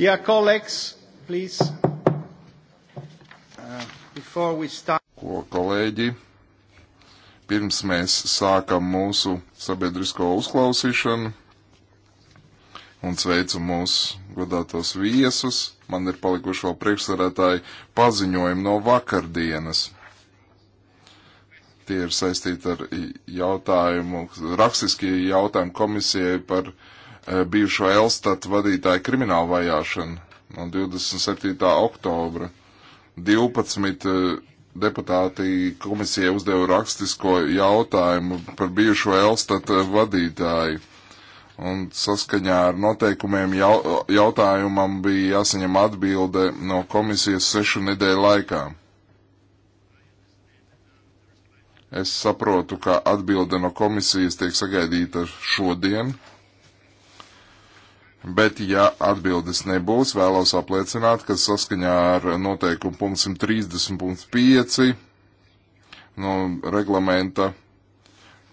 Dear colleagues, please, uh, before we start. Ko kolēģi, pirms mēs sākam mūsu sabiedrisko uzklausīšanu un sveicu mūsu godātos viesus, man ir palikuši vēl priekšsarētāji paziņojumi no vakardienas tie ir saistīti ar jautājumu, rakstiskie jautājumi komisijai par uh, Eh, bijušo Elstat vadītāju kriminālu vajāšanu no 27. oktobra. 12 eh, deputāti komisijai uzdeva rakstisko jautājumu par bijušo Elstat eh, vadītāju. Un saskaņā ar noteikumiem jau, jautājumam bija jāsaņem atbilde no komisijas sešu nedēļu laikā. Es saprotu, ka atbilde no komisijas tiek sagaidīta šodien, Bet, ja atbildes nebūs, vēlos apliecināt, ka saskaņā ar noteikumu punktu 130.5 no reglamenta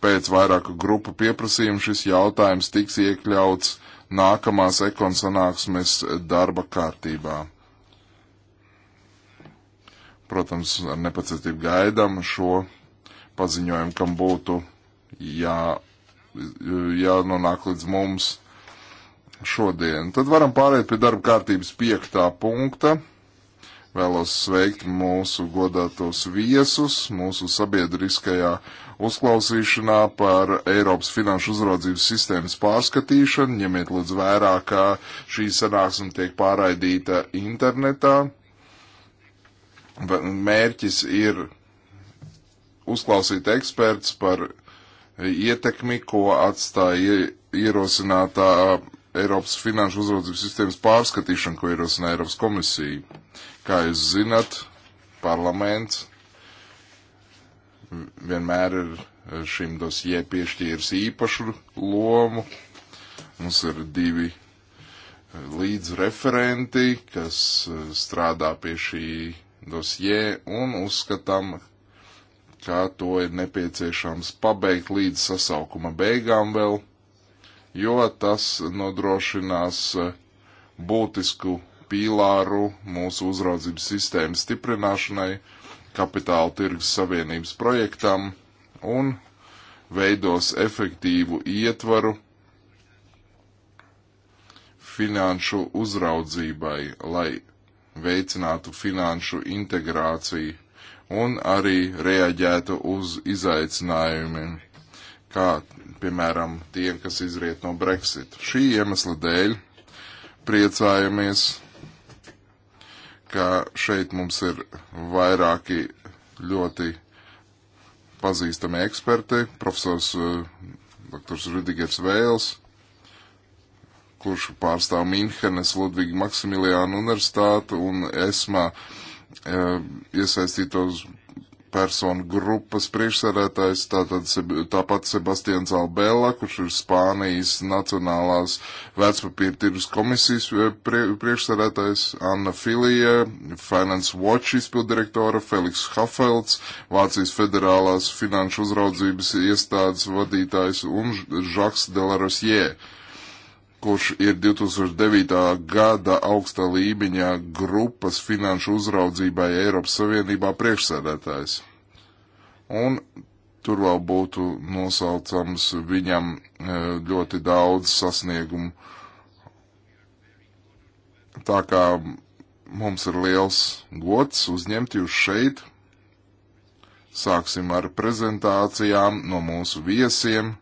pēc vairāku grupu pieprasījumu šis jautājums tiks iekļauts nākamās ekonsanāksmes darba kārtībā. Protams, ar nepacietību gaidām šo paziņojumu, kam būtu jā, jānonāk līdz mums šodien. Tad varam pāriet pie darba kārtības piektā punkta. Vēlos sveikt mūsu godātos viesus mūsu sabiedriskajā uzklausīšanā par Eiropas finanšu uzraudzības sistēmas pārskatīšanu. Ņemiet līdz vērā, ka šī sanāksme tiek pārraidīta internetā. Mērķis ir uzklausīt eksperts par ietekmi, ko atstāja ierosinātā Eiropas finanšu uzraudzības sistēmas pārskatīšanu, ko ierosina Eiropas komisija. Kā jūs zinat, parlaments vienmēr ir šim dosijai piešķīris īpašu lomu. Mums ir divi eh, līdzreferenti, kas eh, strādā pie šī dosijē un uzskatām, kā to ir nepieciešams pabeigt līdz sasaukuma beigām vēl jo tas nodrošinās e, būtisku pīlāru mūsu uzraudzības sistēmas stiprināšanai, kapitāla tirgus savienības projektam un veidos efektīvu ietvaru finanšu uzraudzībai, lai veicinātu finanšu integrāciju un arī reaģētu uz izaicinājumiem, kā piemēram tie, kas izriet no Brexit. Šī iemesla dēļ priecājamies, ka šeit mums ir vairāki ļoti pazīstami eksperti, profesors eh, dr. Rudigers Vēls, kurš pārstāv Minhenes Ludvigi Maksimiliānu universitātu un ESMA eh, iesaistītos personu grupas priekšsēdētājs, tātad tāpat Sebastians Albēlā, kurš ir Spānijas Nacionālās vecpapīra tirgus komisijas e, prie, priekšsēdētājs, Anna Filija, Finance Watch izpildirektora, Feliks Hafelds, Vācijas federālās finanšu uzraudzības iestādes vadītājs un Žaks Delarosjē. Yeah kurš ir 2009. gada augsta līmeņa grupas finanšu uzraudzībai Eiropas Savienībā priekšsēdētājs. Un tur vēl būtu nosaucams viņam e, ļoti daudz sasniegumu. Tā kā mums ir liels gods uzņemt jūs šeit, sāksim ar prezentācijām no mūsu viesiem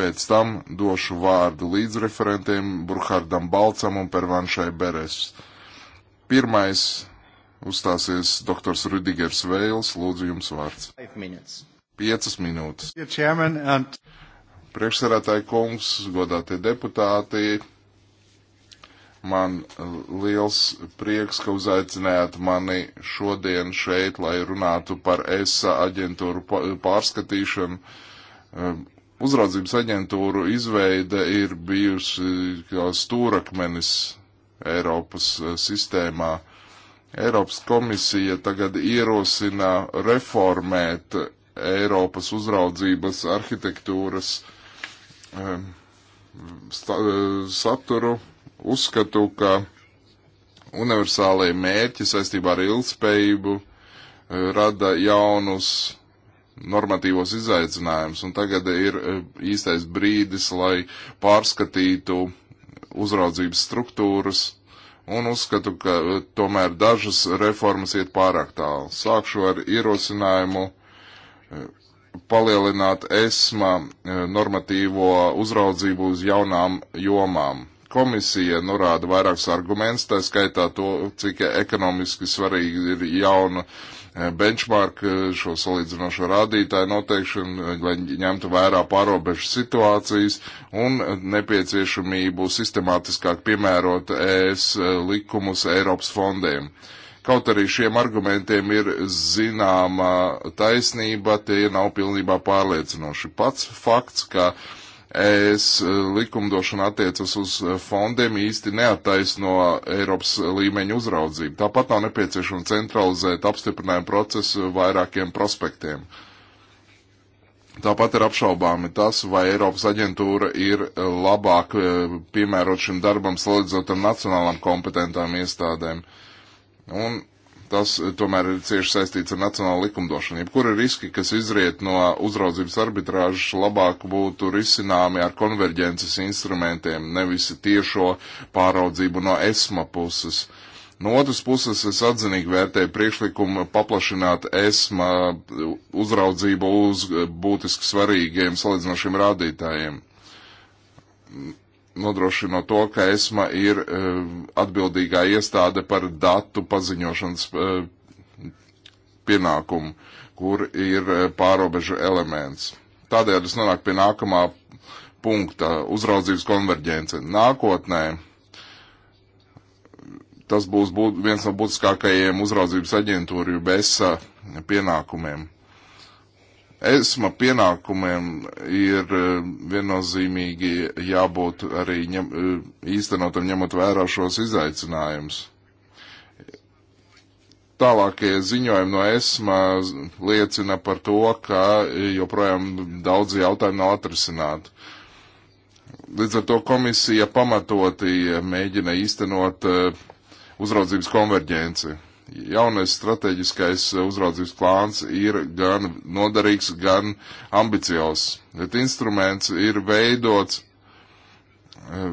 pēc tam došu vārdu līdzreferentiem Burkhardam Balcam un Pervanšai Beres. Pirmais uzstāsies doktors Rudigers Veils, lūdzu jums vārds. Piecas minūtes. And... Priekšsarētāji kungs, godātie deputāti, man liels prieks, ka uzaicinājāt mani šodien šeit, lai runātu par ESA aģentūru pārskatīšanu uzraudzības aģentūru izveide ir bijusi kā stūrakmenis Eiropas eh, sistēmā. Eiropas komisija tagad ierosina reformēt Eiropas uzraudzības arhitektūras um, sta, eh, saturu. Uzskatu, ka universālajie mērķi saistībā ar ilgspējību eh, rada jaunus normatīvos izaicinājumus, un tagad ir e, īstais brīdis, lai pārskatītu uzraudzības struktūras, un uzskatu, ka e, tomēr dažas reformas iet pārāk tālu. Sākšu ar ierosinājumu e, palielināt ESMA normatīvo uzraudzību uz jaunām jomām. Komisija norāda vairākus argumentus, tā skaitā to, cik ekonomiski svarīgi ir jauna uh, Eh, benchmark, eh, šo salīdzinošo rādītāju noteikšanu, eh, lai ņemtu vērā pārobežu situācijas un nepieciešamību sistemātiskāk piemērot ES likumus Eiropas fondiem. Kaut arī šiem argumentiem ir zināma taisnība, tie nav pilnībā pārliecinoši. Pats fakts, ka uh, es eh, likumdošana attiecas uz eh, fondiem īsti neattaisno Eiropas līmeņa uzraudzību. Tāpat nav nepieciešama centralizēt apstiprinājumu procesu vairākiem prospektiem. Tāpat ir apšaubāmi tas, vai Eiropas aģentūra ir eh, labāk piemērot šim darbam salīdzinot ar nacionālām kompetentām iestādēm. Un tas eh, tomēr ir cieši saistīts ar nacionālu likumdošanu. Jebkura riski, kas izriet no uzraudzības arbitrāžas, labāk būtu risināmi ar konverģences instrumentiem, nevis tiešo pāraudzību no ESMA puses. No otras puses, es atzinīgi vērtēju priekšlikumu paplašināt ESMA uzraudzību uz eh, būtiski svarīgiem salīdzinošiem rādītājiem nodrošinot to, ka ESMA ir e, atbildīgā iestāde par datu paziņošanas e, pienākumu, kur ir e, pārobežu elements. Tādēļ es nonāku pie nākamā punkta - uzraudzības konverģence. Nākotnē tas būs būt, viens no būtiskākajiem uzraudzības aģentūru BESA pienākumiem ESMA pienākumiem ir e, viennozīmīgi jābūt arī ņem, e, īstenotam ņemot vērā šos izaicinājumus. Tālākie ziņojumi no ESMA liecina par to, ka joprojām daudzi jautājumi nav atrisināti. Līdz ar to komisija pamatoti mēģina īstenot e, uzraudzības konverģenci jaunais strateģiskais uzraudzības plāns ir gan noderīgs, gan ambiciozs. Bet instruments ir veidots eh,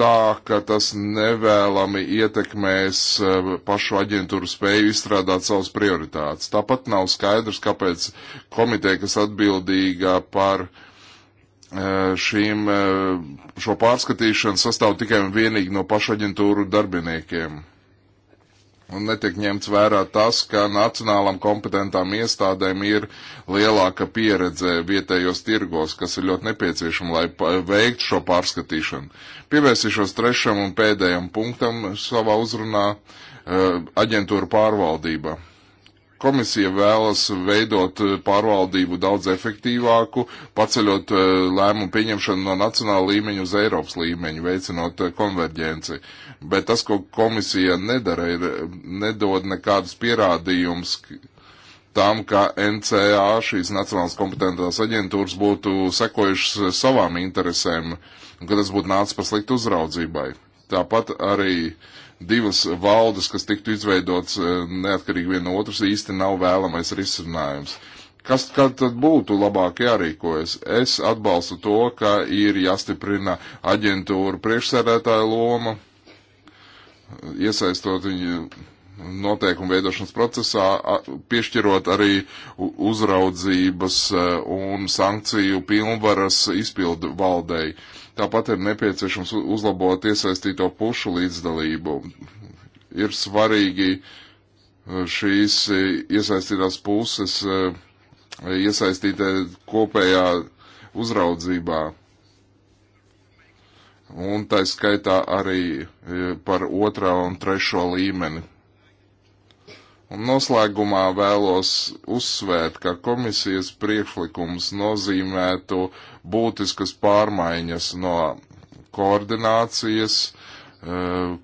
tā, ka tas nevēlami ietekmēs eh, pašu aģentūru spēju izstrādāt savas prioritātes. Tāpat nav skaidrs, kāpēc komiteja, kas atbildīga par eh, šīm, šo pārskatīšanu, sastāv tikai un vienīgi no pašu aģentūru darbiniekiem un netiek ņemts vērā tas, ka nacionālam kompetentām iestādēm ir lielāka pieredze vietējos tirgos, kas ir ļoti nepieciešama, lai veiktu šo pārskatīšanu. Pievērsīšos trešam un pēdējam punktam savā uzrunā eh, aģentūra pārvaldība. Komisija vēlas veidot eh, pārvaldību daudz efektīvāku, paceļot eh, lēmumu pieņemšanu no nacionāla līmeņa uz Eiropas līmeņu, veicinot eh, konverģenci. Bet tas, ko komisija nedara, ir nedod nekādus pierādījumus tam, ka NCA, šīs Nacionālās kompetentās aģentūras, būtu sekojušas savām interesēm, un ka tas būtu nācis paslikt uzraudzībai. Tāpat arī uh, divas valdes, kas tiktu izveidotas e, neatkarīgi viena no otras, īsti nav vēlamais risinājums. Kas tad būtu labāk jārīkojas? Es atbalstu to, ka ir jāstiprina aģentūra priekšsēdētāja loma, iesaistot viņu noteikumu veidošanas procesā, piešķirot arī uzraudzības e, un sankciju pilnvaras izpildu valdei. Uh, Tāpat ir nepieciešams uzlabot iesaistīto pušu līdzdalību. Ir svarīgi e, šīs e, iesaistītās puses e, iesaistītē kopējā uzraudzībā. Un tā skaitā arī par otrā un trešo līmeni Un noslēgumā vēlos uzsvērt, ka komisijas priekšlikums nozīmētu būtiskas pārmaiņas no koordinācijas, eh,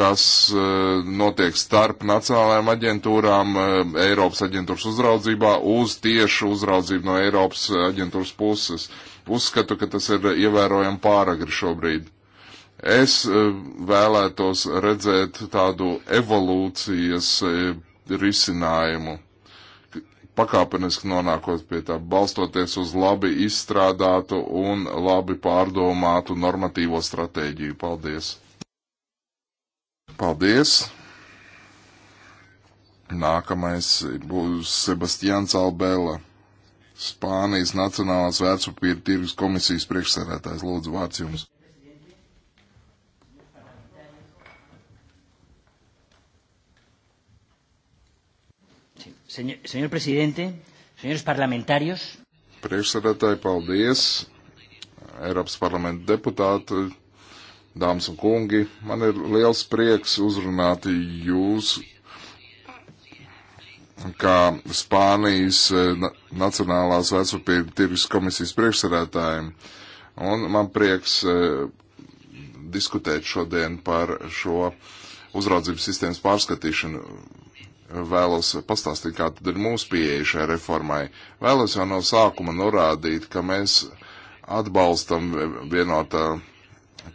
kas eh, notiek starp nacionālajām aģentūrām eh, Eiropas aģentūras uzraudzībā uz tiešu uzraudzību no Eiropas aģentūras puses. Uzskatu, ka tas ir ievērojami pāragri šobrīd. Es eh, vēlētos redzēt tādu evolūcijas eh, risinājumu, pakāpeniski nonākot pie tā, balstoties uz labi izstrādātu un labi pārdomātu normatīvo stratēģiju. Paldies! Paldies! Nākamais būs Sebastians Albela, Spānijas Nacionālās vērtspapīra tirgus komisijas priekšsēdētājs. Lūdzu, vārds jums! Seņ seņor prezidente, seņores parlamentārijas. Priekšsēdētāji, paldies. Eiropas parlamenta deputāti, dāmas un kungi, man ir liels prieks uzrunāt jūs kā Spānijas eh, Nacionālās vecupīra tirgus komisijas priekšsēdētājiem. Un man prieks eh, diskutēt šodien par šo uzraudzības sistēmas pārskatīšanu vēlos pastāstīt, kā tad ir mūsu pieeja šai reformai. Vēlos jau no sākuma norādīt, ka mēs atbalstam vienotā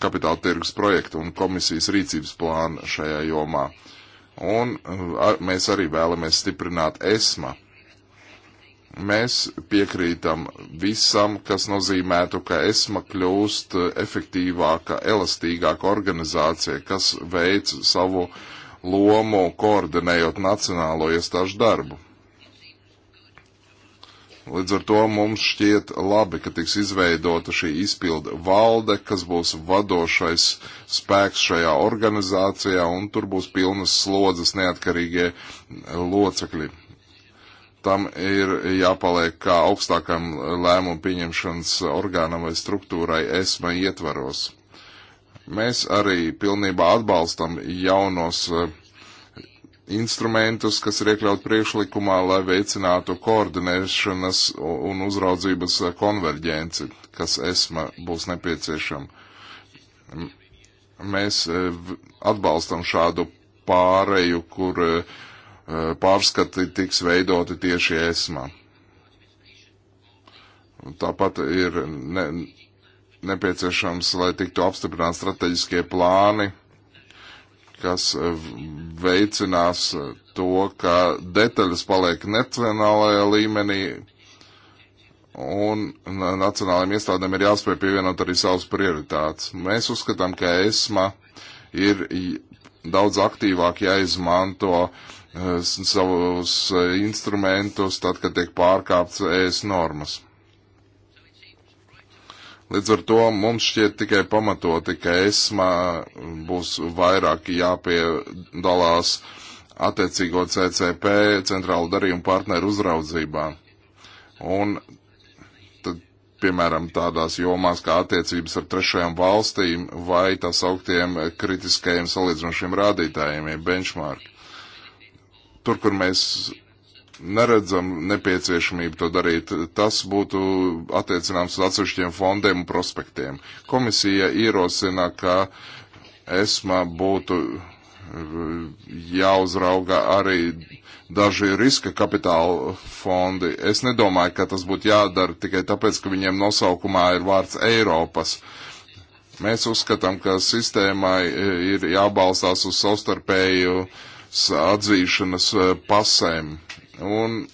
kapitāla tirgus projektu un komisijas rīcības plānu šajā jomā. Un ar, mēs arī vēlamies stiprināt ESMA. Mēs piekrītam visam, kas nozīmētu, ka ESMA kļūst efektīvāka, elastīgāka organizācija, kas veic savu uh, lomu koordinējot nacionālo iestāžu darbu. Līdz ar to mums šķiet labi, ka tiks izveidota šī izpilda valde, kas būs vadošais spēks šajā organizācijā, un tur būs pilnas slodzes neatkarīgie locekļi. Tam ir jāpaliek kā augstākam lēmumu pieņemšanas orgānam vai struktūrai esma ietvaros. Mēs arī pilnībā atbalstam jaunos eh, instrumentus, kas ir iekļaut priekšlikumā, lai veicinātu koordinēšanas un uzraudzības eh, konverģenci, kas esma būs nepieciešama. Mēs eh, atbalstam šādu pāreju, kur pārskati tiks veidoti tieši esmā. Tāpat ir ne, nepieciešams, lai tiktu apstiprināti strateģiskie plāni, kas eh, veicinās eh, to, ka detaļas paliek nacionālajā līmenī, un nacionālajiem iestādēm ir jāspēj pievienot arī savas prioritātes. Mēs uzskatām, ka ESMA ir daudz aktīvāk jāizmanto eh, savus instrumentus, tad, kad tiek pārkāpts ES normas. Līdz ar to mums šķiet tikai pamatoti, ka ESMA būs vairāk jāpiedalās attiecīgo CCP, centrālu darījumu partneru uzraudzībā. Un tad, piemēram, tādās jomās kā attiecības ar trešajām valstīm vai tās augtiem kritiskajiem salīdzinošiem rādītājiem, ja benchmark. Tur, kur mēs neredzam nepieciešamību to darīt. Tas būtu attiecināms uz atsevišķiem fondiem un prospektiem. Komisija ierosina, ka ESMA būtu eh, jāuzrauga arī daži riska kapitāla fondi. Es nedomāju, ka tas būtu jādara tikai tāpēc, ka viņiem nosaukumā ir vārds Eiropas. Mēs uzskatām, ka sistēmai eh, ir jābalstās uz savstarpēju atzīšanas eh, pasēm un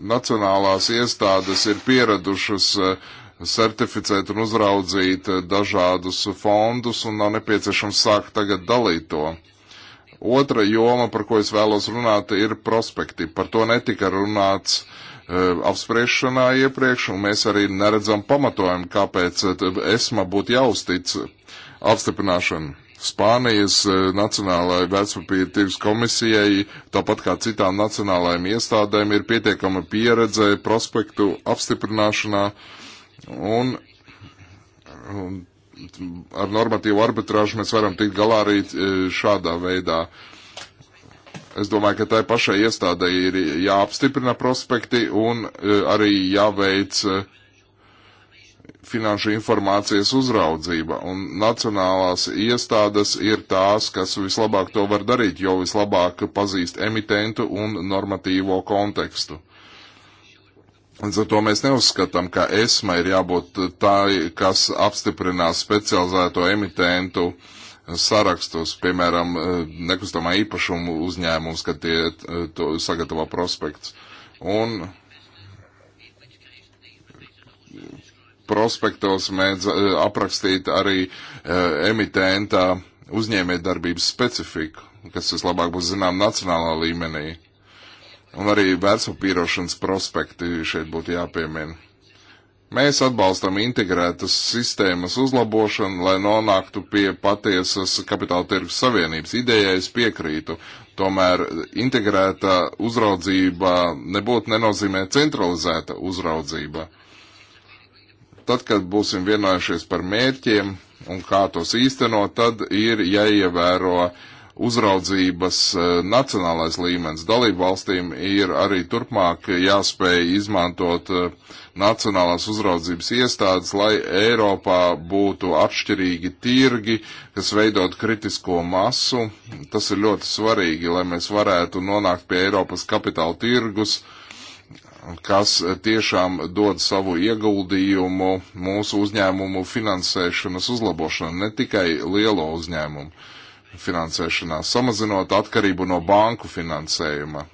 nacionālās iestādes ir pieradušas eh, certificēt un uzraudzīt eh, dažādus fondus, un nav nepieciešams sākt tagad dalīt to. Otra joma, par ko es vēlos runāt, ir prospekti. Par to netika runāts uh, apspriešanā iepriekš, un mēs arī neredzam pamatojumu, kāpēc esma būtu jāuztic apstiprināšanu. Spānijas e, Nacionālajai vecpapīra tirgus komisijai, tāpat kā citām nacionālajām iestādēm, ir pietiekama pieredze prospektu apstiprināšanā un, un ar normatīvu arbitrāžu mēs varam tikt galā arī e, šādā veidā. Es domāju, ka tai pašai iestādai ir jāapstiprina prospekti un e, arī jāveic uh, finanšu informācijas uzraudzība, un nacionālās iestādes ir tās, kas vislabāk to var darīt, jo vislabāk pazīst emitentu un normatīvo kontekstu. Līdz ar to mēs neuzskatām, ka ESMA ir jābūt tā, kas apstiprinās specializēto emitentu sarakstus, piemēram, nekustamā īpašuma uzņēmums, kad tie eh, to sagatavo prospekts. Un prospektos mēdz eh, aprakstīt arī eh, emitenta uzņēmējdarbības specifiku, kas vislabāk būs zinām nacionālā līmenī. Un arī vērtspapīrošanas prospekti šeit būtu jāpiemina. Mēs atbalstam integrētas sistēmas uzlabošanu, lai nonāktu pie patiesas kapitāla tirgus savienības. Idejai es piekrītu, tomēr integrēta uzraudzība nebūtu nenozīmē centralizēta uzraudzība. Tad, kad būsim vienojušies par mērķiem un kā tos īstenot, tad ir jāievēro uzraudzības e, nacionālais līmenis. Dalību valstīm ir arī turpmāk jāspēj izmantot e, nacionālās uzraudzības iestādes, lai Eiropā būtu atšķirīgi tirgi, kas veidot kritisko masu. Tas ir ļoti svarīgi, lai mēs varētu nonākt pie Eiropas kapitāla tirgus, uh, kas tiešām dod savu ieguldījumu mūsu uzņēmumu finansēšanas uzlabošanā, ne tikai lielo uzņēmumu finansēšanā, samazinot atkarību no banku finansējuma,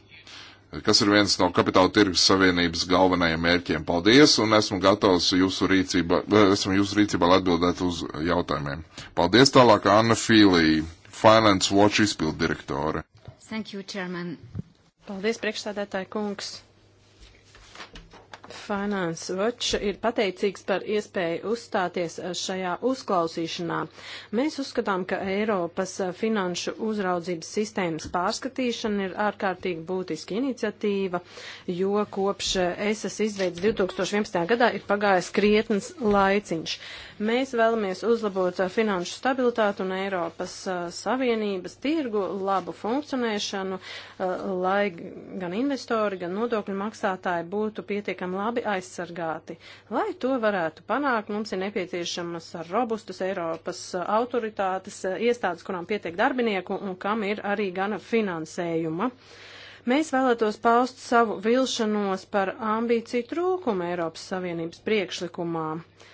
kas ir viens no Kapitāla tirgus savienības galvenajiem mērķiem. Paldies, un esmu gatavs jūsu rīcībā, esmu jūsu rīcībā atbildēt uz jautājumiem. Paldies tālāk Anna Fīlī, Finance Watch izpildirektore. Thank you, Chairman. Paldies, priekšstādātāji kungs. Finance Watch ir pateicīgs par iespēju uzstāties eh, šajā uzklausīšanā. Mēs uzskatām, ka Eiropas eh, finanšu uzraudzības sistēmas pārskatīšana ir ārkārtīgi būtiska iniciatīva, jo kopš eh, ESAS izveids 2011. gadā ir pagājis krietns laiciņš. Uh, Mēs vēlamies uzlabot eh, finanšu stabilitātu un Eiropas eh, Savienības tirgu labu funkcionēšanu, eh, lai gan investori, gan nodokļu maksātāji būtu pietiekami labi aizsargāti. Lai to varētu panākt, mums ir nepieciešamas robustas Eiropas autoritātes iestādes, kurām pietiek darbinieku un kam ir arī gana finansējuma. Mēs vēlētos paust savu vilšanos par ambīciju trūkumu Eiropas Savienības priekšlikumā. Uh,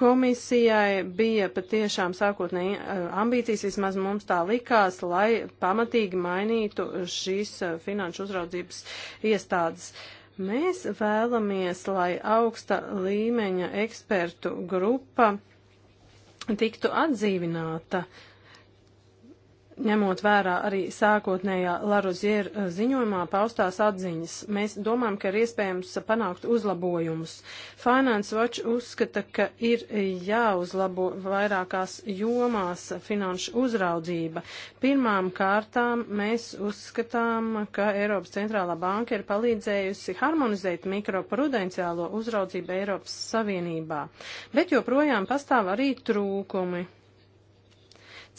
Komisijai bija patiešām sākotnēji eh, ambīcijas, vismaz mums tā likās, lai pamatīgi mainītu šīs eh, finanšu uzraudzības iestādes. Mēs vēlamies, lai augsta līmeņa ekspertu grupa tiktu atdzīvināta. Uh, ņemot vērā arī sākotnējā Larozier eh, ziņojumā paustās atziņas. Mēs domājam, ka ir iespējams panākt uzlabojumus. Finance Watch uzskata, ka ir jāuzlabo vairākās jomās finanšu uzraudzība. Pirmām kārtām mēs uzskatām, ka Eiropas centrālā banka ir palīdzējusi harmonizēt mikroprudenciālo uzraudzību Eiropas Savienībā. Bet joprojām pastāv arī trūkumi.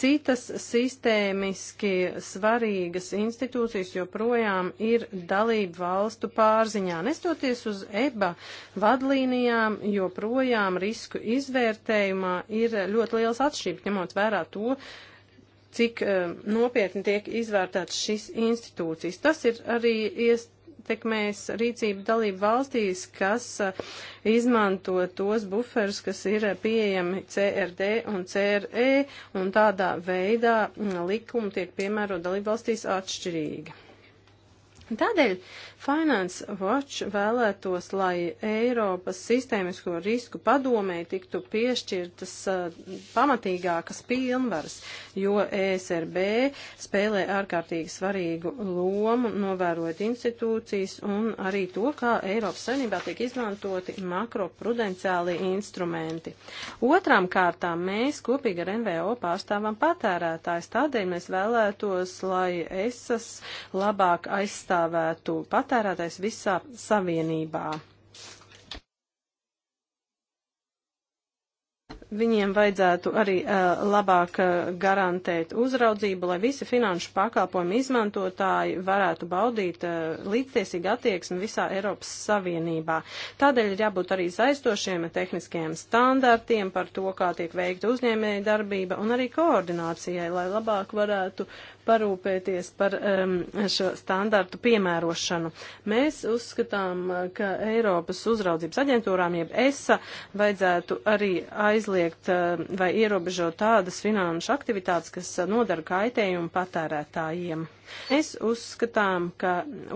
Citas sistēmiski svarīgas institūcijas joprojām ir dalību valstu pārziņā. Nestoties uz EBA vadlīnijām, joprojām risku izvērtējumā ir ļoti liels atšķirības, ņemot vērā to, cik uh, nopietni tiek izvērtētas šīs institūcijas. Tas ir arī iest ietekmēs rīcību dalību valstīs, kas eh, izmanto tos buferus, kas ir pieejami CRD un CRE, un tādā veidā mm, likumi tiek piemēro dalību valstīs atšķirīgi. Tādēļ Finance Watch vēlētos, lai Eiropas sistēmisko risku padomēji tiktu piešķirtas uh, pamatīgākas pilnvaras, jo ESRB spēlē ārkārtīgi svarīgu lomu, novērojot institūcijas un arī to, kā Eiropas savinībā tiek izmantoti makroprudenciāli instrumenti. Otrām kārtām mēs kopīgi ar NVO pārstāvam patērētājs, tādēļ mēs vēlētos, lai ESAS labāk aizstāvētu patērētājs patērētājs visā savienībā. Viņiem vajadzētu arī uh, labāk uh, garantēt uzraudzību, lai visi finanšu pakalpojumu izmantotāji varētu baudīt uh, līdztiesīgu attieksmi visā Eiropas Savienībā. Tādēļ ir jābūt arī saistošiem tehniskajiem standartiem par to, kā tiek veikta uzņēmēja darbība un arī koordinācijai, lai labāk varētu parūpēties par um, šo standartu piemērošanu. Mēs uzskatām, eh, ka Eiropas uzraudzības aģentūrām, jeb ESA, vajadzētu arī aizliegt uh, vai ierobežot tādas finanšu aktivitātes, kas eh, nodara kaitējumu patērētājiem. Mēs uzskatām, ka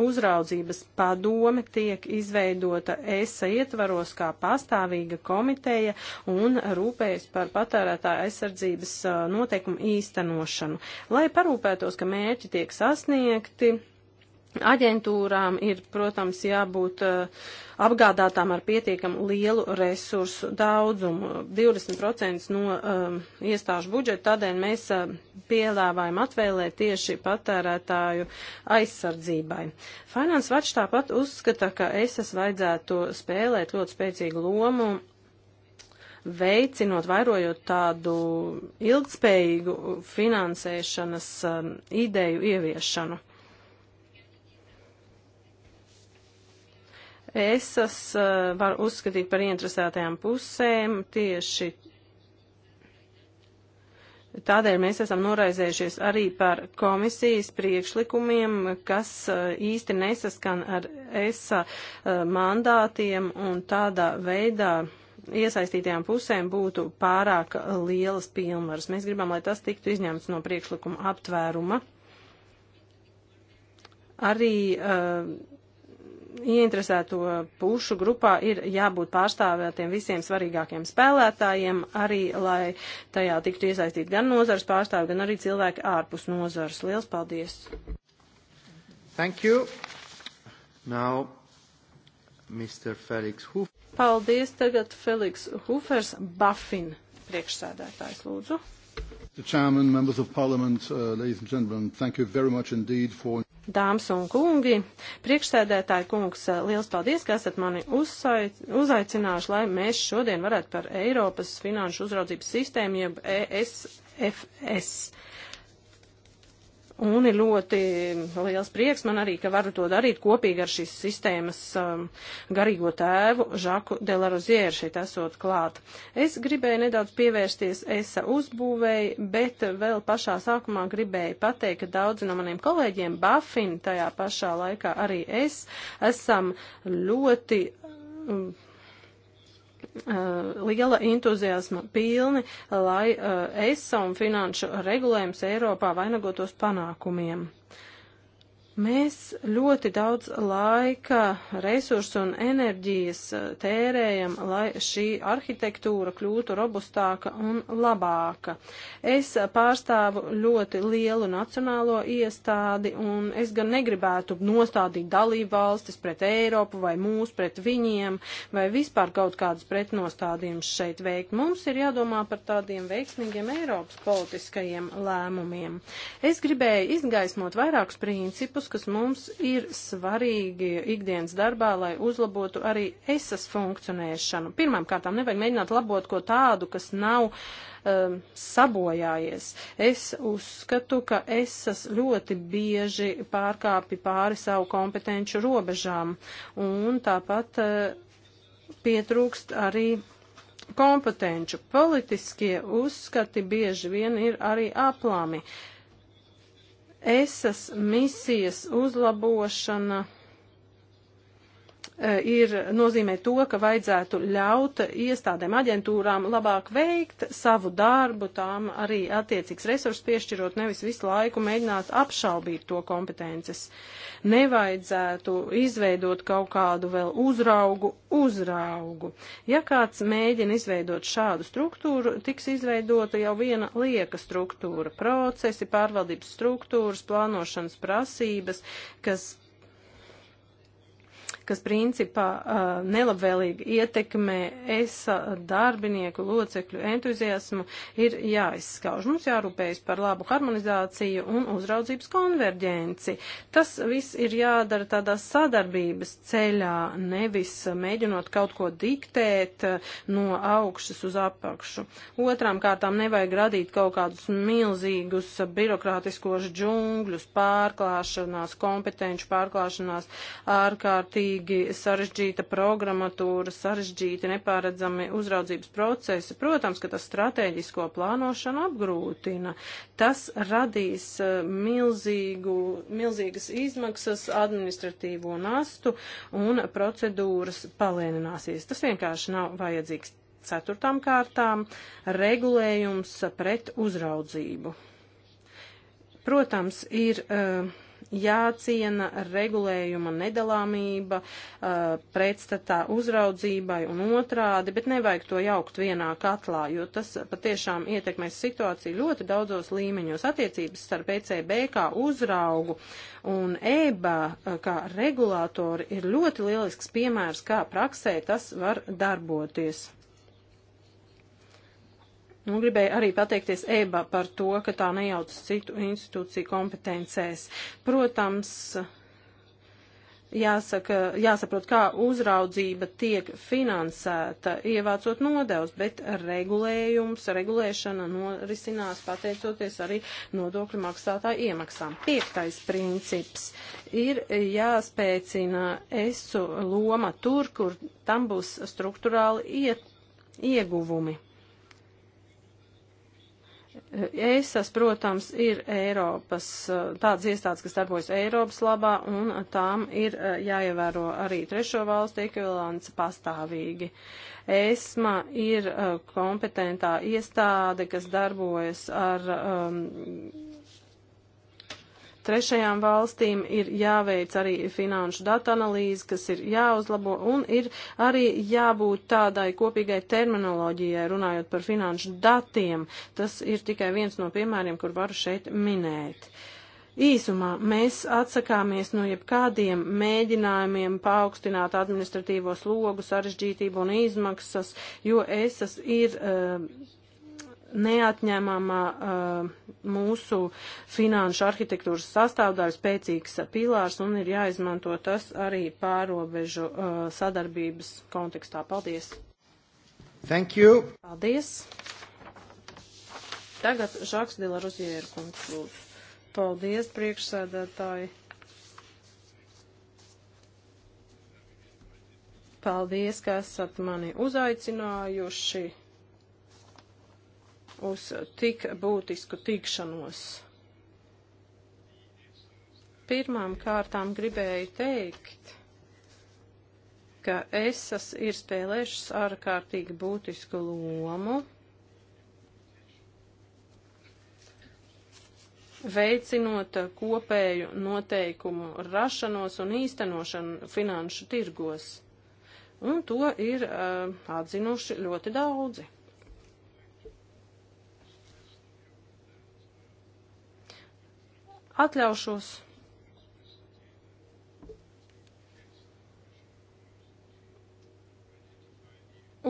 uzraudzības padome tiek izveidota ESA ietvaros kā pastāvīga komiteja un rūpējas par patērētāju aizsardzības uh, noteikumu īstenošanu. Lai parūpētos, ka mērķi tiek sasniegti, Aģentūrām ir, protams, jābūt uh, apgādātām ar pietiekamu lielu resursu daudzumu. 20% no um, iestāžu budžeta tādēļ mēs uh, pielāvājam atvēlēt tieši patērētāju aizsardzībai. Finance Watch tāpat uzskata, ka ESAS vajadzētu spēlēt ļoti spēcīgu lomu veicinot, vairojot tādu ilgspējīgu finansēšanas um, ideju ieviešanu. ESAS eh, var uzskatīt par interesētajām pusēm tieši Tādēļ mēs esam noraizējušies arī par komisijas priekšlikumiem, kas eh, īsti nesaskan ar ESA eh, mandātiem un tādā veidā iesaistītajām pusēm būtu pārāk lielas pilnvaras. Mēs gribam, lai tas tiktu izņemts no priekšlikuma aptvēruma. Arī uh, ieinteresēto pušu grupā ir jābūt pārstāvētiem visiem svarīgākiem spēlētājiem, arī lai tajā tiktu iesaistīt gan nozars pārstāvi, gan arī cilvēki ārpus nozars. Liels paldies! Thank you. Now, Mr. Felix Huf. Paldies tagad Felix Hufers, Bafin priekšsēdētājs, lūdzu. Mr. Chairman, members of Parliament, uh, ladies and gentlemen, thank you very much indeed for Dāmas un kungi, priekšsēdētāji kungs, liels paldies, ka esat mani uzsaic, uzaicinājuši, lai mēs šodien varētu par Eiropas finanšu uzraudzības sistēmu, jeb ESFS, Un ir ļoti liels prieks man arī, ka varu to darīt kopīgi ar šīs sistēmas um, garīgo tēvu Žaku Delarozieru šeit esot klāt. Es gribēju nedaudz pievērsties ESA uzbūvēji, bet vēl pašā sākumā gribēju pateikt, ka daudzi no maniem kolēģiem Bafin, tajā pašā laikā arī es, esam ļoti. Um, Uh, liela entuziasma pilni, lai uh, ESA un finanšu regulējums Eiropā vainagotos panākumiem. Uh, Mēs ļoti daudz laika, resursu un enerģijas eh, tērējam, lai šī arhitektūra kļūtu robustāka un labāka. Es pārstāvu ļoti lielu nacionālo iestādi un es gan negribētu nostādīt dalību valstis pret Eiropu vai mūs pret viņiem vai vispār kaut kādus pretnostādījumus šeit veikt. Mums ir jādomā par tādiem veiksmīgiem Eiropas politiskajiem lēmumiem. Es gribēju izgaismot vairākus principus tos, kas mums ir svarīgi ikdienas darbā, lai uzlabotu arī esas funkcionēšanu. Pirmām kārtām nevajag mēģināt labot ko tādu, kas nav um, sabojājies. Es uzskatu, ka esas ļoti bieži pārkāpi pāri savu kompetenču robežām un tāpat uh, pietrūkst arī kompetenču. Politiskie uzskati bieži vien ir arī aplami. Uh, ESAS misijas uzlabošana E, ir nozīmē to, ka vajadzētu ļaut iestādēm, aģentūrām labāk veikt savu darbu, tām arī attiecīgs resursus piešķirot, nevis visu laiku mēģināt apšaubīt to kompetences. Nevajadzētu izveidot kaut kādu vēl uzraugu uzraugu. Ja kāds mēģina izveidot šādu struktūru, tiks izveidota jau viena lieka struktūra - procesi, pārvaldības struktūras, plānošanas prasības, kas kas principā nelabvēlīgi ietekmē ESA darbinieku locekļu entuziasmu, ir jāizskauž. Mums jārūpējas par labu harmonizāciju un uzraudzības konverģenci. Tas viss ir jādara tādā sadarbības ceļā, nevis mēģinot kaut ko diktēt no augšas uz apakšu. Otrām kārtām nevajag radīt kaut kādus milzīgus birokrātiskos džungļus, pārklāšanās, kompetenci pārklāšanās, ārkārtīgi ārkārtīgi sarežģīta programmatūra, sarežģīti nepāredzami uzraudzības procesi. Protams, ka tas strateģisko plānošanu apgrūtina. Tas radīs eh, milzīgu, milzīgas izmaksas administratīvo nastu un procedūras palēnināsies. Tas vienkārši nav vajadzīgs. Ceturtām kārtām regulējums pret uzraudzību. Protams, ir uh, jāciena regulējuma nedalāmība uh, pretstatā uzraudzībai un otrādi, bet nevajag to jaukt vienā katlā, jo tas patiešām ietekmēs situāciju ļoti daudzos līmeņos. Attiecības starp ECB kā uzraugu un EBA kā regulātori ir ļoti lielisks piemērs, kā praksē tas var darboties. Un nu, gribēju arī pateikties EBA par to, ka tā nejaucas citu institūciju kompetencēs. Protams, jāsaka, jāsaprot, kā uzraudzība tiek finansēta, ievācot nodevs, bet regulējums, regulēšana norisinās pateicoties arī nodokļu maksātāju iemaksām. Piektais princips ir jāspēcina esu loma tur, kur tam būs struktūrāli iet, ieguvumi. ESAS, protams, ir Eiropas, eh, tādas iestādes, kas darbojas Eiropas labā, un tām ir eh, jāievēro arī trešo valstu ekvivalents pastāvīgi. ESMA ir eh, kompetentā iestāde, kas darbojas ar um, Trešajām valstīm ir jāveic arī finanšu datu analīze, kas ir jāuzlabo, un ir arī jābūt tādai kopīgai terminoloģijai, runājot par finanšu datiem. Tas ir tikai viens no piemēriem, kur varu šeit minēt. Īsumā mēs atsakāmies no jebkādiem mēģinājumiem paaugstināt administratīvo slogu, sarežģītību un izmaksas, jo ESAS ir uh, neatņemama uh, mūsu finanšu arhitektūras sastāvdaļa, spēcīgs pilārs un ir jāizmanto tas arī pārobežu uh, sadarbības kontekstā. Paldies! Thank you! Paldies! Tagad Žaks Dila Rozjēra kungs lūdzu. Paldies, priekšsēdētāji! Paldies, ka esat mani uzaicinājuši uz tik būtisku tikšanos. Pirmām kārtām gribēju teikt, ka esas ir spēlējušas ārkārtīgi būtisku lomu veicinot kopēju noteikumu rašanos un īstenošanu finanšu tirgos. Un to ir uh, atzinuši ļoti daudzi. atļaušos.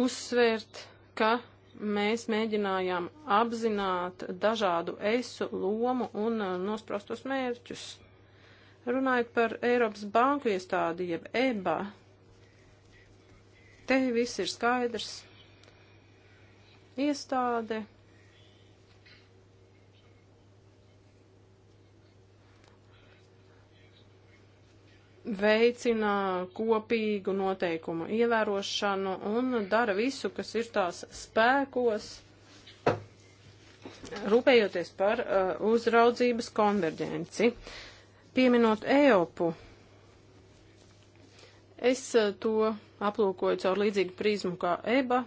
Uzsvērt, ka mēs mēģinājām apzināt dažādu esu lomu un uh, nosprostos mērķus. Runājot par Eiropas banku iestādi, jeb EBA, te viss ir skaidrs. Iestāde veicina kopīgu noteikumu ievērošanu un dara visu, kas ir tās spēkos, rūpējoties par uh, uzraudzības konverģenci. Pieminot EOPu, es uh, to aplūkoju caur līdzīgu prizmu kā EBA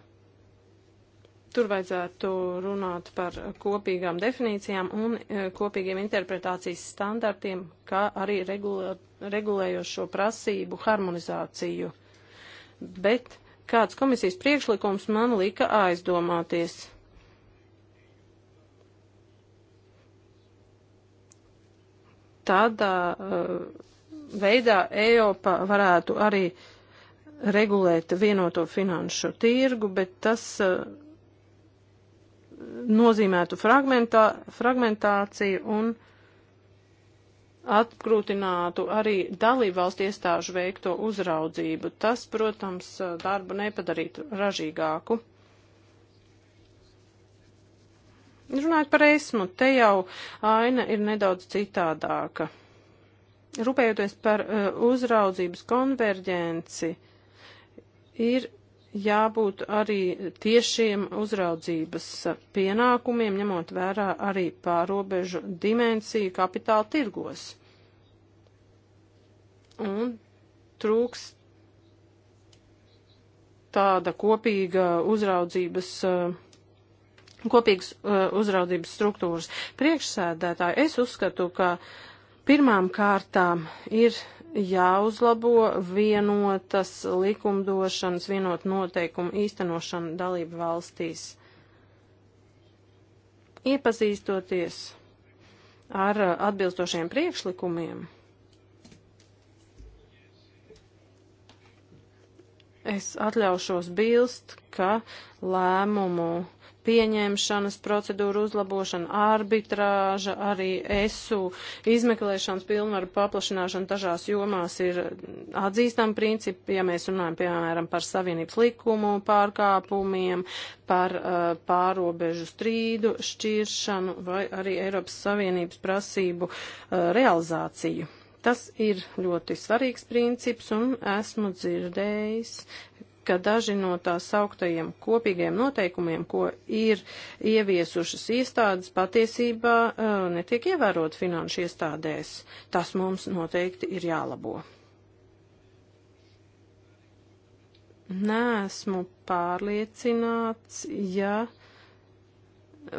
Tur vajadzētu runāt par kopīgām definīcijām un e, kopīgiem interpretācijas standartiem, kā arī regulē, regulējošo prasību harmonizāciju. Bet kāds komisijas priekšlikums man lika aizdomāties. Tādā uh, veidā Eiropa varētu arī regulēt vienoto finanšu tirgu, bet tas uh, nozīmētu fragmentā, fragmentāciju un atgrūtinātu arī dalībvalstu iestāžu veikto uzraudzību. Tas, protams, darbu nepadarītu ražīgāku. Runājot par esmu, te jau aina ir nedaudz citādāka. Rūpējoties par uh, uzraudzības konverģenci, ir jābūt arī tiešiem uzraudzības pienākumiem, ņemot vērā arī pārobežu dimensiju kapitāla tirgos. Un trūks tāda kopīga uzraudzības, kopīgas eh, uzraudzības struktūras. Priekšsēdētāji, es uzskatu, ka pirmām kārtām ir jāuzlabo vienotas likumdošanas, vienot noteikumu īstenošana dalību valstīs. Iepazīstoties ar atbilstošiem priekšlikumiem, es atļaušos bilst, ka lēmumu pieņemšanas procedūru uzlabošana, arbitrāža, arī ESU izmeklēšanas pilnvaru paplašināšana dažās jomās ir atzīstam principi, ja mēs runājam, piemēram, par savienības likumu pārkāpumiem, par uh, pārobežu strīdu šķiršanu vai arī Eiropas Savienības prasību uh, realizāciju. Tas ir ļoti svarīgs princips, un esmu dzirdējis, ka daži no tā sauktajiem kopīgiem noteikumiem, ko ir ieviesušas iestādes, patiesībā eh, netiek ievērot finanšu iestādēs. Tas mums noteikti ir jālabo. Nē, esmu pārliecināts, ja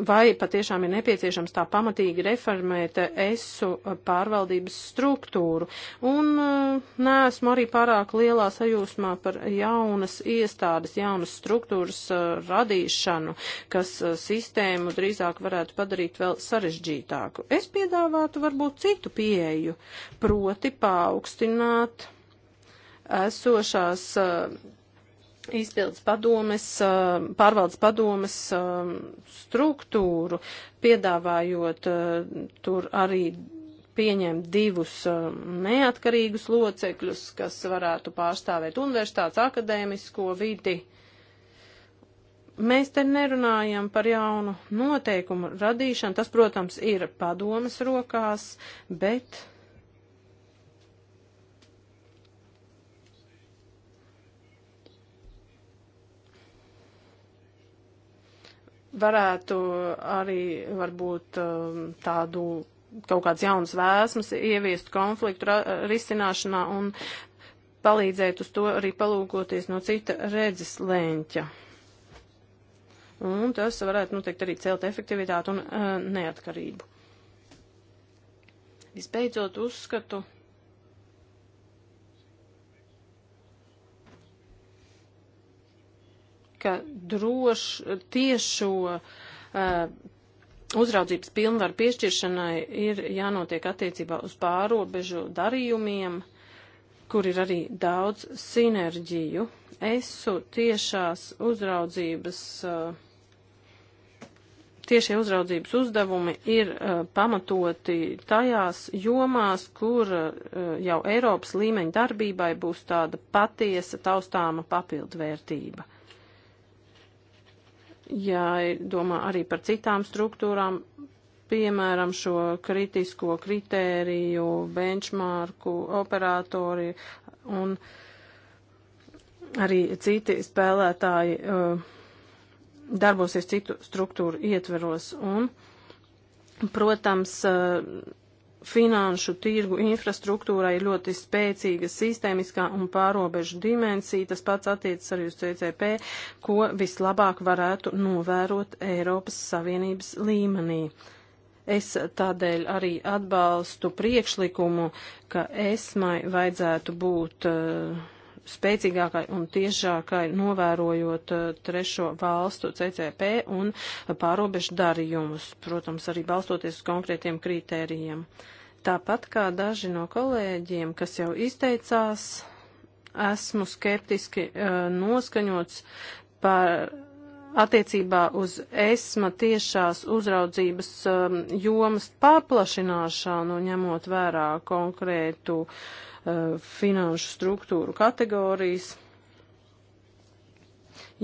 vai patiešām ir nepieciešams tā pamatīgi reformēt ESU pārvaldības struktūru. Un uh, neesmu arī pārāk lielā sajūsmā par jaunas iestādes, jaunas struktūras uh, radīšanu, kas uh, sistēmu drīzāk varētu padarīt vēl sarežģītāku. Es piedāvātu varbūt citu pieeju, proti paaugstināt esošās uh, izpildes padomes, pārvaldes padomes struktūru, piedāvājot tur arī pieņemt divus neatkarīgus locekļus, kas varētu pārstāvēt universitātes akadēmisko vidi. Mēs te nerunājam par jaunu noteikumu radīšanu, tas, protams, ir padomas rokās, bet varētu arī varbūt um, tādu kaut kādas jaunas vēsmas ieviest konfliktu risināšanā un palīdzēt uz to arī palūkoties no cita redzes lēņķa. Un tas varētu noteikti nu, arī celt efektivitāti un uh, neatkarību. Visbeidzot, uzskatu, ka droš, tiešo uh, uzraudzības pilnvaru piešķiršanai ir jānotiek attiecībā uz pārobežu darījumiem, kur ir arī daudz sinerģiju. Esu tiešās uzraudzības, eh, tiešie uzraudzības uzdevumi ir eh, pamatoti tajās jomās, kur jau Eiropas līmeņa darbībai būs tāda patiesa taustāma papildvērtība jādomā arī par citām struktūrām, piemēram, šo kritisko kritēriju, benchmarku, operatori un arī citi spēlētāji uh, darbosies citu struktūru ietveros. Un, protams, uh, finanšu tirgu infrastruktūrai ir ļoti spēcīga sistēmiskā un pārobežu dimensija. Tas pats attiecas arī uz CCP, ko vislabāk varētu novērot Eiropas Savienības līmenī. Es tādēļ arī atbalstu priekšlikumu, ka esmai vajadzētu būt uh, spēcīgākai un tiešākai novērojot eh, trešo valstu CCP un pārobežu darījumus, protams, arī balstoties uz konkrētiem kritērijiem. Tāpat kā daži no kolēģiem, kas jau izteicās, esmu skeptiski uh, noskaņots par attiecībā uz esma tiešās uzraudzības um, jomas paplašināšanu, ņemot vērā konkrētu uh, finanšu struktūru kategorijas,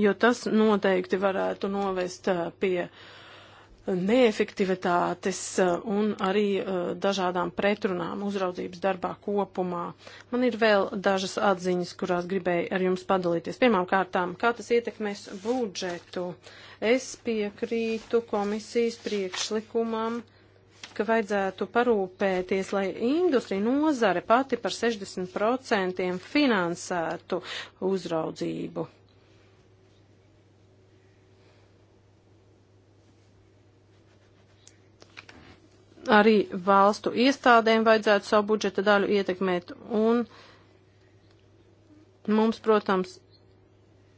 jo tas noteikti varētu novest uh, pie uh, neefektivitātes eh, un arī eh, dažādām pretrunām uzraudzības darbā kopumā. Man ir vēl dažas atziņas, kurās gribēju ar jums padalīties. Pirmām kārtām, kā tas ietekmēs budžetu? Es piekrītu komisijas priekšlikumam ka vajadzētu parūpēties, lai industrija nozare pati par 60% finansētu uzraudzību. arī valstu iestādēm vajadzētu savu budžeta daļu ietekmēt. Un mums, protams,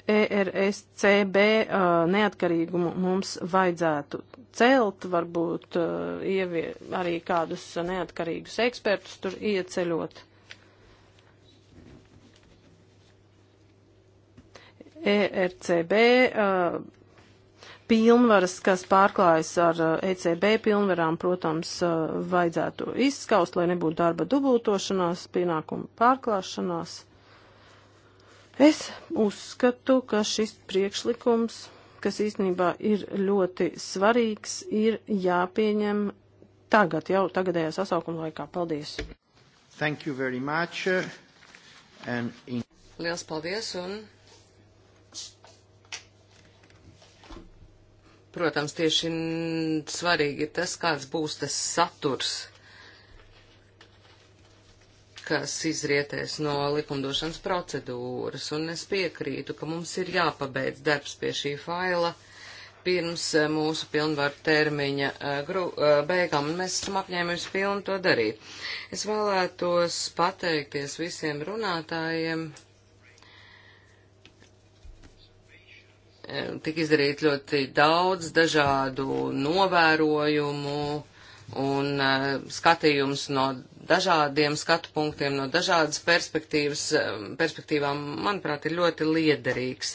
ERSCB uh, neatkarīgumu mums vajadzētu celt, varbūt uh, ievie, arī kādus neatkarīgus ekspertus tur ieceļot. ERCB uh, pilnvaras, kas pārklājas ar uh, ECB pilnvarām, protams, uh, vajadzētu izskaust, lai nebūtu darba dubultošanās, pienākumu pārklāšanās. Es uzskatu, ka šis priekšlikums, kas īstenībā ir ļoti svarīgs, ir jāpieņem tagad, jau tagadējā sasaukuma laikā. Paldies! Thank you very much. Uh, and in... Liels paldies un protams, tieši svarīgi ir tas, kāds būs tas saturs, kas izrietēs no likumdošanas procedūras, un es piekrītu, ka mums ir jāpabeidz darbs pie šī faila pirms eh, mūsu pilnvaru termiņa eh, gru, eh, beigām, un mēs esam apņēmības pilni to darīt. Es vēlētos pateikties visiem runātājiem Tik izdarīt ļoti daudz dažādu novērojumu un eh, skatījums no dažādiem skatu punktiem, no dažādas perspektīvas, perspektīvām, manuprāt, ir ļoti liederīgs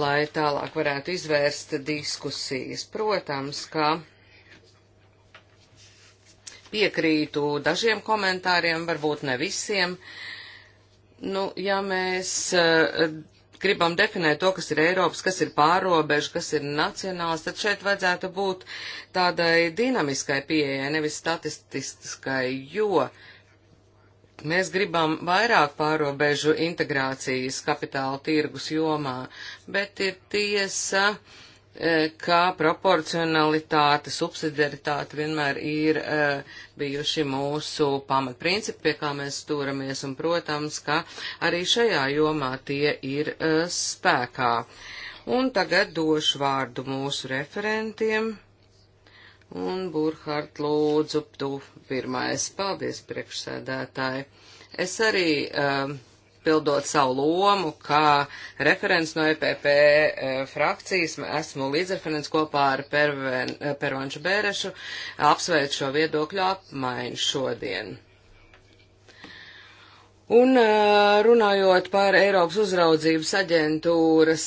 lai tālāk varētu izvērst diskusijas. Protams, ka piekrītu dažiem komentāriem, varbūt ne visiem. Nu, ja mēs eh, gribam definēt to, kas ir Eiropas, kas ir pārobežu, kas ir nacionāls, tad šeit vajadzētu būt tādai dinamiskai pieejai, nevis statistiskai, jo mēs gribam vairāk pārobežu integrācijas kapitāla tirgus jomā, bet ir tiesa. Uh, E, kā proporcionalitāte, subsidiaritāte vienmēr ir e, bijuši mūsu pamatprincipi, pie kā mēs stūramies, un, protams, ka arī šajā jomā tie ir e, spēkā. Un tagad došu vārdu mūsu referentiem. Un Burhārt lūdzu, tu pirmais. Paldies, priekšsēdētāji. Es arī uh, pildot savu lomu, kā referents no EPP e, frakcijas, esmu līdzreferents kopā ar Perven, e, Pervanšu Bērešu, apsveicu šo viedokļu apmaiņu šodien. Un e, runājot par Eiropas uzraudzības aģentūras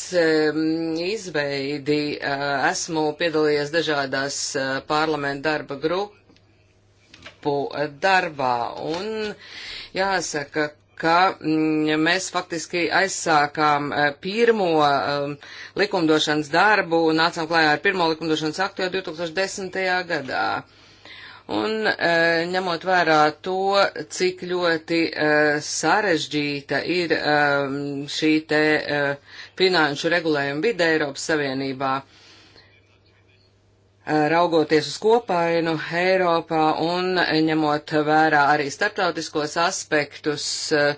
izveidi, esmu piedalījies dažādās parlamenta darba grupu darbā un jāsaka, ka mm, mēs faktiski aizsākām eh, pirmo um, likumdošanas darbu un nācām klājā ar pirmo likumdošanas aktu jau 2010. gadā. Un e, ņemot vērā to, cik ļoti e, sarežģīta ir e, šī te finanšu regulējuma vide Eiropas Savienībā, e, Eh, raugoties uz kopainu Eiropā un ņemot vērā arī starptautiskos aspektus eh,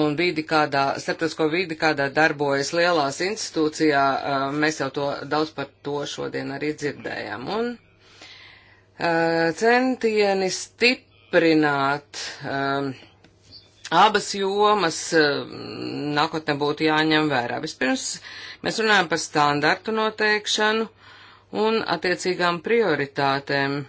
un vidi, kādā, starptautisko vidi, kādā darbojas lielās institūcijā, eh, mēs jau to daudz par to šodien arī dzirdējām. Un centieni stiprināt abas jomas nākotnē būtu jāņem vērā. Vispirms mēs runājam par standartu noteikšanu un attiecīgām prioritātēm.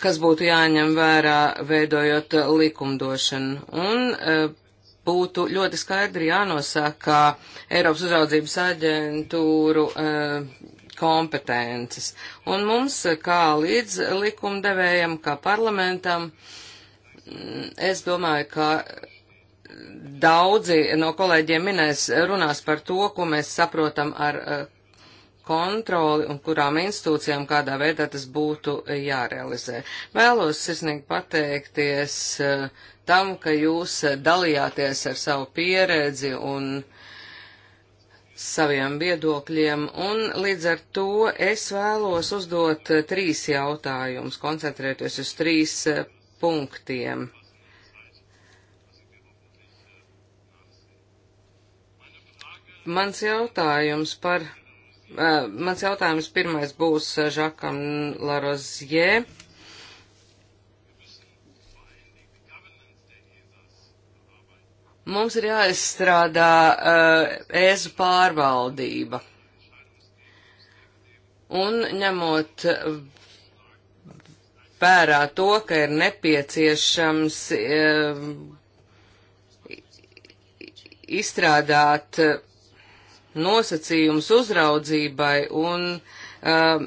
kas būtu jāņem vērā, veidojot likumdošanu. Un e, būtu ļoti skaidri jānosaka Eiropas uzraudzības aģentūru e, kompetences. Un mums, kā līdz likumdevējam, kā parlamentam, es domāju, ka Daudzi no kolēģiem minēs runās par to, ko mēs saprotam ar eh, kontroli un kurām institūcijām kādā veidā tas būtu eh, jārealizē. Vēlos sirsnīgi pateikties eh, tam, ka jūs dalījāties ar savu pieredzi un saviem viedokļiem, un līdz ar to es vēlos uzdot trīs jautājumus, koncentrēties uz trīs punktiem. Mans jautājums par, uh, mans jautājums pirmais būs Žakam Larozjē. Mums ir jāizstrādā uh, ēzu pārvaldība. Un ņemot vērā to, ka ir nepieciešams uh, izstrādāt uh, nosacījums uzraudzībai un uh,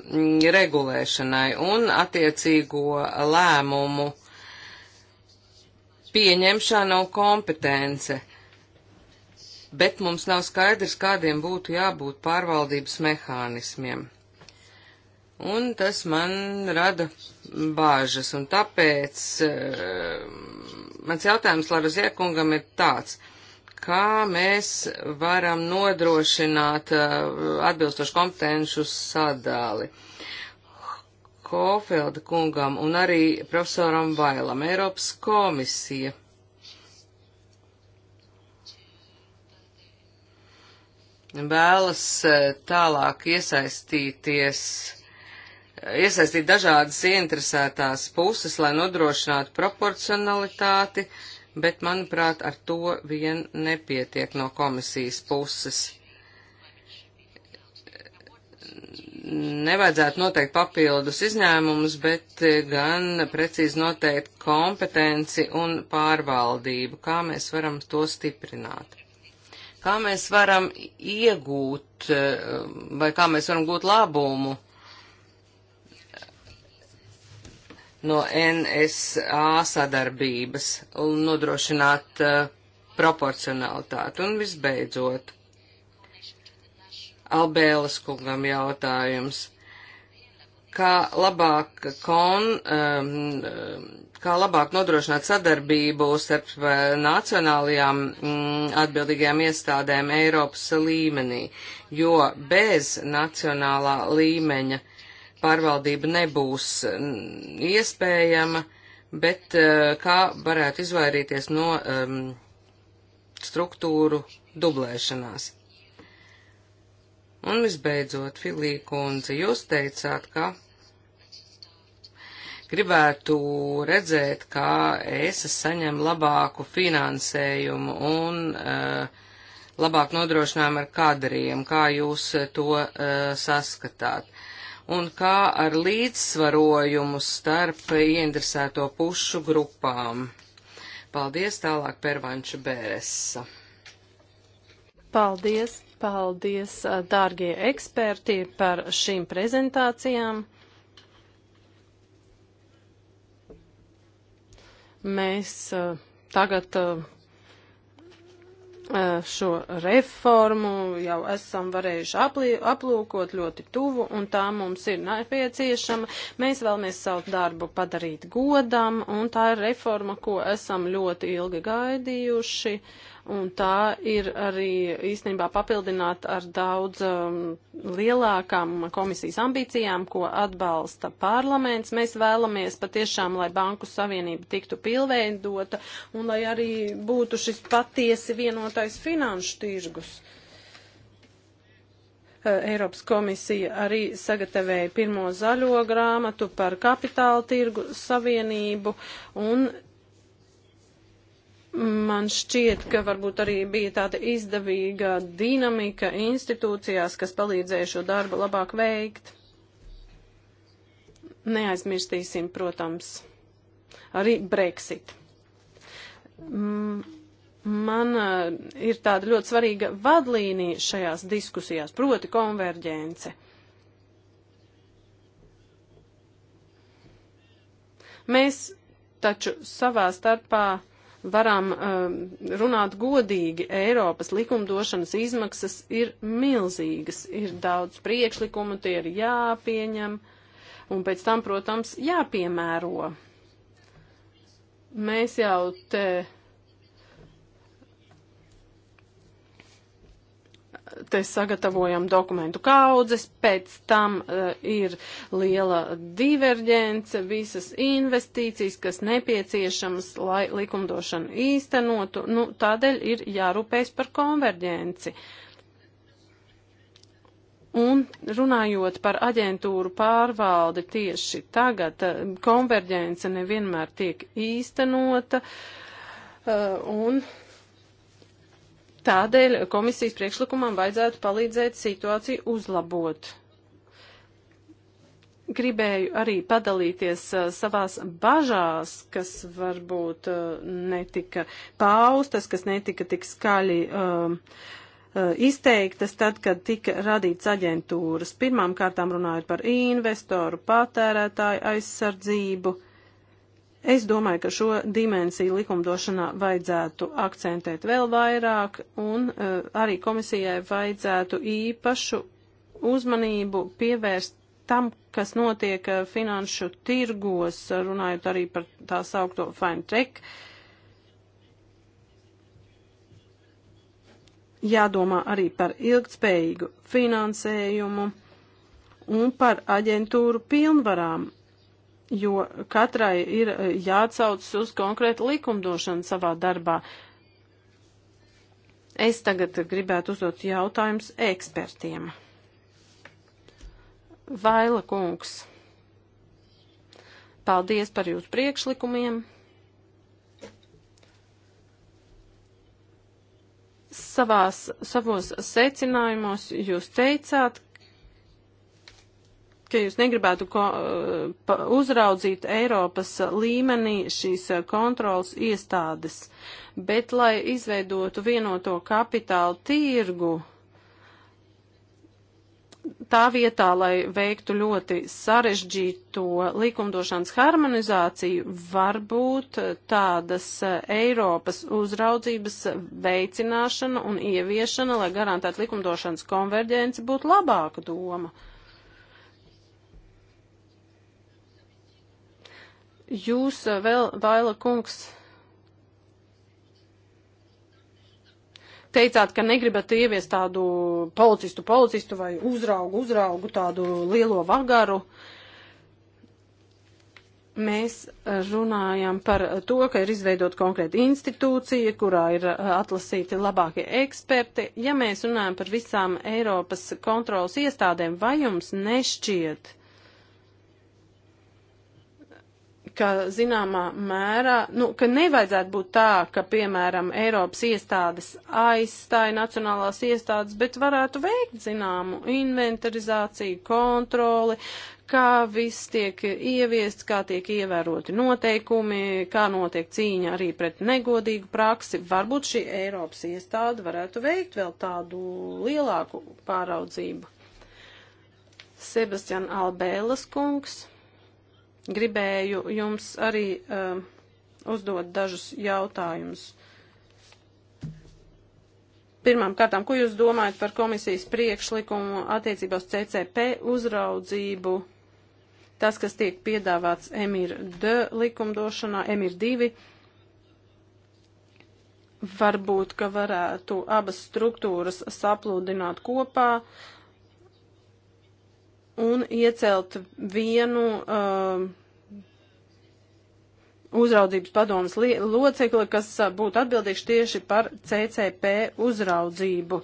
regulēšanai un attiecīgo lēmumu pieņemšanu kompetence. Bet mums nav skaidrs, kādiem būtu jābūt pārvaldības mehānismiem. Un tas man rada bāžas, un tāpēc uh, mans jautājums Laruziekungam ir tāds. Uh, kā mēs varam nodrošināt uh, atbilstošu kompetenšu sadāli. Kofelda kungam un arī profesoram Vailam, Eiropas komisija. Vēlas uh, tālāk iesaistīties, uh, iesaistīt dažādas interesētās puses, lai nodrošinātu proporcionalitāti, uh, bet, manuprāt, ar to vien nepietiek no komisijas puses. Nevajadzētu noteikt papildus izņēmumus, bet gan precīzi noteikt kompetenci un pārvaldību, kā mēs varam to stiprināt. Kā mēs varam iegūt vai kā mēs varam gūt labumu no NSA sadarbības un nodrošināt uh, proporcionalitāti. Un visbeidzot, Albēlas kungam jautājums, kā labāk, kon, um, um kā labāk nodrošināt sadarbību starp uh, nacionālajām mm, atbildīgajām iestādēm Eiropas līmenī, jo bez nacionālā līmeņa pārvaldība nebūs iespējama, bet e, kā varētu izvairīties no um, struktūru dublēšanās. Un visbeidzot, Filija kundze, jūs teicāt, ka gribētu redzēt, kā ESA saņem labāku finansējumu un uh, labāk nodrošinājumu ar kadriem, kā jūs to uh, saskatāt un kā ar līdzsvarojumu starp ieinteresēto pušu grupām. Paldies tālāk Pervanča Bēresa. Paldies, paldies, dārgie eksperti, par šīm prezentācijām. Mēs tagad šo reformu jau esam varējuši aplī, aplūkot ļoti tuvu, un tā mums ir nepieciešama. Mēs vēlamies savu darbu padarīt godam, un tā ir reforma, ko esam ļoti ilgi gaidījuši. Uh, un tā ir arī īstenībā papildināta ar daudz um, lielākām komisijas ambīcijām, ko atbalsta parlaments. Mēs vēlamies patiešām, lai Banku Savienība tiktu pilnveidota un lai arī būtu šis patiesi vienotais finanšu tirgus. Uh, Eiropas komisija arī sagatavoja pirmo zaļo grāmatu par kapitāla tirgu savienību, un Man šķiet, ka varbūt arī bija tāda izdevīga dinamika institūcijās, kas palīdzēja šo darbu labāk veikt. Neaizmirstīsim, protams, arī Brexit. Man eh, ir tāda ļoti svarīga vadlīnija šajās diskusijās, proti konverģence. Mēs taču savā starpā varam um, runāt godīgi, Eiropas likumdošanas izmaksas ir milzīgas, ir daudz priekšlikumu, tie ir jāpieņem un pēc tam, protams, jāpiemēro. Mēs jau te te sagatavojam dokumentu kaudzes, pēc tam uh, ir liela diverģence, visas investīcijas, kas nepieciešamas, lai likumdošanu īstenotu. Nu, tādēļ ir jārūpējas par konverģenci. Un runājot par aģentūru pārvaldi tieši tagad, e, konverģence nevienmēr tiek īstenota. Uh, un Tādēļ komisijas priekšlikumam vajadzētu palīdzēt situāciju uzlabot. Gribēju arī padalīties uh, savās bažās, kas varbūt uh, netika paustas, kas netika tik skaļi um, uh, izteiktas tad, kad tika radīts aģentūras. Pirmām kārtām runājot par investoru, patērētāju aizsardzību. Uh, Es domāju, ka šo dimensiju likumdošanā vajadzētu akcentēt vēl vairāk, un uh, arī komisijai vajadzētu īpašu uzmanību pievērst tam, kas notiek uh, finanšu tirgos, runājot arī par tā saukto fine track. Jādomā arī par ilgtspējīgu finansējumu un par aģentūru pilnvarām jo katrai ir eh, jāatsaucas uz konkrētu likumdošanu savā darbā. Es tagad gribētu uzdot jautājumus ekspertiem. Vaila kungs, paldies par jūsu priekšlikumiem. Savās, savos secinājumos jūs teicāt, ka jūs negribētu ko, eh, uzraudzīt Eiropas līmenī šīs eh, kontrolas iestādes, bet lai izveidotu vienoto kapitālu tirgu, tā vietā, lai veiktu ļoti sarežģīto likumdošanas harmonizāciju, varbūt eh, tādas Eiropas uzraudzības veicināšana un ieviešana, lai garantētu likumdošanas konverģenci, būtu labāka doma. jūs eh, vēl, Vaila kungs, teicāt, ka negribat ieviest tādu policistu, policistu vai uzraugu, uzraugu tādu lielo vagaru. Mēs eh, runājam par to, ka ir izveidot konkrēta institūcija, kurā ir eh, atlasīti labākie eksperti. Ja mēs runājam par visām Eiropas kontrolas iestādēm, vai jums nešķiet, uh, ka zināmā mērā, nu, ka nevajadzētu būt tā, ka, piemēram, Eiropas iestādes aizstāja nacionālās iestādes, bet varētu veikt zināmu inventarizāciju, kontroli, kā viss tiek ieviests, kā tiek ievēroti noteikumi, kā notiek cīņa arī pret negodīgu praksi. Varbūt šī Eiropas iestāde varētu veikt vēl tādu lielāku pāraudzību. Sebastian Albēlas kungs gribēju jums arī uh, uzdot dažus jautājumus. Pirmām kārtām, ko jūs domājat par komisijas priekšlikumu attiecībā uz CCP uzraudzību? Tas, kas tiek piedāvāts EMIR 2 likumdošanā, EMIR 2, varbūt, ka varētu abas struktūras saplūdināt kopā, uh, un iecelt vienu uh, uzraudzības padomas locekli, kas uh, būtu atbildīgs tieši par CCP uzraudzību.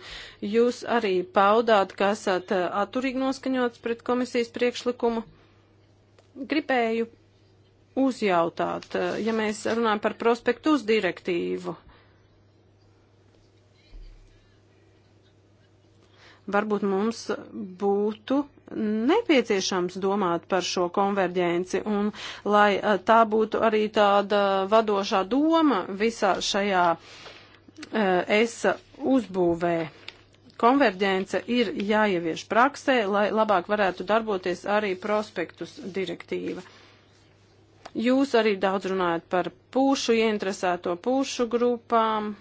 Jūs arī paudāt, ka esat uh, atturīgi noskaņots pret komisijas priekšlikumu. Gribēju uzjautāt, uh, ja mēs runājam par prospektus direktīvu. Varbūt mums būtu nepieciešams domāt par šo konverģenci un lai eh, tā būtu arī tāda vadošā doma visā šajā eh, es uzbūvē. Konverģence ir jāievieš praksē, lai labāk varētu darboties arī prospektus direktīva. Jūs arī daudz runājat par pušu, ieinteresēto pušu grupām.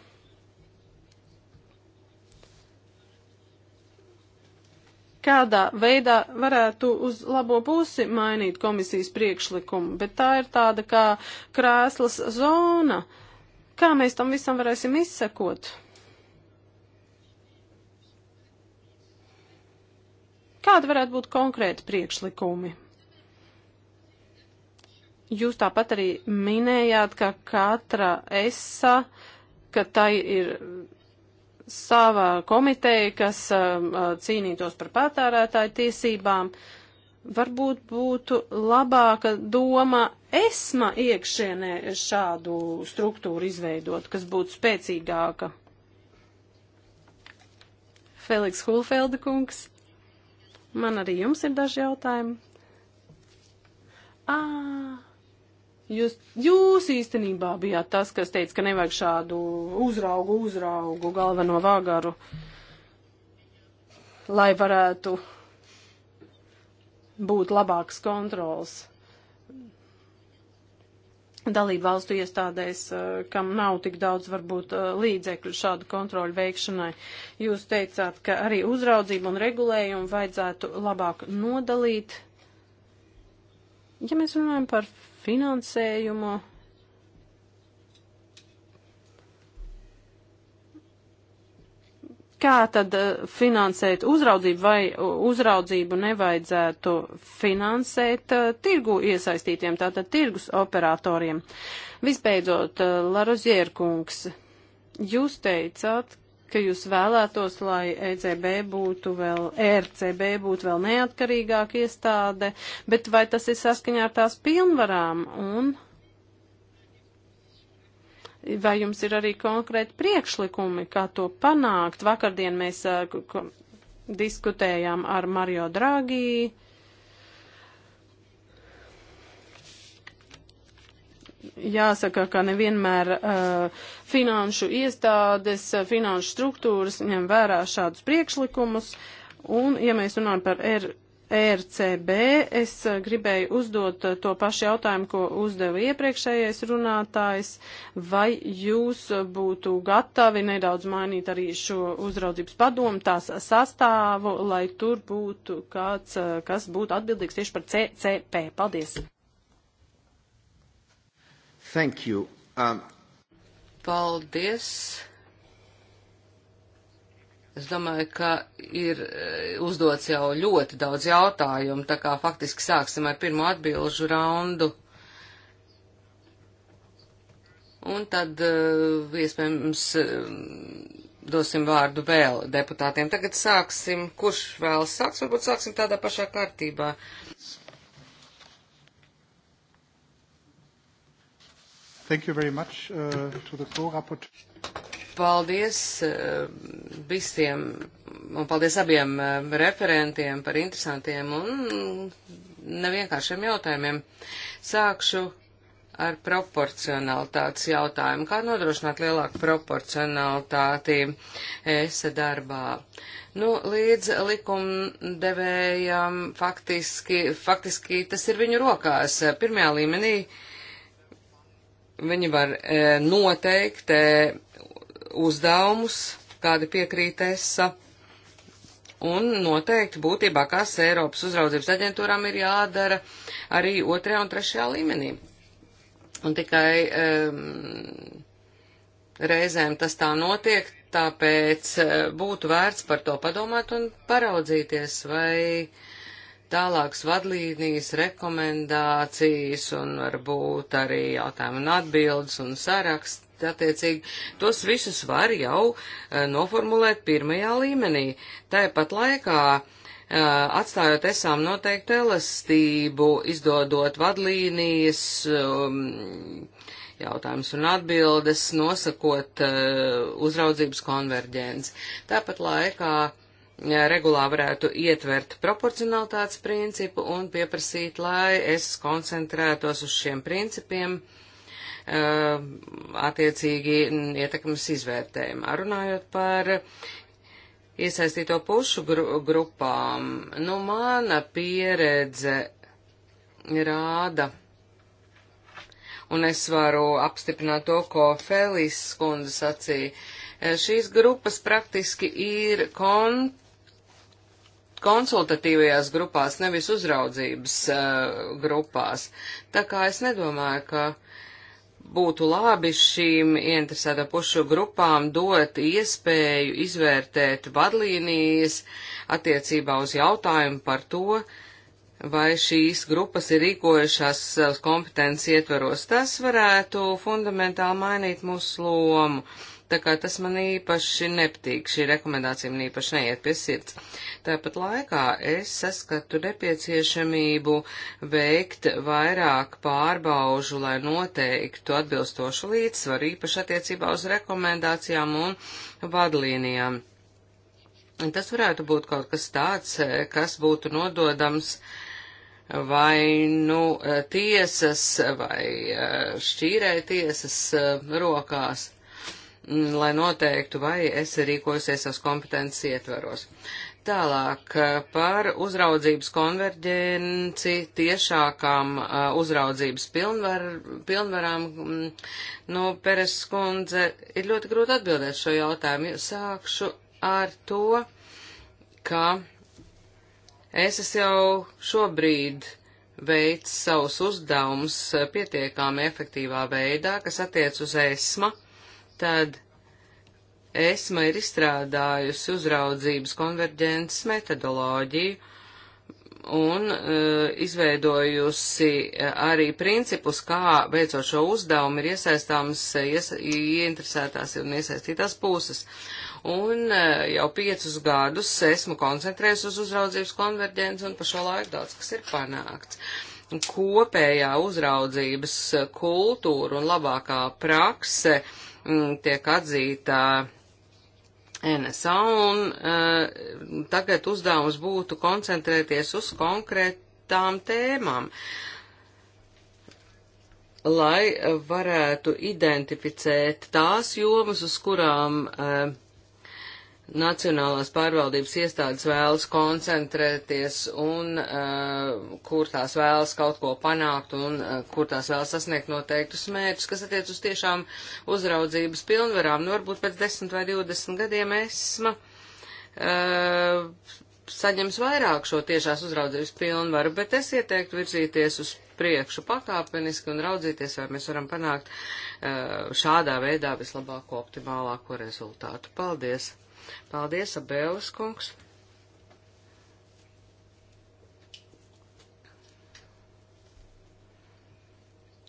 kādā veidā varētu uz labo pusi mainīt komisijas priekšlikumu, bet tā ir tāda kā krēslas zona. Kā mēs tam visam varēsim izsekot? Kādi varētu būt konkrēti priekšlikumi? Jūs tāpat arī minējāt, ka katra esa, ka tai ir sava komiteja, kas um, uh, cīnītos par patērētāju tiesībām. Varbūt būtu labāka doma esma iekšienē šādu struktūru izveidot, kas būtu spēcīgāka. Feliks Hulfelda kungs, man arī jums ir daži jautājumi. Ah. Jūs, jūs īstenībā bijāt tas, kas teica, ka nevajag šādu uzraugu, uzraugu galveno vāgaru, lai varētu būt labāks kontrols dalību valstu iestādēs, eh, kam nav tik daudz varbūt eh, līdzekļu šādu kontroļu veikšanai. Jūs teicāt, ka arī uzraudzību un regulējumu vajadzētu labāk nodalīt. Ja mēs runājam par finansējumu. Kā tad eh, finansēt uzraudzību vai uzraudzību nevajadzētu finansēt eh, tirgu iesaistītiem, tātad tirgus operatoriem? Visbeidzot, eh, Larozierkungs, jūs teicāt, ka jūs vēlētos, lai ECB būtu vēl, ERCB būtu vēl neatkarīgāka iestāde, bet vai tas ir saskaņā ar tās pilnvarām un vai jums ir arī konkrēti priekšlikumi, kā to panākt? Vakardien mēs diskutējām ar Mario Dragiju jāsaka, ka nevienmēr uh, finanšu iestādes, uh, finanšu struktūras ņem vērā šādus priekšlikumus. Un, ja mēs runājam par R. ERCB, es uh, gribēju uzdot uh, to pašu jautājumu, ko uzdeva iepriekšējais runātājs, vai jūs būtu gatavi nedaudz mainīt arī šo uzraudzības padomu, tās sastāvu, lai tur būtu kāds, kas būtu atbildīgs tieši par CCP. Paldies! Thank you. Um... Paldies. Es domāju, ka ir eh, uzdots jau ļoti daudz jautājumu, tā kā faktiski sāksim ar pirmo atbilžu raundu. Un tad, eh, iespējams, eh, dosim vārdu vēl deputātiem. Tagad sāksim, kurš vēl sāks, varbūt sāksim tādā pašā kārtībā. Thank you very much uh, to the co-rapport. Paldies uh, visiem un paldies abiem uh, referentiem par interesantiem un nevienkāršiem jautājumiem. Sākšu ar proporcionalitātes jautājumu. Kā nodrošināt lielāku proporcionalitāti ESA darbā? Nu, līdz likumdevējam faktiski, faktiski tas ir viņu rokās. Pirmajā līmenī uh, Viņi var e, noteikt e, uzdevumus, kādi piekrīt ESA, un noteikti būtībā, kas Eiropas uzraudzības aģentūrām ir jādara arī otrajā un trešajā līmenī. Un tikai um, reizēm tas tā notiek, tāpēc e, būtu vērts par to padomāt un paraudzīties, vai uh, tālākas vadlīnijas, rekomendācijas un varbūt arī jautājumu un atbildes un saraksts. Attiecīgi, tos visus var jau uh, noformulēt pirmajā līmenī. Tāpat laikā uh, atstājot esām noteiktu elastību, izdodot vadlīnijas, um, jautājums un atbildes, nosakot uh, uzraudzības konverģenci. Tāpat laikā uh, regulā varētu ietvert proporcionalitātes principu un pieprasīt, lai es koncentrētos uz šiem principiem uh, attiecīgi ietekmes izvērtējumā. Runājot par iesaistīto pušu gru grupām, nu mana pieredze rāda, un es varu apstiprināt to, ko Fēlīs skundze sacīja, šīs grupas praktiski ir kont konsultatīvajās grupās, nevis uzraudzības uh, grupās. Tā kā es nedomāju, ka būtu labi šīm interesētā pušu grupām dot iespēju izvērtēt vadlīnijas attiecībā uz jautājumu par to, vai šīs grupas ir rīkojušās savas kompetences ietveros. Tas varētu fundamentāli mainīt mūsu lomu. Uh, tā kā tas man īpaši nepatīk, šī rekomendācija man īpaši neiet pie sirds. Tāpat laikā es saskatu nepieciešamību veikt vairāk pārbaužu, lai noteiktu atbilstošu līdzsvaru īpaši attiecībā uz rekomendācijām un vadlīnijām. Tas varētu būt kaut kas tāds, kas būtu nododams vai nu tiesas vai eh, šķīrē tiesas eh, rokās. Mm, lai noteiktu, vai es rīkosies savas kompetences ietvaros. Tālāk eh, par uzraudzības konverģenci tiešākām eh, uzraudzības pilnvar, pilnvarām. Mm, nu, Peres kundze, ir ļoti grūti atbildēt šo jautājumu. Sākšu ar to, ka es esmu jau šobrīd veids savus uzdevumus pietiekām efektīvā veidā, kas attiec uz ESMA. Uh, tad ESMA ir izstrādājusi uzraudzības konverģences metodoloģiju un uh, izveidojusi eh, arī principus, kā veicot šo uzdevumu ir iesaistāmas eh, ies, ieinteresētās un iesaistītās puses. Un uh, jau piecus gadus esmu koncentrējis uz uzraudzības konverģenci un pa šo laiku daudz kas ir panākts. Kopējā uzraudzības kultūra un labākā prakse uh, Mm, tiek atzīta NSA, un uh, tagad uzdevums būtu koncentrēties uz konkrētām tēmām, lai varētu identificēt tās jomas, uz kurām uh, nacionālās pārvaldības iestādes vēlas koncentrēties un uh, kur tās vēlas kaut ko panākt un uh, kur tās vēlas sasniegt noteiktus mērķus, kas attiec uz tiešām uzraudzības pilnvarām. Nu, varbūt pēc 10 vai 20 gadiem esma uh, saņems vairāk šo tiešās uzraudzības pilnvaru, bet es ieteiktu virzīties uz priekšu pakāpeniski un raudzīties, vai mēs varam panākt uh, šādā veidā vislabāko optimālāko rezultātu. Paldies! Paldies, Abēlis kungs!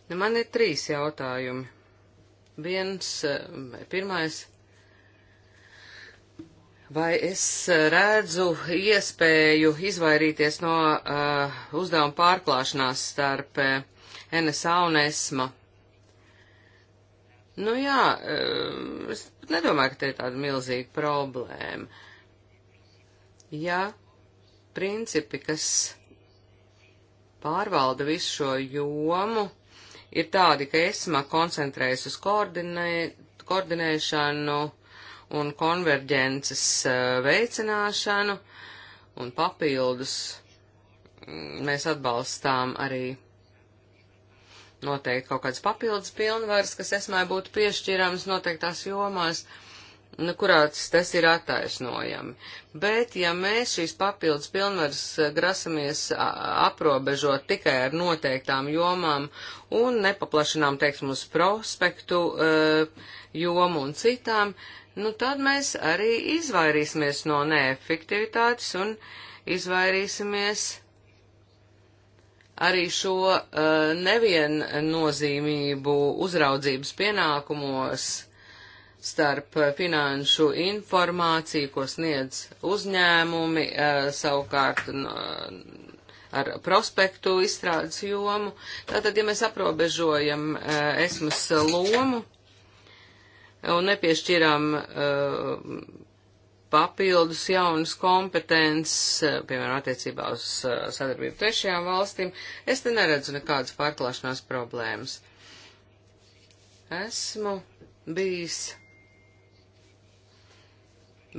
Nu, man ir trīs jautājumi. Viens, eh, pirmais, vai es eh, redzu iespēju izvairīties no uh, uzdevuma pārklāšanās starp uh, NSA un ESMA? Nu jā, uh, es nedomāju, ka te ir tāda milzīga problēma. Ja principi, kas pārvalda visu šo jomu, ir tādi, ka esma koncentrējas uz koordinē, koordinēšanu un konverģences eh, veicināšanu, un papildus mm, mēs atbalstām arī noteikti kaut kādas papildus pilnvaras, kas esmai būtu piešķirams noteiktās jomās, nu, kurās tas ir attaisnojami. Bet, ja mēs šīs papildus pilnvaras eh, grasamies aprobežot tikai ar noteiktām jomām un nepaplašinām, teiksim, uz prospektu eh, jomu un citām, nu, tad mēs arī izvairīsimies no neefektivitātes un izvairīsimies arī šo uh, neviennozīmību uzraudzības pienākumos starp finanšu informāciju, ko sniedz uzņēmumi, uh, savukārt uh, ar prospektu izstrādes jomu. Tātad, ja mēs aprobežojam uh, esmas lomu un nepiešķiram uh, papildus jaunas kompetences, eh, piemēram, attiecībā uz eh, sadarbību trešajām valstīm, es te neredzu nekādas pārklāšanās problēmas. Esmu bijis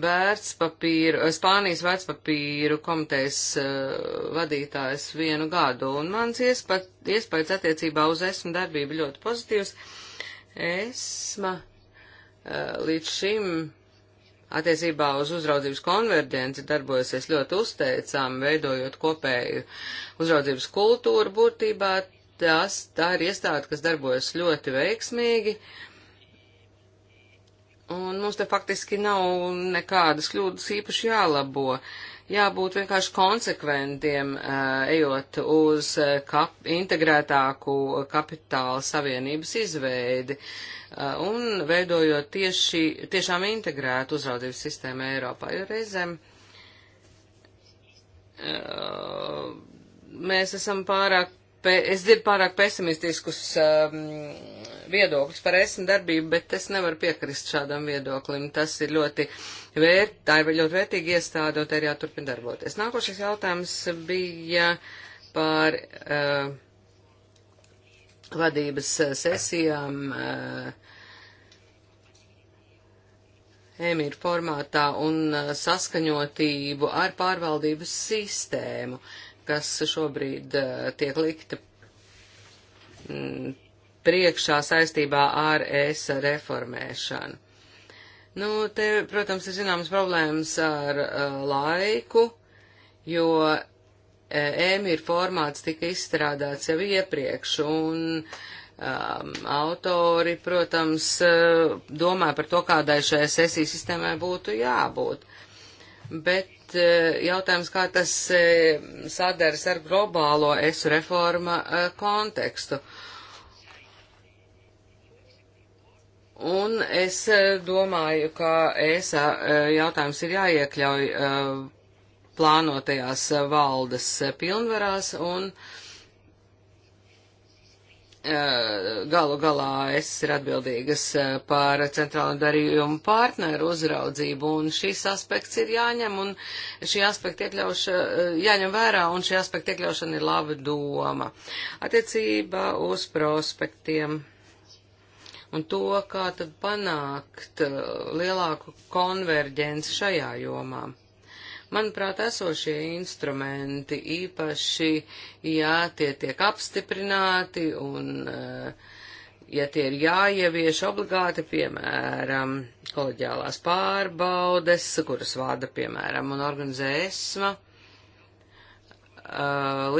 vērtspapīru, eh, Spānijas vērtspapīru komitejas uh, vadītājs vienu gadu, un mans iespa, iespējas attiecībā uz esmu darbību ļoti pozitīvs. Esma uh, līdz šim attiecībā uz uzraudzības konverģenci darbojasies ļoti uzteicami, veidojot kopēju uzraudzības kultūru būtībā. Tas, tā ir iestāde, kas darbojas ļoti veiksmīgi. Un mums te faktiski nav nekādas kļūdas īpaši jālabo. Uh, jābūt vienkārši konsekventiem, eh, ejot uz eh, kap, integrētāku kapitāla savienības izveidi eh, un veidojot tieši, tiešām integrētu uzraudzības sistēmu Eiropā. Jo reizēm mēs esam pārāk pe, es dzirdu pārāk pesimistiskus um, viedokļus par esmu darbību, bet es nevaru piekrist šādam viedoklim. Tas ir ļoti, vērt, tā ir ļoti vērtīgi iestāde, un te ir jāturpina darboties. Nākošais jautājums bija par uh, vadības sesijām. Uh, emīru formātā un uh, saskaņotību ar pārvaldības sistēmu. Uh, kas šobrīd eh, tiek likta mm, priekšā saistībā ar ES reformēšanu. Nu, te, protams, ir zināmas problēmas ar uh, laiku, jo uh, eh, EMIR formāts tika izstrādāts jau iepriekš, un um, autori, protams, uh, domā par to, kādai šai sesijas sistēmai būtu jābūt. Bet bet eh, jautājums, kā tas eh, sadaras ar globālo esu reforma eh, kontekstu. Un es domāju, ka ESA jautājums ir jāiekļauj plānotajās valdes pilnvarās un uh, Eh, galu galā es ir atbildīgas eh, par centrālo darījumu partneru uzraudzību, un šis aspekts ir jāņem, un šī aspekta iekļauša, eh, jāņem vērā, un šī aspekta iekļaušana ir laba doma. Attiecībā uz prospektiem un to, kā tad panākt lielāku konverģenci šajā jomā. Manuprāt, esošie instrumenti īpaši, ja tie tiek apstiprināti un eh, ja tie ir jāievieš obligāti, piemēram, koleģiālās pārbaudes, kuras vada, piemēram, un organizē esma, eh,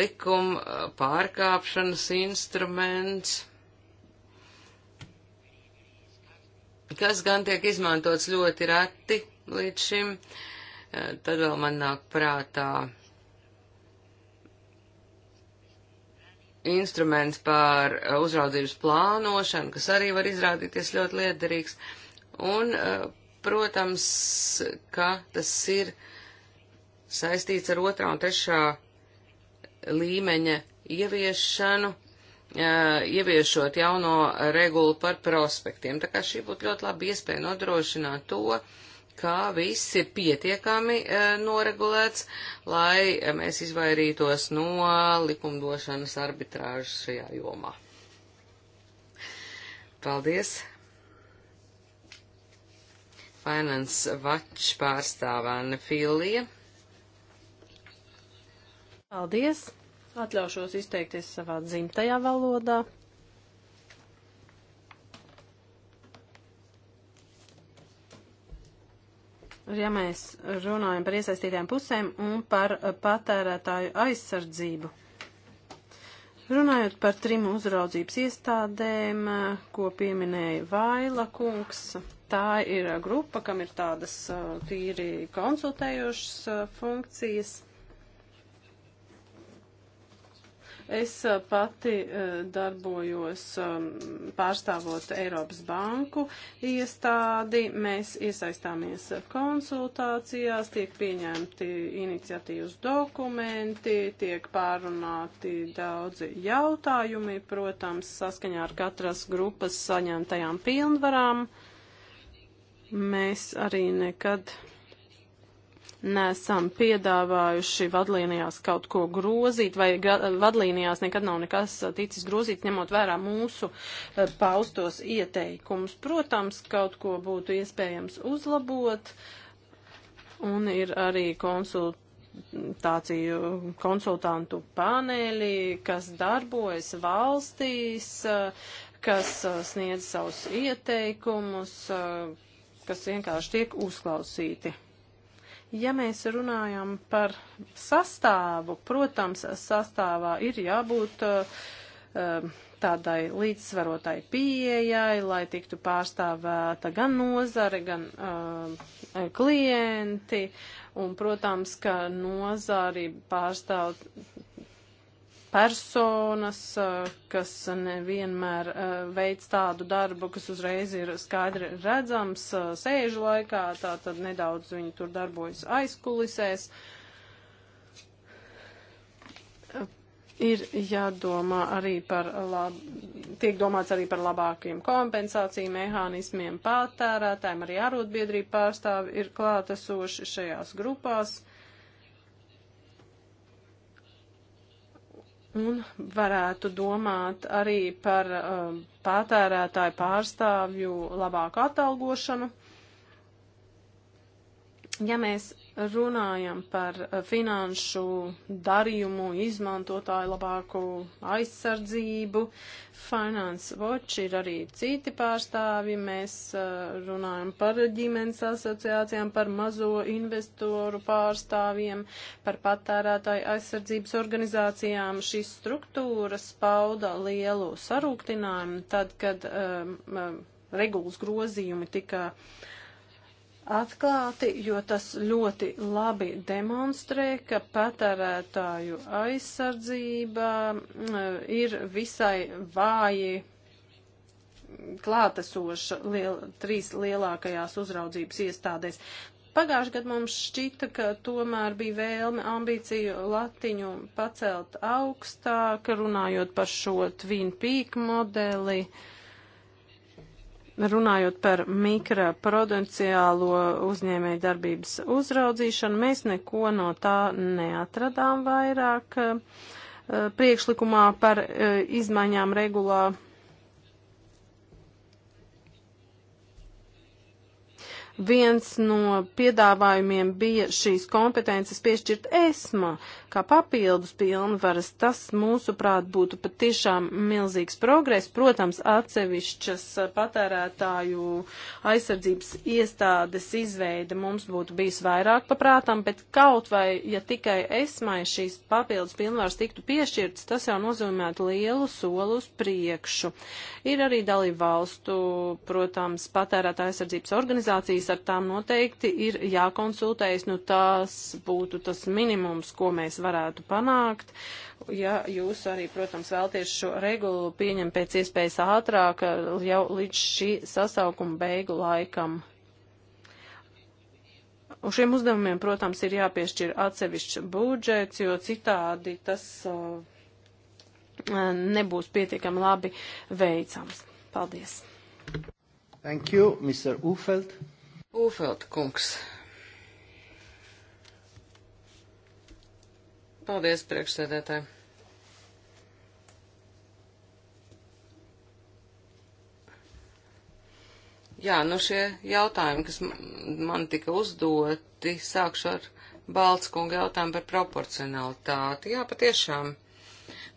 likuma eh, pārkāpšanas instruments. kas gan tiek izmantots ļoti reti līdz šim, Tad vēl man nāk prātā instruments par eh, uzraudzības plānošanu, kas arī var izrādīties ļoti liederīgs. Un, eh, protams, ka tas ir saistīts ar otrā un trešā līmeņa ieviešanu, eh, ieviešot jauno regulu par prospektiem. Tā kā šī būtu ļoti laba iespēja nodrošināt to, kā viss ir pietiekami e, noregulēts, lai eh, mēs izvairītos no likumdošanas arbitrāžas šajā jomā. Paldies! Finance Watch pārstāvā Nefilija. Paldies! Atļaušos izteikties savā dzimtajā valodā. ja mēs runājam par iesaistītām pusēm un par patērētāju aizsardzību. Runājot par trim uzraudzības iestādēm, ko pieminēja Vaila kungs, tā ir grupa, kam ir tādas tīri konsultējošas funkcijas. Es eh, pati eh, darbojos ehm, pārstāvot Eiropas banku iestādi. Mēs iesaistāmies konsultācijās, tiek pieņemti iniciatīvas dokumenti, tiek pārunāti daudzi jautājumi, protams, saskaņā ar katras grupas saņemtajām pilnvarām. Mēs arī nekad nesam piedāvājuši vadlīnijās kaut ko grozīt, vai vadlīnijās nekad nav nekas ticis grozīts, ņemot vērā mūsu eh, paustos ieteikumus. Protams, kaut ko būtu iespējams uzlabot, un ir arī konsultācija tāciju konsultantu paneļi, kas darbojas valstīs, eh, kas eh, sniedz savus ieteikumus, kas vienkārši tiek uzklausīti. Ja mēs runājam par sastāvu, protams, sastāvā ir jābūt uh, tādai līdzsvarotai pieejai, lai tiktu pārstāvēta gan nozare, gan uh, klienti, un, protams, ka nozari pārstāv personas, eh, kas nevienmēr eh, veids tādu darbu, kas uzreiz ir skaidri redzams eh, sēžu laikā, tā tad nedaudz viņi tur darbojas aizkulisēs. Ir jādomā arī par, lab, tiek domāts arī par labākiem kompensāciju mehānismiem patērētājiem, arī arotbiedrība pārstāvi ir klātesoši šajās grupās. Un varētu domāt arī par um, patērētāju pārstāvju labāku atalgošanu. Ja mēs runājam par eh, finanšu darījumu izmantotāju labāku aizsardzību. Finance Watch ir arī citi pārstāvi. Mēs eh, runājam par ģimenes asociācijām, par mazo investoru pārstāvjiem, par patērētāju aizsardzības organizācijām. Šīs struktūras pauda lielu sarūktinājumu tad, kad um, regulas grozījumi tika uh, atklāti, jo tas ļoti labi demonstrē, ka patērētāju aizsardzība mm, ir visai vāji klātesoša liel, trīs lielākajās uzraudzības iestādēs. Pagājušajā gadā mums šķita, ka tomēr bija vēlme ambīciju latiņu pacelt augstāk, runājot par šo Twin Peak modeli. Uh, Runājot par mikroprudenciālo uzņēmēju darbības uzraudzīšanu, mēs neko no tā neatradām vairāk eh, priekšlikumā par eh, izmaiņām regulā Viens no piedāvājumiem bija šīs kompetences piešķirt ESMA, kā papildus pilnvaras. Tas, mūsuprāt, būtu patiešām milzīgs progress. Protams, atsevišķas patērētāju aizsardzības iestādes izveida mums būtu bijis vairāk paprātam, bet kaut vai, ja tikai ESMAI šīs papildus pilnvaras tiktu piešķirtas, tas jau nozīmētu lielu soli uz priekšu. Ir arī dalību valstu, protams, patērētāju aizsardzības organizācijas ar tām noteikti ir jākonsultējas, nu tās būtu tas minimums, ko mēs varētu panākt. Ja jūs arī, protams, vēlties šo regulu pieņemt pēc iespējas ātrāk, jau līdz šī sasaukuma beigu laikam. Un šiem uzdevumiem, protams, ir jāpiešķir atsevišķs budžets, jo citādi tas uh, nebūs pietiekami labi veicams. Paldies! Thank you, Mr. Ufeld. Ūfeld kungs. Paldies, priekšsēdētāji. Jā, nu šie jautājumi, kas man tika uzdoti, sākšu ar Baltskunga jautājumu par proporcionalitāti. Jā, patiešām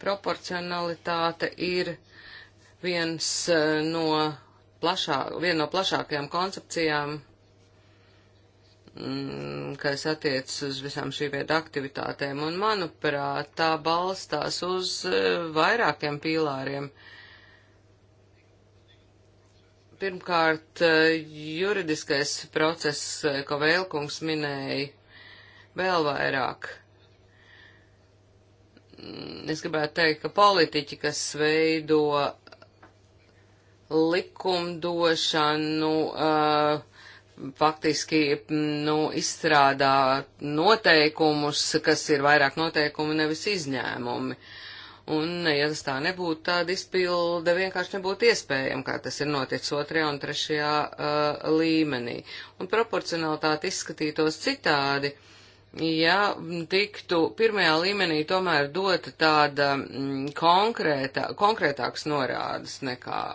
proporcionalitāte ir viens eh, no plašāk, viena no plašākajām koncepcijām Mm, kas attiecas uz visām šī veida aktivitātēm, un manuprāt, tā balstās uz eh, vairākiem pīlāriem. Pirmkārt, eh, juridiskais process, eh, ko Vēlkungs minēja, vēl vairāk. Mm, es gribētu teikt, ka politiķi, kas veido likumdošanu, uh, faktiski nu, izstrādā noteikumus, kas ir vairāk noteikumi, nevis izņēmumi. Un, ja tas tā nebūtu, tāda izpilde vienkārši nebūtu iespējama, kā tas ir noticis otrajā un trešajā uh, līmenī. Un proporcionalitāte izskatītos citādi, ja tiktu pirmajā līmenī tomēr dota tāda mm, konkrētā, konkrētāks norādes nekā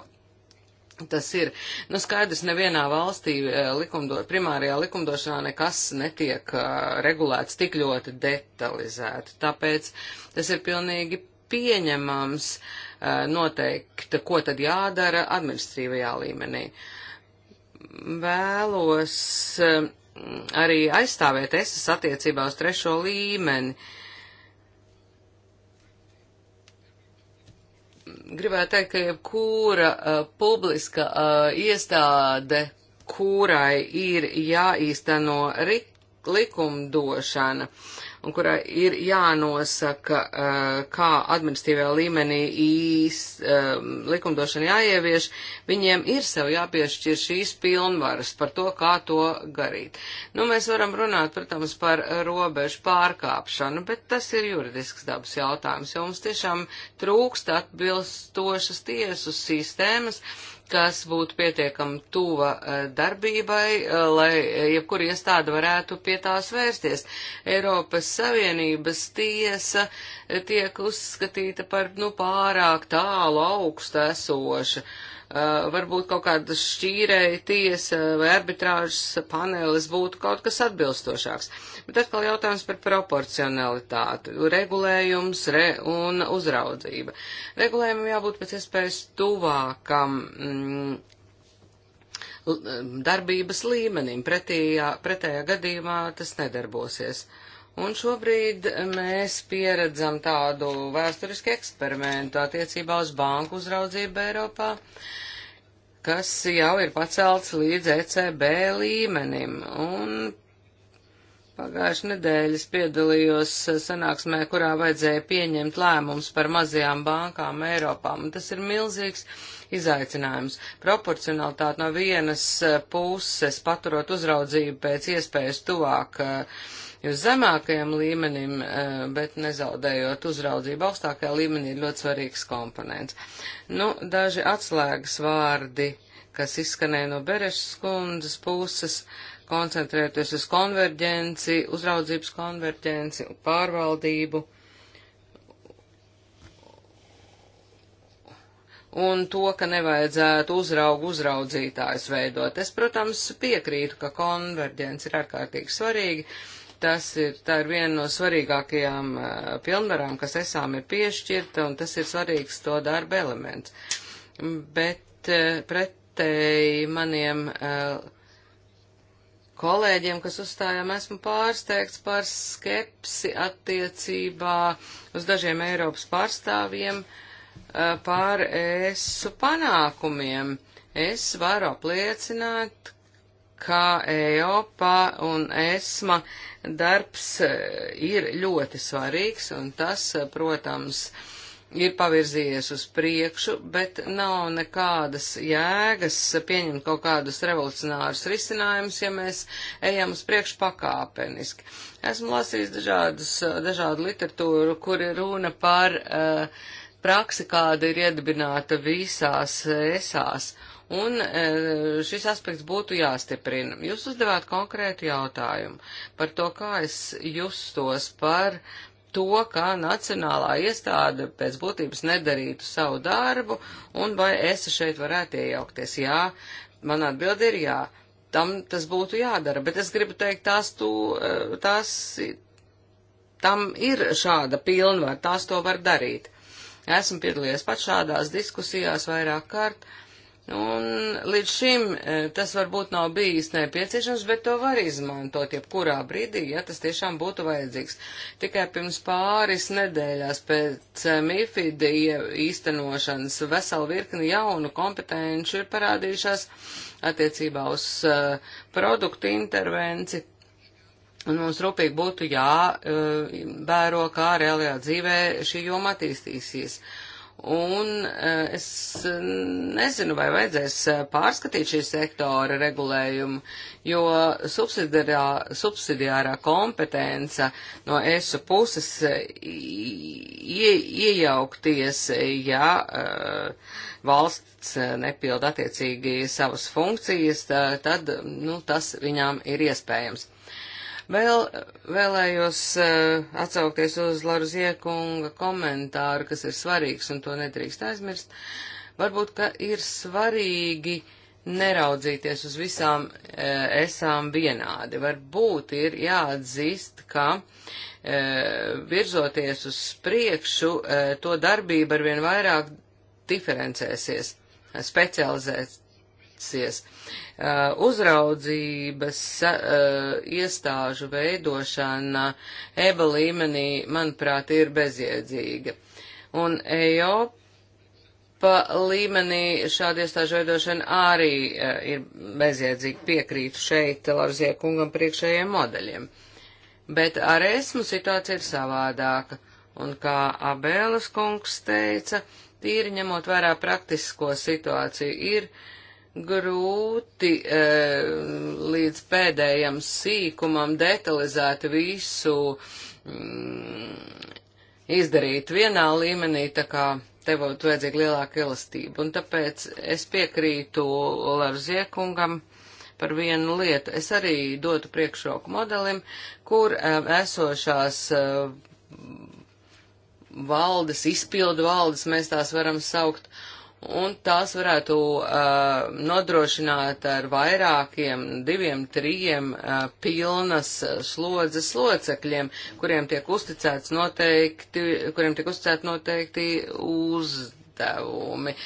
Tas ir, nu skaidrs, nevienā valstī eh, likumdo, primārajā likumdošanā nekas netiek uh, regulēts tik ļoti detalizēti, tāpēc tas ir pilnīgi pieņemams uh, eh, noteikti, ko tad jādara administrīvajā līmenī. Vēlos uh, arī aizstāvēt esas attiecībā uz trešo līmeni. Uh, gribētu teikt, ka jebkura uh, publiska uh, iestāde, kurai ir jāīsteno rik, likumdošana, uh, un kurai ir jānosaka, eh, kā administratīvajā līmenī īs eh, likumdošana jāievieš, viņiem ir sev jāpiešķir šīs pilnvaras par to, kā to garīt. Nu, mēs varam runāt, protams, par robežu pārkāpšanu, bet tas ir juridisks dabas jautājums, jo mums tiešām trūkst atbilstošas tiesu sistēmas, kas būtu pietiekami tuva eh, darbībai, eh, lai eh, jebkur iestāde varētu pie tās vērsties. Eiropas Savienības tiesa tiek uzskatīta par nu, pārāk tālu augstu esošu. Uh, Uh, varbūt kaut kāda šķīrēja tiesa vai arbitrāžas panelis būtu kaut kas atbilstošāks. Bet atkal jautājums par proporcionalitāti, regulējums re un uzraudzība. Regulējumam jābūt pēc iespējas tuvākam mm, eh, darbības līmenim, pretējā, pretējā gadījumā tas nedarbosies. Uh, Un šobrīd mēs pieredzam tādu vēsturisku eksperimentu attiecībā uz banku uzraudzību Eiropā, kas jau ir pacelts līdz ECB līmenim. Un pagājuši nedēļas piedalījos sanāksmē, kurā vajadzēja pieņemt lēmums par mazajām bankām Eiropā. Un tas ir milzīgs izaicinājums. Proporcionalitāte no vienas puses paturot uzraudzību pēc iespējas tuvāk uh, uz zemākajam līmenim, e, bet nezaudējot uzraudzību augstākajā līmenī ir ļoti svarīgs komponents. Nu, daži atslēgas vārdi, kas izskanēja no Berešas kundzes puses, koncentrēties uz konverģenci, uzraudzības konverģenci, pārvaldību. un to, ka nevajadzētu uzraugu uzraudzītājs veidot. Es, protams, piekrītu, ka konverģence ir ārkārtīgi svarīga, Tas ir, tā ir viena no svarīgākajām pilnvarām, kas esām ir piešķirta, un tas ir svarīgs to darba elements. Mm, bet pretēji maniem kolēģiem, kas uzstājām, esmu pārsteigts par skepsi attiecībā uz dažiem Eiropas pārstāvjiem par ESU panākumiem. Es varu apliecināt, kā EOPA un ESMA darbs e, ir ļoti svarīgs, un tas, e, protams, ir pavirzījies uz priekšu, bet nav nekādas jēgas pieņemt kaut kādus revolucionārus risinājumus, ja mēs ejam uz priekšu pakāpeniski. Esmu lasījis dažādus, e, dažādu literatūru, kur ir runa par uh, praksi, kāda ir iedibināta visās esās. Uh, un e, šis aspekts būtu jāstiprina. Jūs uzdevāt konkrētu jautājumu par to, kā es justos par to, kā nacionālā iestāde pēc būtības nedarītu savu darbu, un vai es šeit varētu iejaukties. Jā, man atbildi ir jā. Tam tas būtu jādara, bet es gribu teikt, tās tu, e, tās, tam ir šāda pilnvar, tās to var darīt. Esmu piedalījies pat šādās diskusijās vairāk kārt, uh, Un līdz šim e, tas varbūt nav bijis nepieciešams, bet to var izmantot jebkurā brīdī, ja tas tiešām būtu vajadzīgs. Tikai pirms pāris nedēļās pēc e, MIFID īstenošanas vesela virkni jaunu kompetenci ir parādījušās attiecībā uz uh, produktu intervenci. Un mums rūpīgi būtu jāvēro, uh, kā reālajā dzīvē šī joma attīstīsies. Uh, Un eh, es eh, nezinu, vai vajadzēs eh, pārskatīt šī sektora regulējumu, jo subsidiārā, subsidiārā kompetence no ESU puses ie, iejaukties, ja valsts nepilda attiecīgi savas funkcijas, tad nu, tas viņām ir iespējams. Vēl vēlējos uh, atsaukties uz Laru Ziekunga komentāru, kas ir svarīgs un to nedrīkst aizmirst. Varbūt, ka ir svarīgi neraudzīties uz visām uh, esām vienādi. Varbūt ir jāatzīst, ka uh, virzoties uz priekšu, to darbība arvien vairāk diferencēsies, specializēs veicies. Uh, uzraudzības uh, iestāžu veidošana EBA līmenī, manuprāt, ir bezjēdzīga. Un EOP Pa līmenī šāda iestāžu veidošana arī uh, ir bezjēdzīgi piekrītu šeit Larzie kungam priekšējiem modeļiem. Bet ar esmu situācija ir savādāka, un kā Abēlas kungs teica, tīri ņemot vērā praktisko situāciju, ir grūti e, līdz pēdējam sīkumam detalizēt visu mm, izdarīt vienā līmenī, tā kā te būtu vajadzīga lielāka elastība. Un tāpēc es piekrītu Larziekungam par vienu lietu. Es arī dotu priekšroku modelim, kur e, esošās e, valdes, izpildu valdes, mēs tās varam saukt, uh, un tās varētu uh, nodrošināt ar vairākiem, diviem, trījiem uh, pilnas slodzes locekļiem, kuriem tiek uzticēts noteikti, kuriem tiek uzticēti noteikti uzdevumi.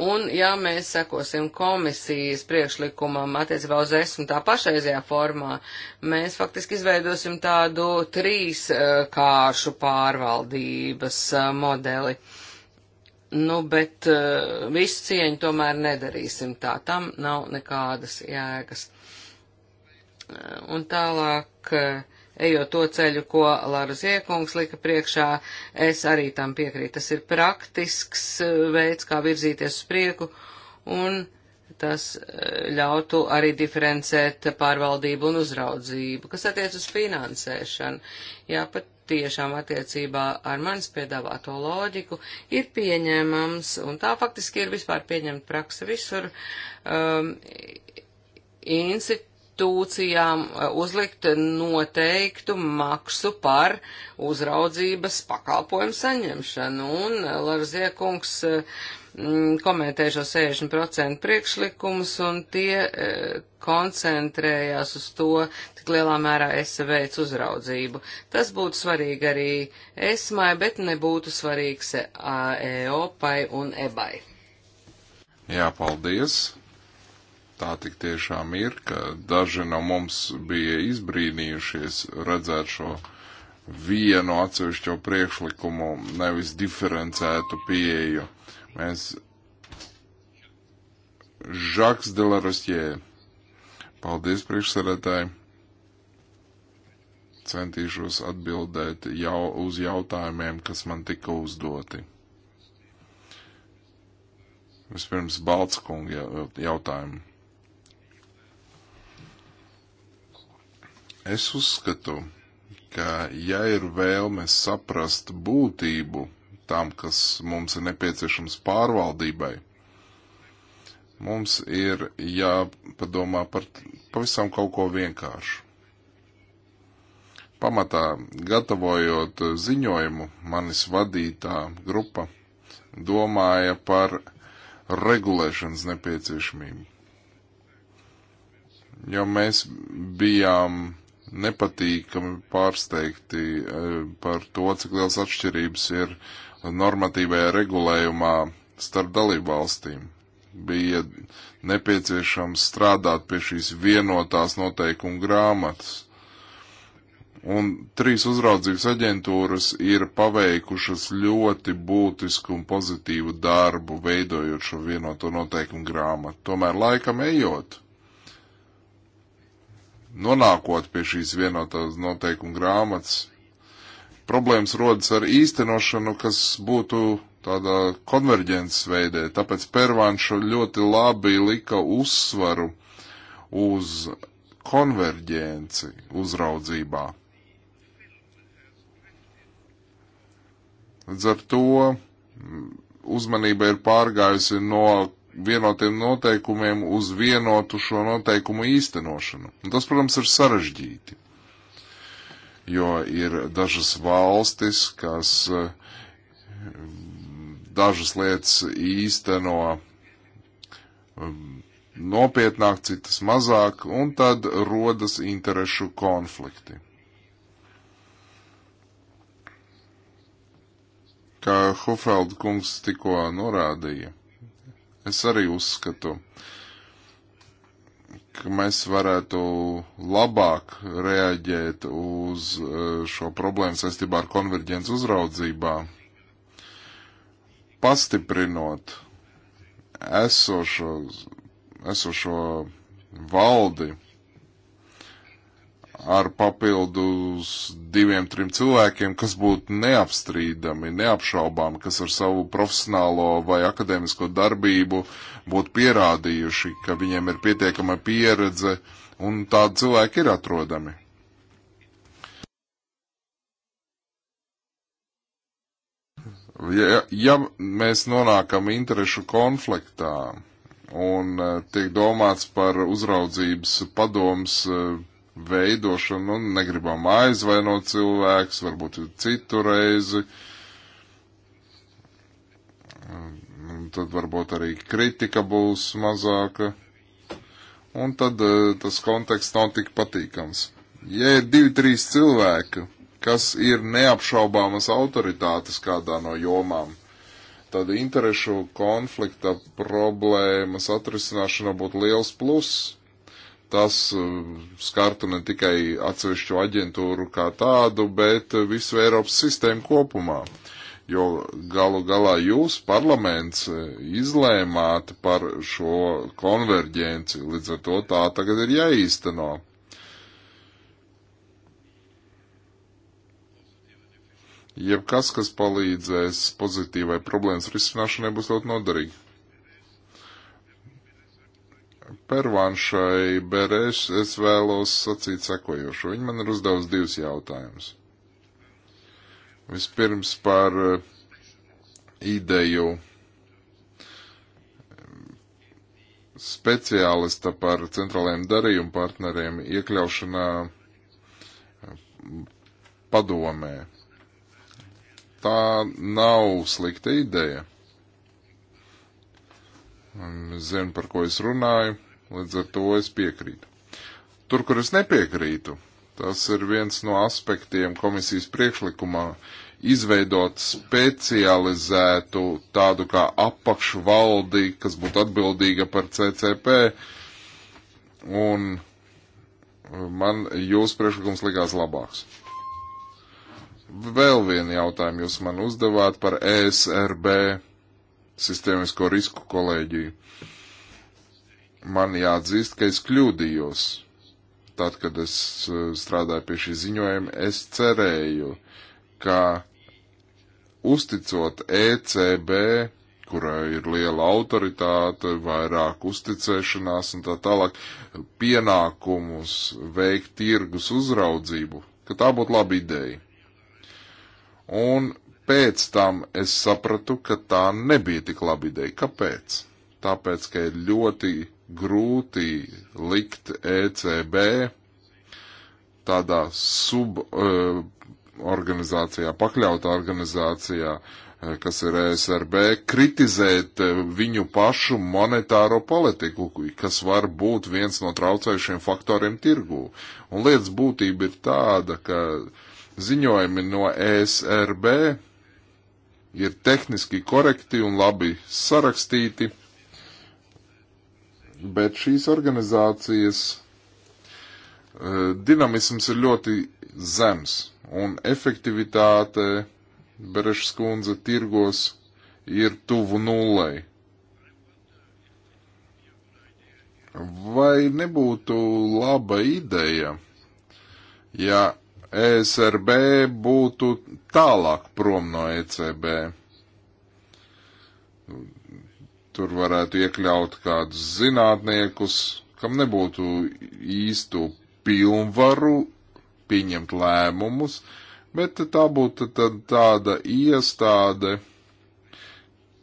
Un, ja mēs sekosim komisijas priekšlikumam attiecībā uz esmu tā pašreizajā formā, mēs faktiski izveidosim tādu trīs eh, kāršu pārvaldības eh, modeli. Nu, bet eh, visu cieņu tomēr nedarīsim tā. Tam nav nekādas jēgas. Un tālāk ejot to ceļu, ko Lara Ziekungs lika priekšā, es arī tam piekrītu. Tas ir praktisks eh, veids, kā virzīties uz prieku, un tas eh, ļautu arī diferencēt pārvaldību un uzraudzību, kas attiec uz finansēšanu. Jā, pat tiešām attiecībā ar manis piedāvāto loģiku ir pieņemams, un tā faktiski ir vispār pieņemta praksa visur, um, institūcija institūcijām eh, uzlikt noteiktu maksu par uzraudzības pakalpojumu saņemšanu. Un eh, Larziekungs eh, mm, komentēja šo 60% priekšlikumus, un tie koncentrējās uz to, cik lielā mērā es veicu uzraudzību. Tas būtu svarīgi arī esmai, bet nebūtu svarīgs Eiropai e un EBAI. Jā, paldies! tā tik tiešām ir, ka daži no mums bija izbrīnījušies redzēt šo vienu atsevišķo priekšlikumu, nevis diferencētu pieeju. Mēs Žaks Delarosjē. Paldies priekšsarētāji. Centīšos atbildēt jau uz jautājumiem, kas man tika uzdoti. Vispirms Baltskunga jautājumu. Es uzskatu, ka ja ir vēlme saprast būtību tam, kas mums ir nepieciešams pārvaldībai, mums ir jāpadomā par pavisam kaut ko vienkāršu. Pamatā, gatavojot ziņojumu, manis vadītā grupa domāja par regulēšanas nepieciešamību. Jo mēs bijām nepatīkami pārsteigti eh, par to, cik liels atšķirības ir normatīvajā regulējumā starp dalību valstīm. Bija nepieciešams strādāt pie šīs vienotās noteikuma grāmatas. Un trīs uzraudzības aģentūras ir paveikušas ļoti būtisku un pozitīvu darbu, veidojot šo vienoto noteikumu grāmatu. Tomēr laikam ejot, nonākot pie šīs vienotās noteikuma grāmatas, problēmas rodas ar īstenošanu, kas būtu tādā konverģences veidē. Tāpēc Pērvānš ļoti labi lika uzsvaru uz konverģenci uzraudzībā. Līdz ar to uzmanība ir pārgājusi no vienotiem noteikumiem uz vienotu šo noteikumu īstenošanu. Un tas, protams, ir sarežģīti, jo ir dažas valstis, kas eh, dažas lietas īsteno eh, nopietnāk, citas mazāk, un tad rodas interešu konflikti. Kā Hofelda kungs tikko norādīja. Es arī uzskatu, ka mēs varētu labāk reaģēt uz eh, šo problēmu saistībā ar konverģents uzraudzībā, pastiprinot esošo, esošo valdi ar papildus diviem, trim cilvēkiem, kas būtu neapstrīdami, neapšaubāmi, kas ar savu profesionālo vai akadēmisko darbību būtu pierādījuši, ka viņiem ir pietiekama pieredze, un tādi cilvēki ir atrodami. Ja, ja mēs nonākam interešu konfliktā un eh, tiek domāts par uzraudzības padoms eh, veidošanu, un nu, negribam aizvainot cilvēks, varbūt citu reizi. Un tad varbūt arī kritika būs mazāka. Un tad e, tas konteksts nav tik patīkams. Ja ir divi, trīs cilvēki, kas ir neapšaubāmas autoritātes kādā no jomām, tad interešu konflikta problēmas atrisināšana būtu liels pluss tas eh, skartu ne tikai atsevišķu aģentūru kā tādu, bet eh, visu Eiropas sistēmu kopumā. Jo galu galā jūs, parlaments, eh, izlēmāt par šo konverģenci, līdz ar to tā tagad ir jāīsteno. Jebkas, kas palīdzēs pozitīvai problēmas risināšanai, būs ļoti noderīgi. Pervanšai Bereš es vēlos sacīt sekojošo. Viņa man ir uzdevusi divus jautājumus. Vispirms par eh, ideju eh, speciālista par centrālajiem darījumu partneriem iekļaušanā eh, padomē. Tā nav slikta ideja. Zinu, par ko es runāju. Līdz ar to es piekrītu. Tur, kur es nepiekrītu, tas ir viens no aspektiem komisijas priekšlikumā izveidot specializētu tādu kā apakšvaldi, kas būtu atbildīga par CCP, un man jūs priekšlikums likās labāks. Vēl vienu jautājumu jūs man uzdevāt par ESRB sistēmisko risku kolēģiju man jāatzīst, ka es kļūdījos. Tad, kad es eh, strādāju pie šī ziņojuma, es cerēju, ka uzticot ECB, kurai ir liela autoritāte, vairāk uzticēšanās un tā tālāk, pienākumus veikt tirgus uzraudzību, ka tā būtu laba ideja. Un pēc tam es sapratu, ka tā nebija tik laba ideja. Kāpēc? Tāpēc, ka ir ļoti grūti likt ECB tādā suborganizācijā, eh, pakļautā organizācijā, eh, kas ir ESRB, kritizēt eh, viņu pašu monetāro politiku, kas var būt viens no traucējušiem faktoriem tirgū. Un lietas būtība ir tāda, ka ziņojumi no ESRB ir tehniski korekti un labi sarakstīti Bet šīs organizācijas eh, dinamisms ir ļoti zems un efektivitāte Berešas kundze tirgos ir tuvu nullei. Vai nebūtu laba ideja, ja ESRB būtu tālāk prom no ECB? tur varētu iekļaut kādus zinātniekus, kam nebūtu īstu pilnvaru pieņemt lēmumus, bet tā būtu tad tāda iestāde,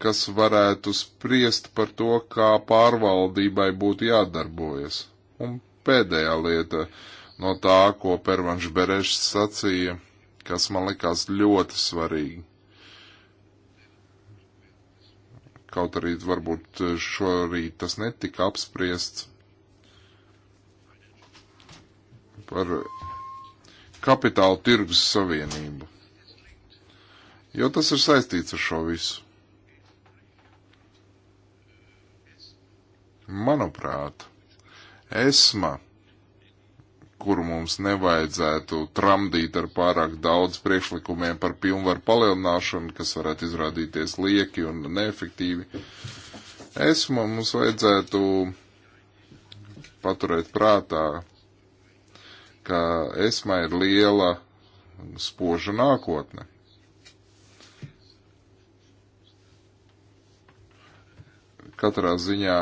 kas varētu spriest par to, kā pārvaldībai būtu jādarbojas. Un pēdējā lieta no tā, ko Pervanš Berešs sacīja, kas man likās ļoti svarīgi kaut arī varbūt eh, šorīt tas netika apspriests par eh, kapitāla tirgus savienību. Jo tas ir saistīts ar šo visu. Manuprāt, esma kuru mums nevajadzētu tramdīt ar pārāk daudz priekšlikumiem par pilnvaru palielināšanu, kas varētu izrādīties lieki un neefektīvi. Esmu mums vajadzētu paturēt prātā, ka esma ir liela spoža nākotne. Katrā ziņā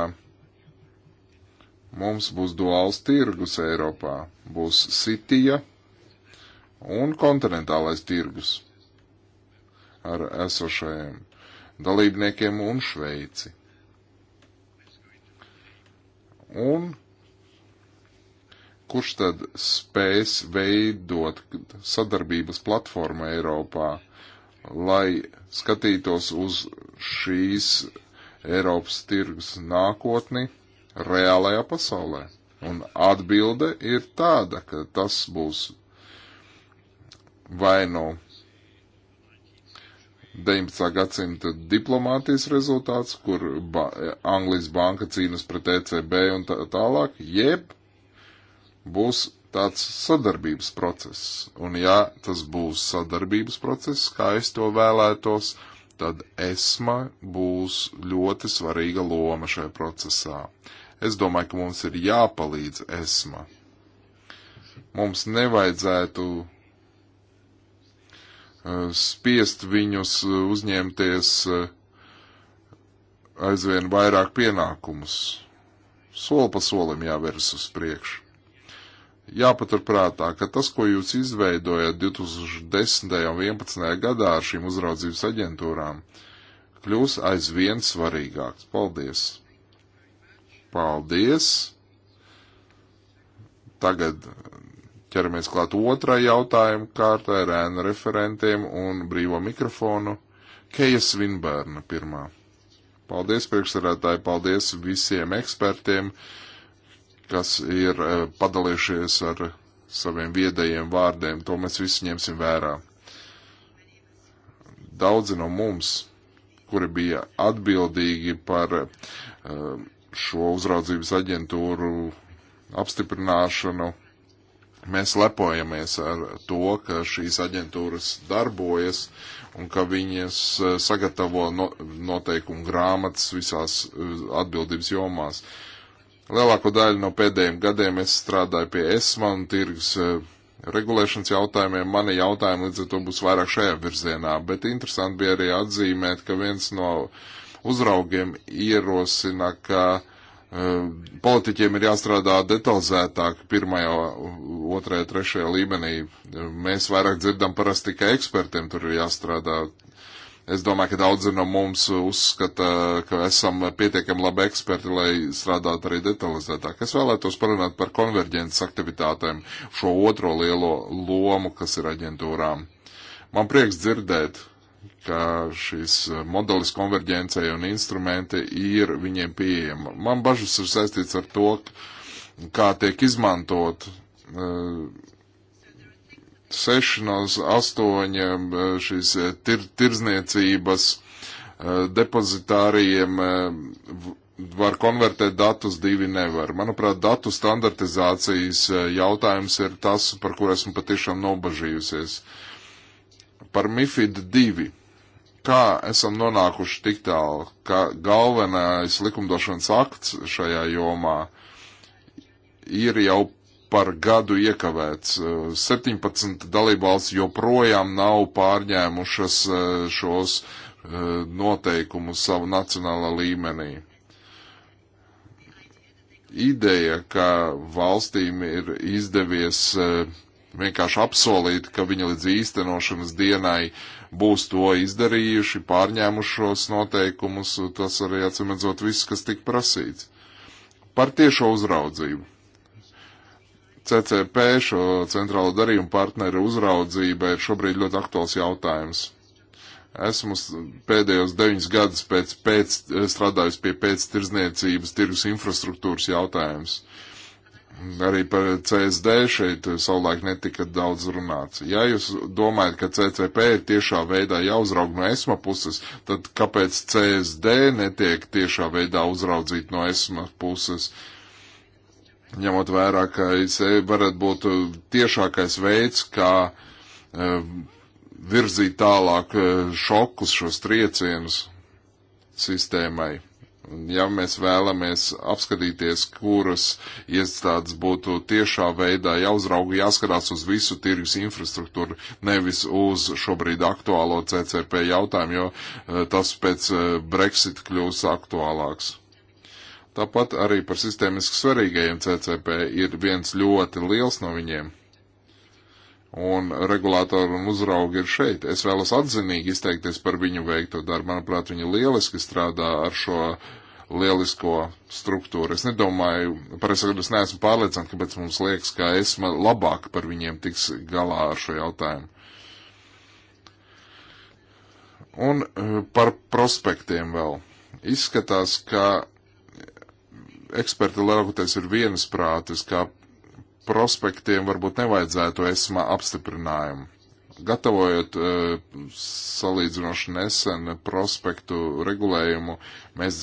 Mums būs duāls tirgus Eiropā. Būs sitija un kontinentālais tirgus ar esošajiem dalībniekiem un Šveici. Un kurš tad spēs veidot sadarbības platformu Eiropā, lai skatītos uz šīs Eiropas tirgus nākotni reālajā pasaulē. Un atbilde ir tāda, ka tas būs vai nu no 19. gadsimta diplomātijas rezultāts, kur ba Anglijas banka cīnas pret ECB un tā tālāk, jeb būs tāds sadarbības process. Un ja tas būs sadarbības process, kā es to vēlētos, tad ESMA būs ļoti svarīga loma šajā procesā. Es domāju, ka mums ir jāpalīdz esma. Mums nevajadzētu uh, spiest viņus uh, uzņemties uh, aizvien vairāk pienākumus. Soli pa solim jāveras uz priekšu. Jāpaturprātā, ka tas, ko jūs izveidojat 2010. un 2011. gadā ar šīm uzraudzības aģentūrām, kļūs aizvien svarīgāks. Paldies! Paldies! Tagad ķeramies klāt otrai jautājumu kārtai ar ēnu referentiem un brīvo mikrofonu. Keja Svinbērna pirmā. Paldies priekšsarētāji, paldies visiem ekspertiem, kas ir eh, padalījušies ar saviem viedajiem vārdiem. To mēs visi ņemsim vērā. Daudzi no mums, kuri bija atbildīgi par um, šo uzraudzības aģentūru apstiprināšanu. Mēs lepojamies ar to, ka šīs aģentūras darbojas un ka viņas e, sagatavo no, noteikumu grāmatas visās e, atbildības jomās. Lielāko daļu no pēdējiem gadiem es strādāju pie ESMA un tirgus e, regulēšanas jautājumiem. Mani jautājumi līdz ar to būs vairāk šajā virzienā, bet interesanti bija arī atzīmēt, ka viens no uh, uzraugiem ierosina, ka uh, politiķiem ir jāstrādā detalizētāk pirmajā, otrajā, trešajā līmenī. Mēs vairāk dzirdam parasti tikai ekspertiem tur ir jāstrādā. Es domāju, ka daudzi no mums uzskata, ka esam pietiekami labi eksperti, lai strādātu arī detalizētāk. Es vēlētos parunāt par konverģences aktivitātēm, šo otro lielo lomu, kas ir aģentūrām. Man prieks dzirdēt, ka šis eh, modelis konverģencei un instrumenti ir viņiem pieejama. Man bažas ir saistīts ar to, kā tiek izmantot eh, seši no astoņiem eh, šīs tir, tirzniecības depozitāriem var konvertēt datus, divi nevar. Manuprāt, datu standartizācijas jautājums ir tas, par kur esmu patiešām nobažījusies. Par MIFID 2 kā esam nonākuši tik tālu, ka galvenais likumdošanas akts šajā jomā ir jau par gadu iekavēts. 17 dalībvalsts joprojām nav pārņēmušas eh, šos eh, noteikumus savu nacionālā līmenī. Ideja, ka valstīm ir izdevies eh, vienkārši apsolīt, ka viņa līdz īstenošanas dienai uh, būs to izdarījuši, pārņēmušos noteikumus, tas arī atsimedzot viss, kas tik prasīts. Par tiešo uzraudzību. CCP, šo centrālo darījumu partneru uzraudzība, ir šobrīd ļoti aktuāls jautājums. Esmu pēdējos deviņus gadus pēc, pēc strādājusi pie pēctirzniecības tirgus infrastruktūras jautājums. Uh, Arī par CSD šeit savulaik netika daudz runāts. Ja jūs domājat, ka CCP ir tiešā veidā jāuzraug no ESMA puses, tad kāpēc CSD netiek tiešā veidā uzraudzīt no ESMA puses? Ņemot vērā, ka varētu būt tiešākais veids, kā e, virzīt tālāk e, šokus, šos triecienus sistēmai ja mēs vēlamies apskatīties, kuras iestādes būtu tiešā veidā jāuzrauga, jāskatās uz visu tirgus infrastruktūru, nevis uz šobrīd aktuālo CCP jautājumu, jo eh, tas pēc eh, Brexit kļūs aktuālāks. Tāpat arī par sistēmiski svarīgajiem CCP ir viens ļoti liels no viņiem un regulātori un uzraugi ir šeit. Es vēlos atzinīgi izteikties par viņu veikto darbu. Manuprāt, viņi lieliski strādā ar šo lielisko struktūru. Es nedomāju, par es, es neesmu pārliecināts, kāpēc mums liekas, ka es labāk par viņiem tiks galā ar šo jautājumu. Un eh, par prospektiem vēl. Izskatās, ka eksperti lielākoties ir vienas prātes, kā prospektiem varbūt nevajadzētu esmā apstiprinājumu. Gatavojot e, salīdzinoši nesen prospektu regulējumu, mēs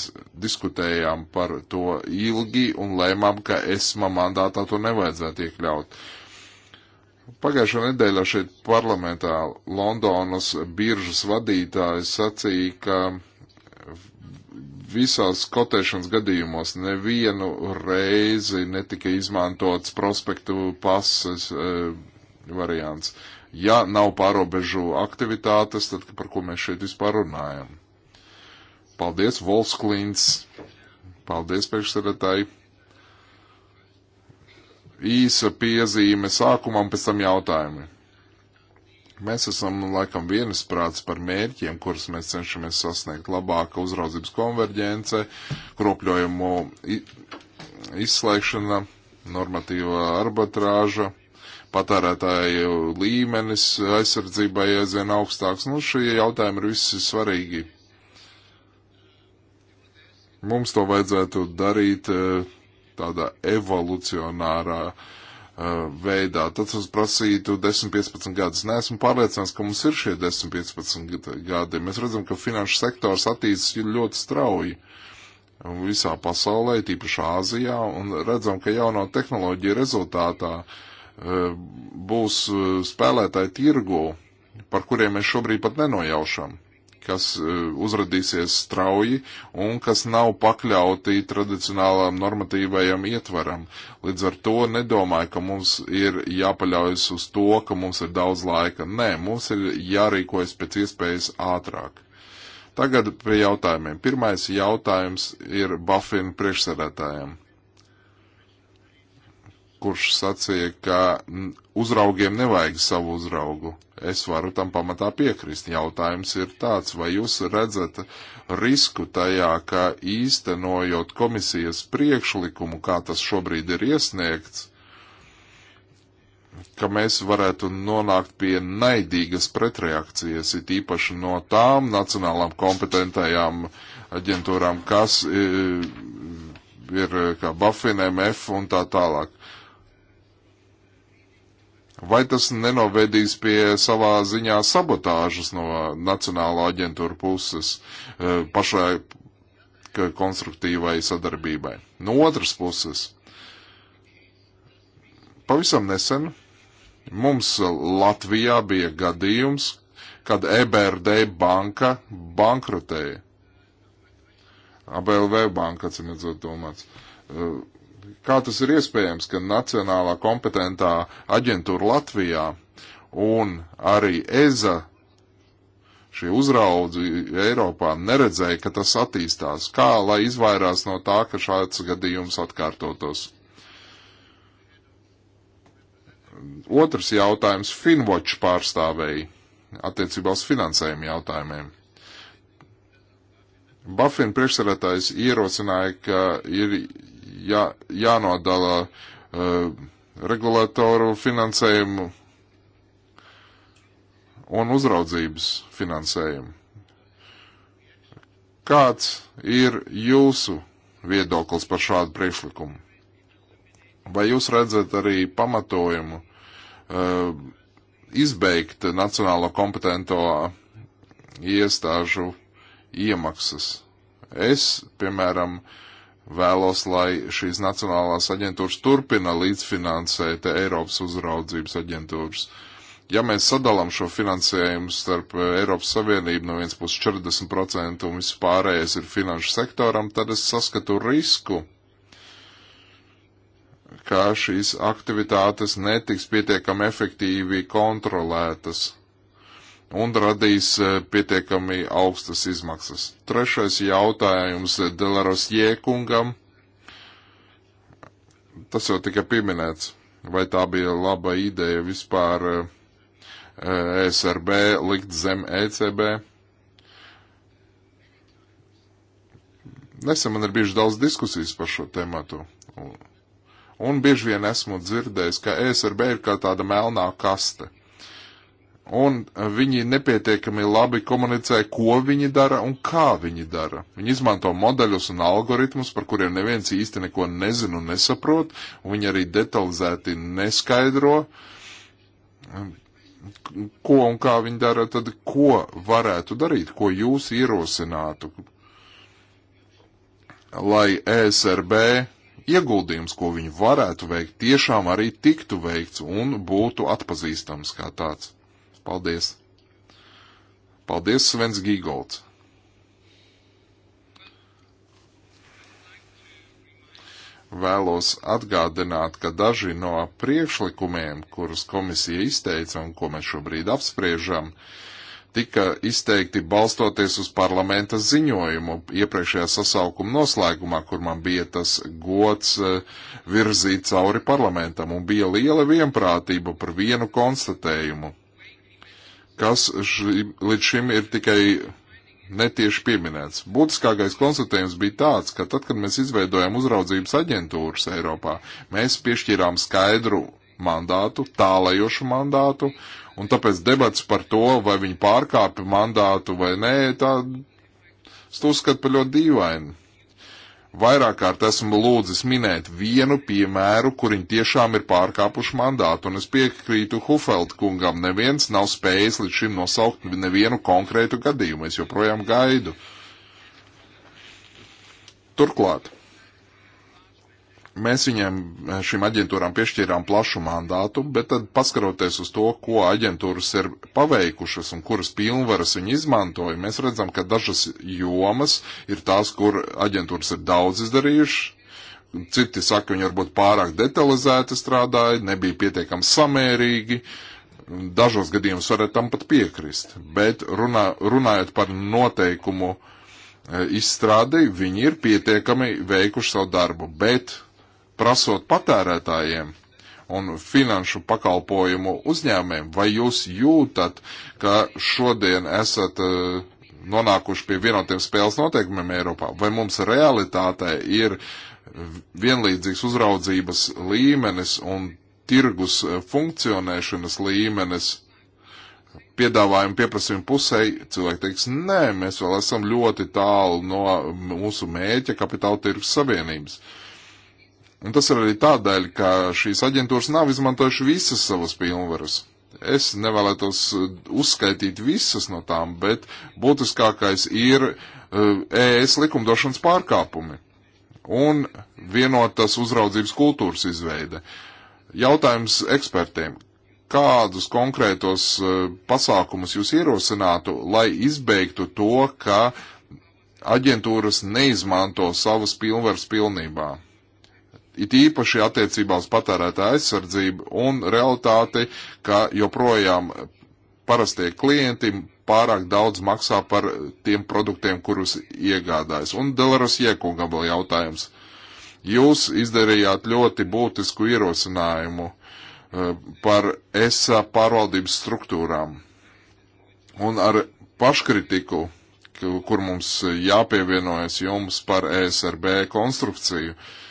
diskutējām par to ilgi un lēmām, ka esmā mandātā to nevajadzētu iekļaut. Pagājušā nedēļā šeit parlamentā Londonas biržas vadītājs sacīja, ka visās kotēšanas gadījumos nevienu reizi netika izmantots prospektu pases e, variants. Ja nav pārobežu aktivitātes, tad par ko mēs šeit vispār runājam? Paldies, Volsklīns! Paldies, priekšsēdētāji! Īsa piezīme sākumam, pēc tam jautājumi. Mēs esam laikam vienisprāts par mērķiem, kurus mēs cenšamies sasniegt - labāka uzraudzības konverģence, kropļojumu izslēgšana, normatīva arbitrāža, patērētāju līmenis aizsardzībai aizvien augstāks. Nu, šie jautājumi ir visi svarīgi. Mums to vajadzētu darīt eh, tādā evolucionārā uh, Uh, veidā, tad tas prasītu 10-15 gadus. Nē, esmu pārliecināts, ka mums ir šie 10-15 gadi. Mēs redzam, ka finanšu sektors attīstās ļoti strauji visā pasaulē, tīpaši Āzijā, un redzam, ka jauno tehnoloģiju rezultātā uh, būs uh, spēlētāji tirgu, par kuriem mēs šobrīd pat nenojaušam kas e, uzradīsies strauji un kas nav pakļauti tradicionālām normatīvajam ietvaram. Līdz ar to nedomāju, ka mums ir jāpaļaujas uz to, ka mums ir daudz laika. Nē, mums ir jārīkojas pēc iespējas ātrāk. Tagad pie jautājumiem. Pirmais jautājums ir Bafina priekšsēdētājiem kurš sacīja, ka mm, uzraugiem nevajag savu uzraugu. Es varu tam pamatā piekrist. Jautājums ir tāds, vai jūs redzat risku tajā, ka īstenojot komisijas priekšlikumu, kā tas šobrīd ir iesniegts, ka mēs varētu nonākt pie naidīgas pretreakcijas, it īpaši no tām nacionālām kompetentajām aģentūrām, kas e, ir kā Bafinēm, F un tā tālāk. Vai tas nenovedīs pie savā ziņā sabotāžas no Nacionālā aģentūra puses e, pašai konstruktīvai sadarbībai? No otras puses, pavisam nesen mums Latvijā bija gadījums, kad EBRD banka bankrotēja. ABLV banka, atcīmredzot, domāts. Uh, Kā tas ir iespējams, ka Nacionālā kompetentā aģentūra Latvijā un arī EZA šie uzraudzi Eiropā neredzēja, ka tas attīstās? Kā lai izvairās no tā, ka šāds gadījums atkārtotos? Otrs jautājums Finwatch pārstāvēji attiecībā uz finansējumu jautājumiem. Bafina priekšsarētājs ierosināja, ka ir jā, jānodala uh, eh, regulatoru finansējumu un uzraudzības finansējumu. Kāds ir jūsu viedoklis par šādu priekšlikumu? Vai jūs redzat arī pamatojumu uh, izbeigt nacionālo kompetento iestāžu iemaksas? Es, piemēram, uh, Vēlos, lai šīs nacionālās aģentūras turpina līdzfinansēt Eiropas uzraudzības aģentūras. Ja mēs sadalām šo finansējumu starp eh, Eiropas Savienību no vienas puses 40% un viss pārējais ir finanšu sektoram, tad es saskatu risku, ka šīs aktivitātes netiks pietiekami efektīvi kontrolētas un radīs e, pietiekami augstas izmaksas. Trešais jautājums Delaros Jēkungam. Tas jau tika pieminēts, vai tā bija laba ideja vispār ESRB e, e likt zem ECB. Nesen man ir bijuši daudz diskusijas par šo tematu. Un bieži vien esmu dzirdējis, ka ESRB ir kā tāda melnā kaste – un viņi nepietiekami labi komunicē, ko viņi dara un kā viņi dara. Viņi izmanto modeļus un algoritmus, par kuriem neviens īsti neko nezin un nesaprot, un viņi arī detalizēti neskaidro, um, ko un kā viņi dara, tad ko varētu darīt, ko jūs ierosinātu, lai ESRB ieguldījums, ko viņi varētu veikt, tiešām arī tiktu veikts un būtu atpazīstams kā tāds. Paldies! Paldies, Svens Gīgolds! Vēlos atgādināt, ka daži no priekšlikumiem, kurus komisija izteica un ko mēs šobrīd apspriežam, tika izteikti balstoties uz parlamenta ziņojumu iepriekšējā sasaukuma noslēgumā, kur man bija tas gods eh, virzīt cauri parlamentam, un bija liela vienprātība par vienu konstatējumu kas ši, līdz šim ir tikai netieši pieminēts. Būtiskākais konstatējums bija tāds, ka tad, kad mēs izveidojām uzraudzības aģentūras Eiropā, mēs piešķīrām skaidru mandātu, tālējošu mandātu, un tāpēc debats par to, vai viņi pārkāpja mandātu vai nē, tā es to uzskatu par ļoti dīvainu. Vairāk kārt esmu lūdzis minēt vienu piemēru, kuriņ tiešām ir pārkāpuši mandātu, un es piekrītu Hufeld kungam, neviens nav spējis līdz šim nosaukt nevienu konkrētu gadījumu, es joprojām gaidu. Turklāt Mēs viņiem, eh, šīm aģentūrām piešķīrām plašu mandātu, bet tad paskaroties uz to, ko aģentūras ir paveikušas un kuras pilnvaras viņi izmantoja, mēs redzam, ka dažas jomas ir tās, kur aģentūras ir daudz izdarījušas, Citi saka, viņi varbūt pārāk detalizēti strādāja, nebija pietiekami samērīgi. Dažos gadījumos varētu tam pat piekrist. Bet runā, runājot par noteikumu eh, izstrādi, viņi ir pietiekami veikuši savu darbu. Bet prasot patērētājiem un finanšu pakalpojumu uzņēmēm, vai jūs jūtat, ka šodien esat eh, nonākuši pie vienotiem spēles noteikumiem Eiropā, vai mums realitātē ir vienlīdzīgs uzraudzības līmenis un tirgus funkcionēšanas līmenis piedāvājumu pieprasījumu pusē, cilvēki teiks, nē, mēs vēl esam ļoti tālu no mūsu mēķa kapitāla tirgus savienības. Uh, Un tas ir arī tādēļ, ka šīs aģentūras nav izmantojuši visas savas pilnvaras. Es nevēlētos uh, uzskaitīt visas no tām, bet būtiskākais ir uh, ES likumdošanas pārkāpumi un vienotas uzraudzības kultūras izveide. Jautājums ekspertiem. Kādus konkrētos uh, pasākumus jūs ierosinātu, lai izbeigtu to, ka aģentūras neizmanto savas pilnvaras pilnībā? it īpaši attiecībā uz patērētāju aizsardzību un realitāti, ka joprojām parastie klienti pārāk daudz maksā par tiem produktiem, kurus iegādājas. Un Delaros Jēkungam vēl jautājums. Jūs izdarījāt ļoti būtisku ierosinājumu eh, par ESA pārvaldības struktūrām. Un ar paškritiku, kur mums jāpievienojas jums par ESRB konstrukciju, uh,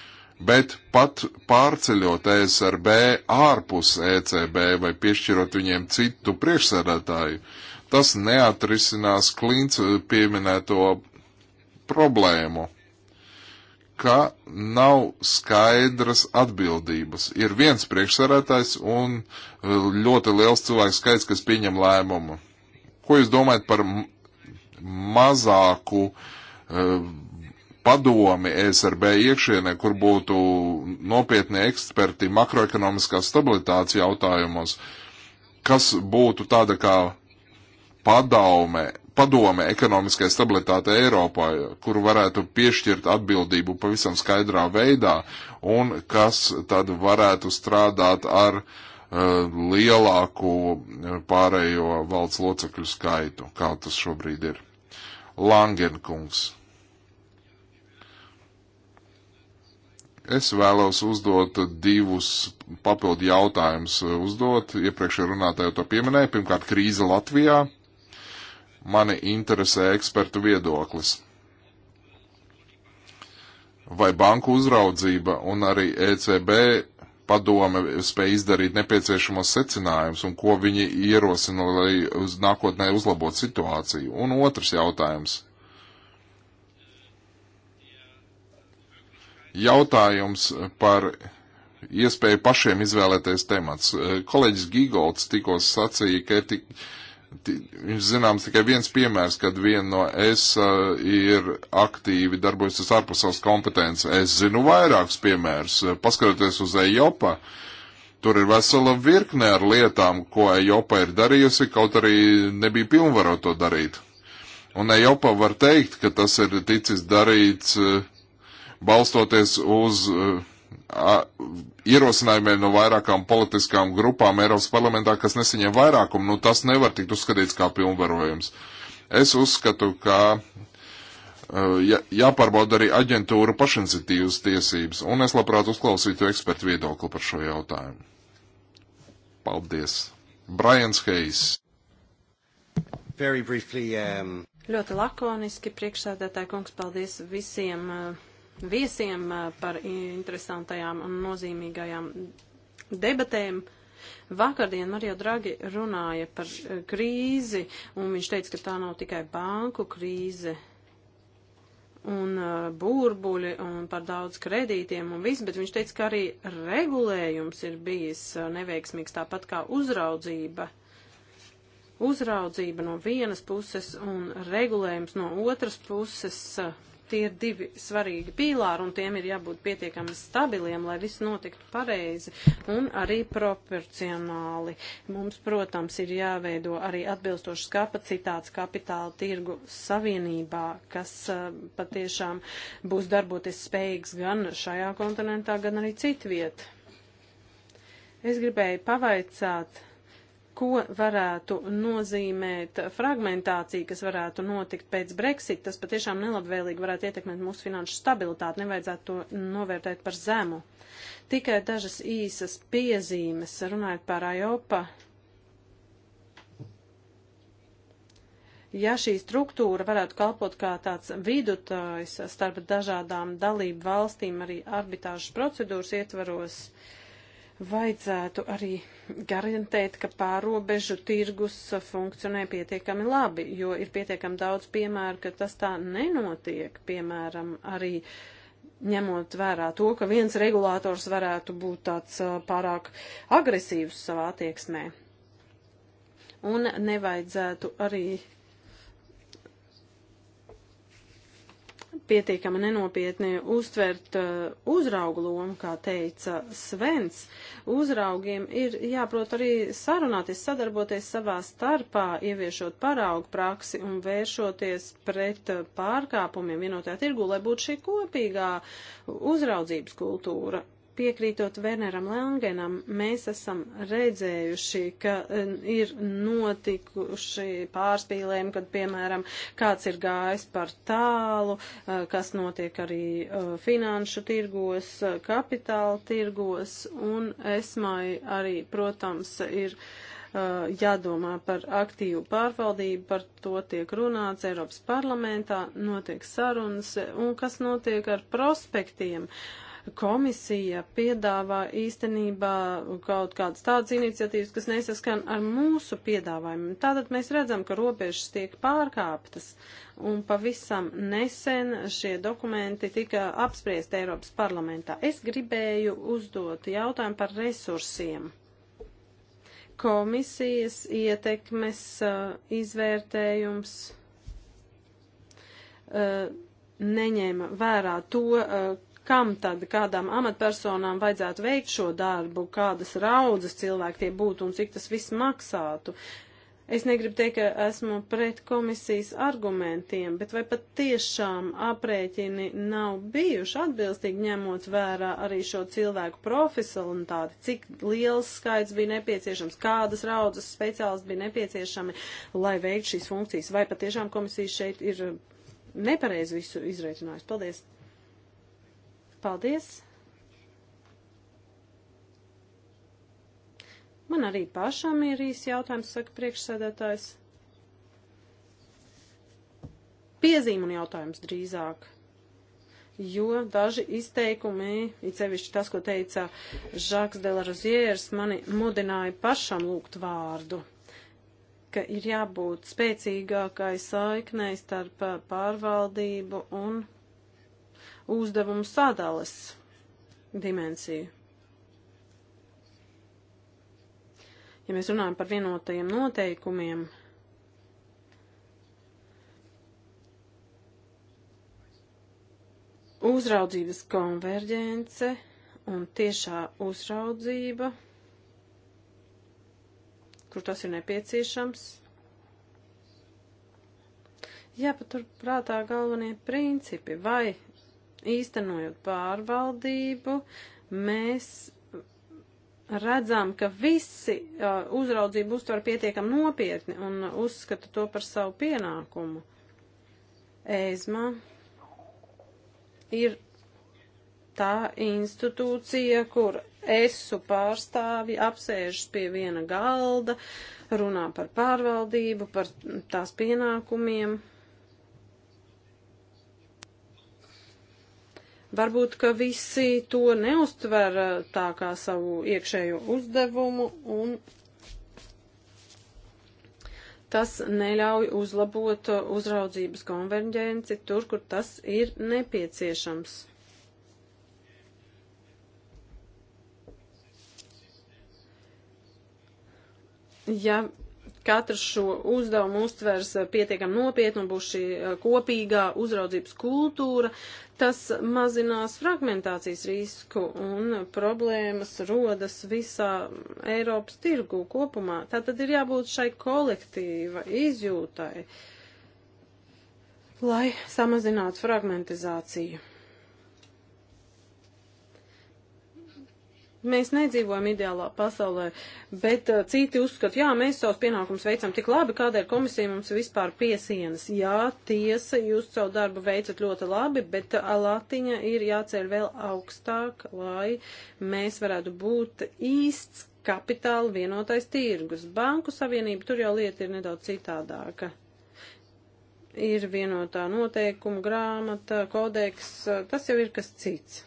Bet pat pārceļot ESRB ārpus ECB vai piešķirot viņiem citu priekšsēdētāju, tas neatrisinās klints eh, pieminēto problēmu, ka nav skaidras atbildības. Ir viens priekšsēdētājs un eh, ļoti liels cilvēks skaits, kas pieņem lēmumu. Ko jūs domājat par mazāku uh, padomi e SRB iekšienē, kur būtu nopietni eksperti makroekonomiskās stabilitātes jautājumos, kas būtu tāda kā padaume, padome ekonomiskai stabilitātei Eiropā, kur varētu piešķirt atbildību pavisam skaidrā veidā un kas tad varētu strādāt ar uh, lielāku pārējo valsts locekļu skaitu, kā tas šobrīd ir. Langenkungs. Es vēlos uzdot divus papildu jautājumus. Uzdot, iepriekšējā runātāja to pieminēja, pirmkārt krīze Latvijā. Mani interesē ekspertu viedoklis. Vai banku uzraudzība un arī ECB padome spēja izdarīt nepieciešamos secinājumus un ko viņi ierosina, lai uz nākotnē uzlabot situāciju? Un otrs jautājums jautājums par iespēju pašiem izvēlēties temats. Kolēģis Gigolds tikko sacīja, ka ir tik, viņš zināms tikai viens piemērs, kad viena no es ir aktīvi darbojas ārpus savas kompetences. Es zinu vairākus piemērus, paskatoties uz Ejopa. Tur ir vesela virkne ar lietām, ko Ejopa ir darījusi, kaut arī nebija pilnvaro to darīt. Un Ejopa var teikt, ka tas ir ticis darīts uh, balstoties uz uh, ierosinājumiem no vairākām politiskām grupām Eiropas parlamentā, kas nesaņem vairākumu, nu tas nevar tikt uzskatīts kā pilnvarojums. Es uzskatu, ka uh, jā, jāpārbauda arī aģentūra pašiniciatīvas tiesības, un es labprāt uzklausītu ekspertu viedokli par šo jautājumu. Paldies. Brians Heijs. Briefly, um... Ļoti lakoniski priekšsēdētāji kungs, paldies visiem. Uh viesiem par interesantajām un nozīmīgajām debatēm. Vakardien Mario Dragi runāja par krīzi, un viņš teica, ka tā nav tikai banku krīze un burbuļi un par daudz kredītiem un viss, bet viņš teica, ka arī regulējums ir bijis neveiksmīgs, tāpat kā uzraudzība uzraudzība no vienas puses un regulējums no otras puses Tie ir divi svarīgi pīlāri, un tiem ir jābūt pietiekami stabiliem, lai viss notiktu pareizi un arī proporcionāli. Mums, protams, ir jāveido arī atbilstošas kapacitātes kapitāla tirgu savienībā, kas uh, patiešām būs darboties spējīgs gan šajā kontinentā, gan arī citviet. Es gribēju pavaicāt ko varētu nozīmēt fragmentācija, kas varētu notikt pēc Brexit, tas patiešām nelabvēlīgi varētu ietekmēt mūsu finanšu stabilitāti, nevajadzētu to novērtēt par zemu. Tikai dažas īsas piezīmes, runājot par Ajopa, ja šī struktūra varētu kalpot kā tāds vidutājs starp dažādām dalību valstīm arī arbitāžas procedūras ietvaros, uh, vajadzētu arī garantēt, ka pārobežu tirgus funkcionē pietiekami labi, jo ir pietiekami daudz piemēru, ka tas tā nenotiek, piemēram, arī ņemot vērā to, ka viens regulators varētu būt tāds pārāk agresīvs savā attieksmē. Un nevajadzētu arī pietiekami nenopietni uztvert uh, uzraugu lomu, kā teica Svens. Uzraugiem ir jāprot arī sarunāties, sadarboties savā starpā, ieviešot paraugu praksi un vēršoties pret uh, pārkāpumiem vienotajā tirgu, lai būtu šī kopīgā uzraudzības kultūra piekrītot Werneram Langenam, mēs esam redzējuši, ka ir notikuši pārspīlējumi, kad, piemēram, kāds ir gājis par tālu, kas notiek arī finanšu tirgos, kapitāla tirgos, un esmai arī, protams, ir jādomā par aktīvu pārvaldību, par to tiek runāts Eiropas parlamentā, notiek sarunas, un kas notiek ar prospektiem. Uh, komisija piedāvā īstenībā kaut kādas tādas iniciatīvas, kas nesaskan ar mūsu piedāvājumu. Tātad mēs redzam, ka robežas tiek pārkāptas, un pavisam nesen šie dokumenti tika apspriesti Eiropas parlamentā. Es gribēju uzdot jautājumu par resursiem. Komisijas ietekmes uh, izvērtējums. Uh, neņēma vērā to, uh, kam tad kādām amatpersonām vajadzētu veikt šo darbu, kādas raudzes cilvēki tie būtu un cik tas viss maksātu. Es negribu teikt, ka esmu pret komisijas argumentiem, bet vai pat tiešām aprēķini nav bijuši atbilstīgi ņemot vērā arī šo cilvēku profesionalitāti, cik liels skaits bija nepieciešams, kādas raudzes speciālisti bija nepieciešami, lai veiktu šīs funkcijas, vai pat tiešām komisija šeit ir nepareizi visu izreicinājusi. Paldies! Paldies! Man arī pašam ir īsi jautājums, saka priekšsēdētājs. Piezīme un jautājums drīzāk. Jo daži izteikumi, it sevišķi tas, ko teica Žaks Delarozieris, mani mudināja pašam lūgt vārdu, ka ir jābūt spēcīgākai saiknei starp pārvaldību un uzdevumu sadales dimensiju. Ja mēs runājam par vienotajiem noteikumiem, uzraudzības konverģence un tiešā uzraudzība, kur tas ir nepieciešams. Jāpatur prātā galvenie principi, vai īstenojot pārvaldību, mēs redzam, ka visi uh, uzraudzību uztver pietiekam nopietni un uzskata to par savu pienākumu. ESMA ir tā institūcija, kur esu pārstāvi apsēžas pie viena galda, runā par pārvaldību, par tās pienākumiem. Varbūt, ka visi to neuztver eh, tā kā savu iekšējo uzdevumu un tas neļauj uzlabot eh, uzraudzības konverģenci tur, kur tas ir nepieciešams. Ja katrs šo uzdevumu uztvers eh, pietiekam nopietni un būs šī eh, kopīgā uzraudzības kultūra, tas mazinās fragmentācijas risku un problēmas rodas visā Eiropas tirgu kopumā. Tā tad ir jābūt šai kolektīva izjūtai, lai samazinātu fragmentizāciju. Mēs nedzīvojam ideālā pasaulē, bet uh, citi uzskata, jā, mēs savus pienākumus veicam tik labi, kādēļ komisija mums vispār piesienas. Jā, tiesa, jūs savu darbu veicat ļoti labi, bet uh, latiņa ir jāceļ vēl augstāk, lai mēs varētu būt īsts kapitāla vienotais tirgus. Banku savienība tur jau lieta ir nedaudz citādāka. Ir vienotā noteikuma grāmata, kodeks, uh, tas jau ir kas cits.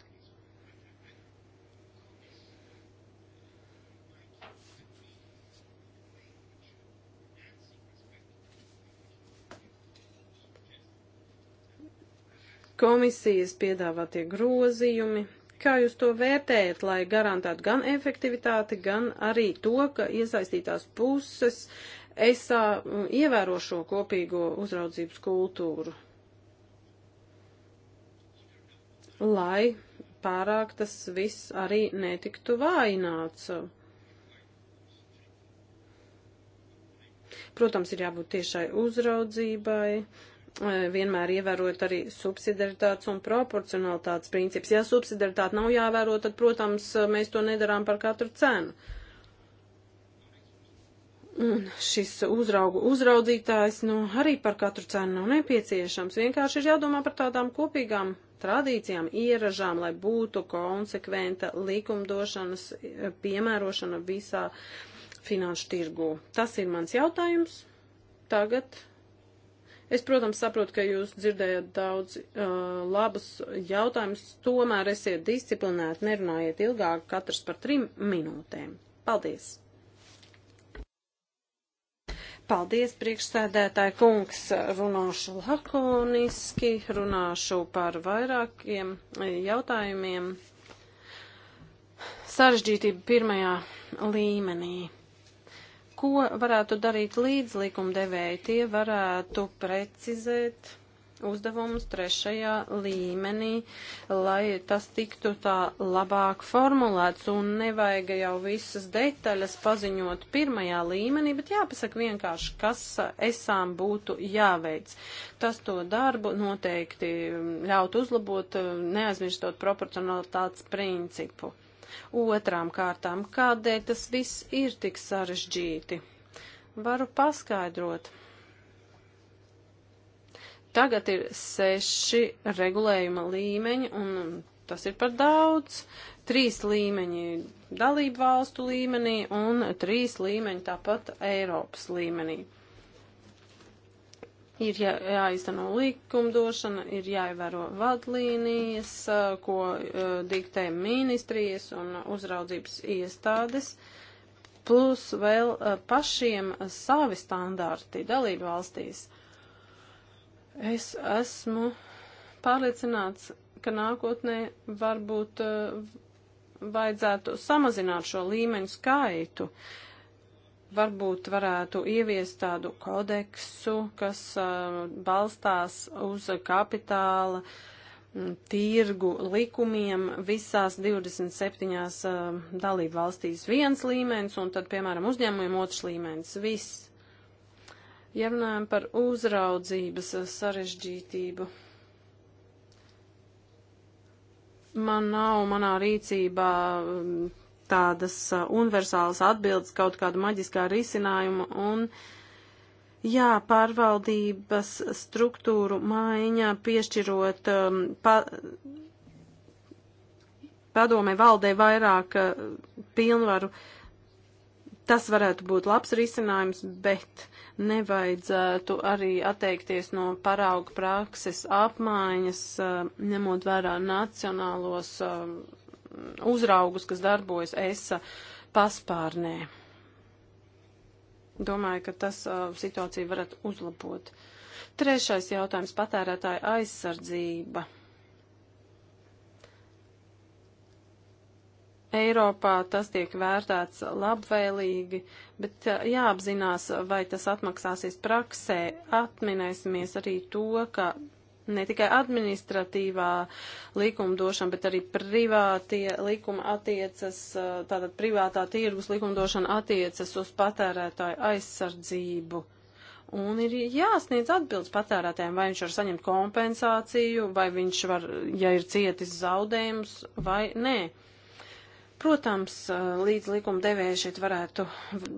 komisijas piedāvātie grozījumi. Kā jūs to vērtējat, lai garantētu gan efektivitāti, gan arī to, ka iesaistītās puses esā ievēro šo kopīgo uzraudzības kultūru? Lai pārāk tas viss arī netiktu vājināts. Protams, ir jābūt tiešai uzraudzībai E, vienmēr ievērojot arī subsidiaritātes un proporcionalitātes princips. Ja subsidiaritāte nav jāvēro, tad, protams, e, mēs to nedarām par katru cenu. Un šis uzraugu uzraudzītājs, nu, arī par katru cenu nav nepieciešams. Vienkārši ir jādomā par tādām kopīgām tradīcijām, ieražām, lai būtu konsekventa likumdošanas e, piemērošana visā finanšu tirgū. Tas ir mans jautājums. Tagad Es, protams, saprotu, ka jūs dzirdējat daudz uh, labus jautājumus, tomēr esiet disciplinēti, nerunājiet ilgāk, katrs par trim minūtēm. Paldies! Paldies, priekšsēdētāji kungs, runāšu lakoniski, runāšu par vairākiem eh, jautājumiem. Sarežģītība pirmajā līmenī. Ko varētu darīt līdzlikumdevēji? Tie varētu precizēt uzdevumus trešajā līmenī, lai tas tiktu tā labāk formulēts un nevajag jau visas detaļas paziņot pirmajā līmenī, bet jāpasaka vienkārši, kas esām būtu jāveic. Tas to darbu noteikti ļaut uzlabot, neaizmirstot proporcionalitātes principu. Otrām kārtām, kādēļ tas viss ir tik sarežģīti? Varu paskaidrot. Tagad ir seši regulējuma līmeņi, un tas ir par daudz. Trīs līmeņi dalību valstu līmenī un trīs līmeņi tāpat Eiropas līmenī. Uh, Ir jā, jāizteno likumdošana, ir jāievēro vadlīnijas, ko uh, diktē ministrijas un uzraudzības iestādes, plus vēl uh, pašiem savi standarti dalību valstīs. Es esmu pārliecināts, ka nākotnē varbūt uh, vajadzētu samazināt šo līmeņu skaitu. Uh, varbūt varētu ieviest tādu kodeksu, kas uh, balstās uz kapitāla m, mm, tirgu likumiem visās 27 uh, dalību valstīs viens līmenis un tad, piemēram, uzņēmumiem otrs līmenis. Viss. Ja runājam par uzraudzības uh, sarežģītību, man nav manā rīcībā m, mm, tādas uh, universālas atbildes, kaut kādu maģiskā risinājumu un jā, pārvaldības struktūru maiņa, piešķirot um, pa, padomē valdē vairāk uh, pilnvaru. Tas varētu būt labs risinājums, bet nevajadzētu arī atteikties no parauga prakses apmaiņas, uh, ņemot vērā nacionālos uh, uzraugus, kas darbojas ESA paspārnē. Domāju, ka tas uh, situāciju varat uzlabot. Trešais jautājums - patērētāja aizsardzība. Eiropā tas tiek vērtēts labvēlīgi, bet uh, jāapzinās, vai tas atmaksāsies praksē. Atminēsimies arī to, ka ne tikai administratīvā likumdošana, bet arī privātie likuma attiecas, tātad privātā tirgus likumdošana attiecas uz patērētāju aizsardzību. Un ir jāsniedz atbildes patērētājiem, vai viņš var saņemt kompensāciju, vai viņš var, ja ir cietis zaudējums, vai nē. Protams, līdz likuma devēja šeit varētu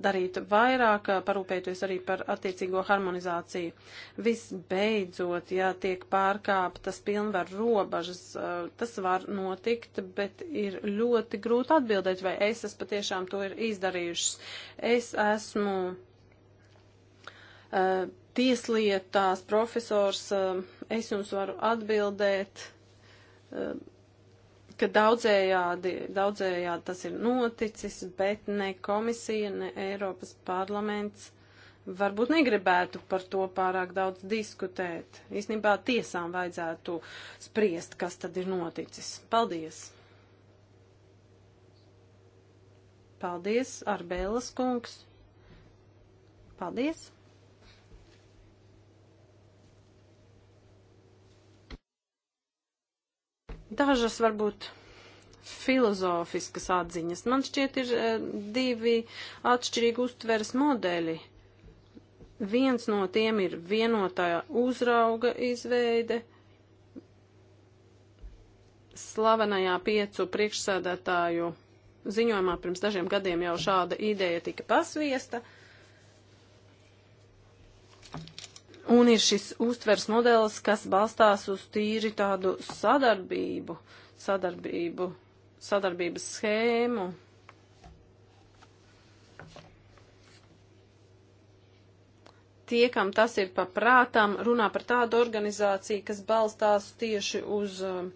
darīt vairāk, parūpēties arī par attiecīgo harmonizāciju. Visbeidzot, ja tiek pārkāptas pilnvar robežas, tas var notikt, bet ir ļoti grūti atbildēt, vai es esmu patiešām to ir izdarījušas. Es esmu uh, tieslietās profesors, uh, es jums varu atbildēt. Uh, ka daudzējādi, daudzējādi tas ir noticis, bet ne komisija, ne Eiropas parlaments varbūt negribētu par to pārāk daudz diskutēt. Īsnībā tiesām vajadzētu spriest, kas tad ir noticis. Paldies! Paldies, Arbēlas kungs! Paldies! Dažas varbūt filozofiskas atziņas. Man šķiet ir eh, divi atšķirīgi uztveres modeļi. Viens no tiem ir vienotā uzrauga izveide slavenajā piecu priekšsēdētāju ziņojumā pirms dažiem gadiem jau šāda ideja tika pasviesta. Uh, Un ir šis uztvers modelis, kas balstās uz tīri tādu sadarbību, sadarbību, sadarbības schēmu. tie, kam tas ir paprātām, runā par tādu organizāciju, kas balstās tieši uz eh,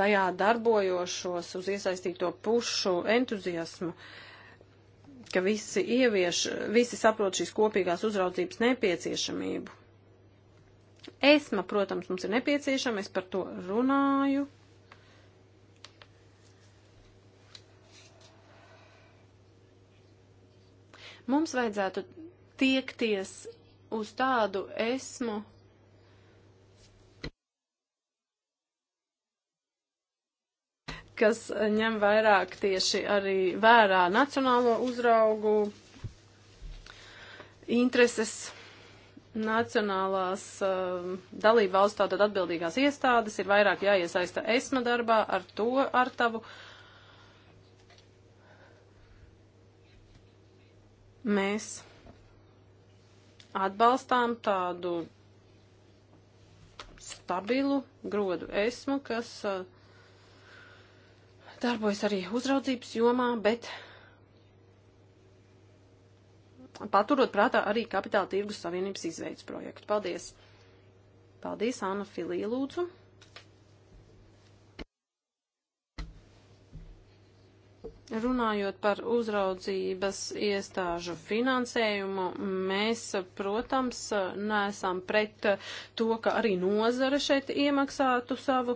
tajā darbojošos, uz iesaistīto pušu entuziasmu, ka visi ievieš, visi saprot šīs kopīgās uzraudzības nepieciešamību. Esma, protams, mums ir nepieciešama, es par to runāju. Mums vajadzētu tiekties uz tādu esmu, kas ņem vairāk tieši arī vērā nacionālo uzraugu intereses. Nacionālās uh, um, dalība valsts tātad atbildīgās iestādes ir vairāk jāiesaista ESMA darbā ar to ar tavu. Mēs atbalstām tādu stabilu grodu esmu, kas uh, darbojas arī uzraudzības jomā, bet paturot prātā arī kapitāla tirgus savienības izveidas projektu. Paldies! Paldies, Anna Filī, lūdzu! Runājot par uzraudzības iestāžu finansējumu, mēs, protams, neesam pret to, ka arī nozare šeit iemaksātu savu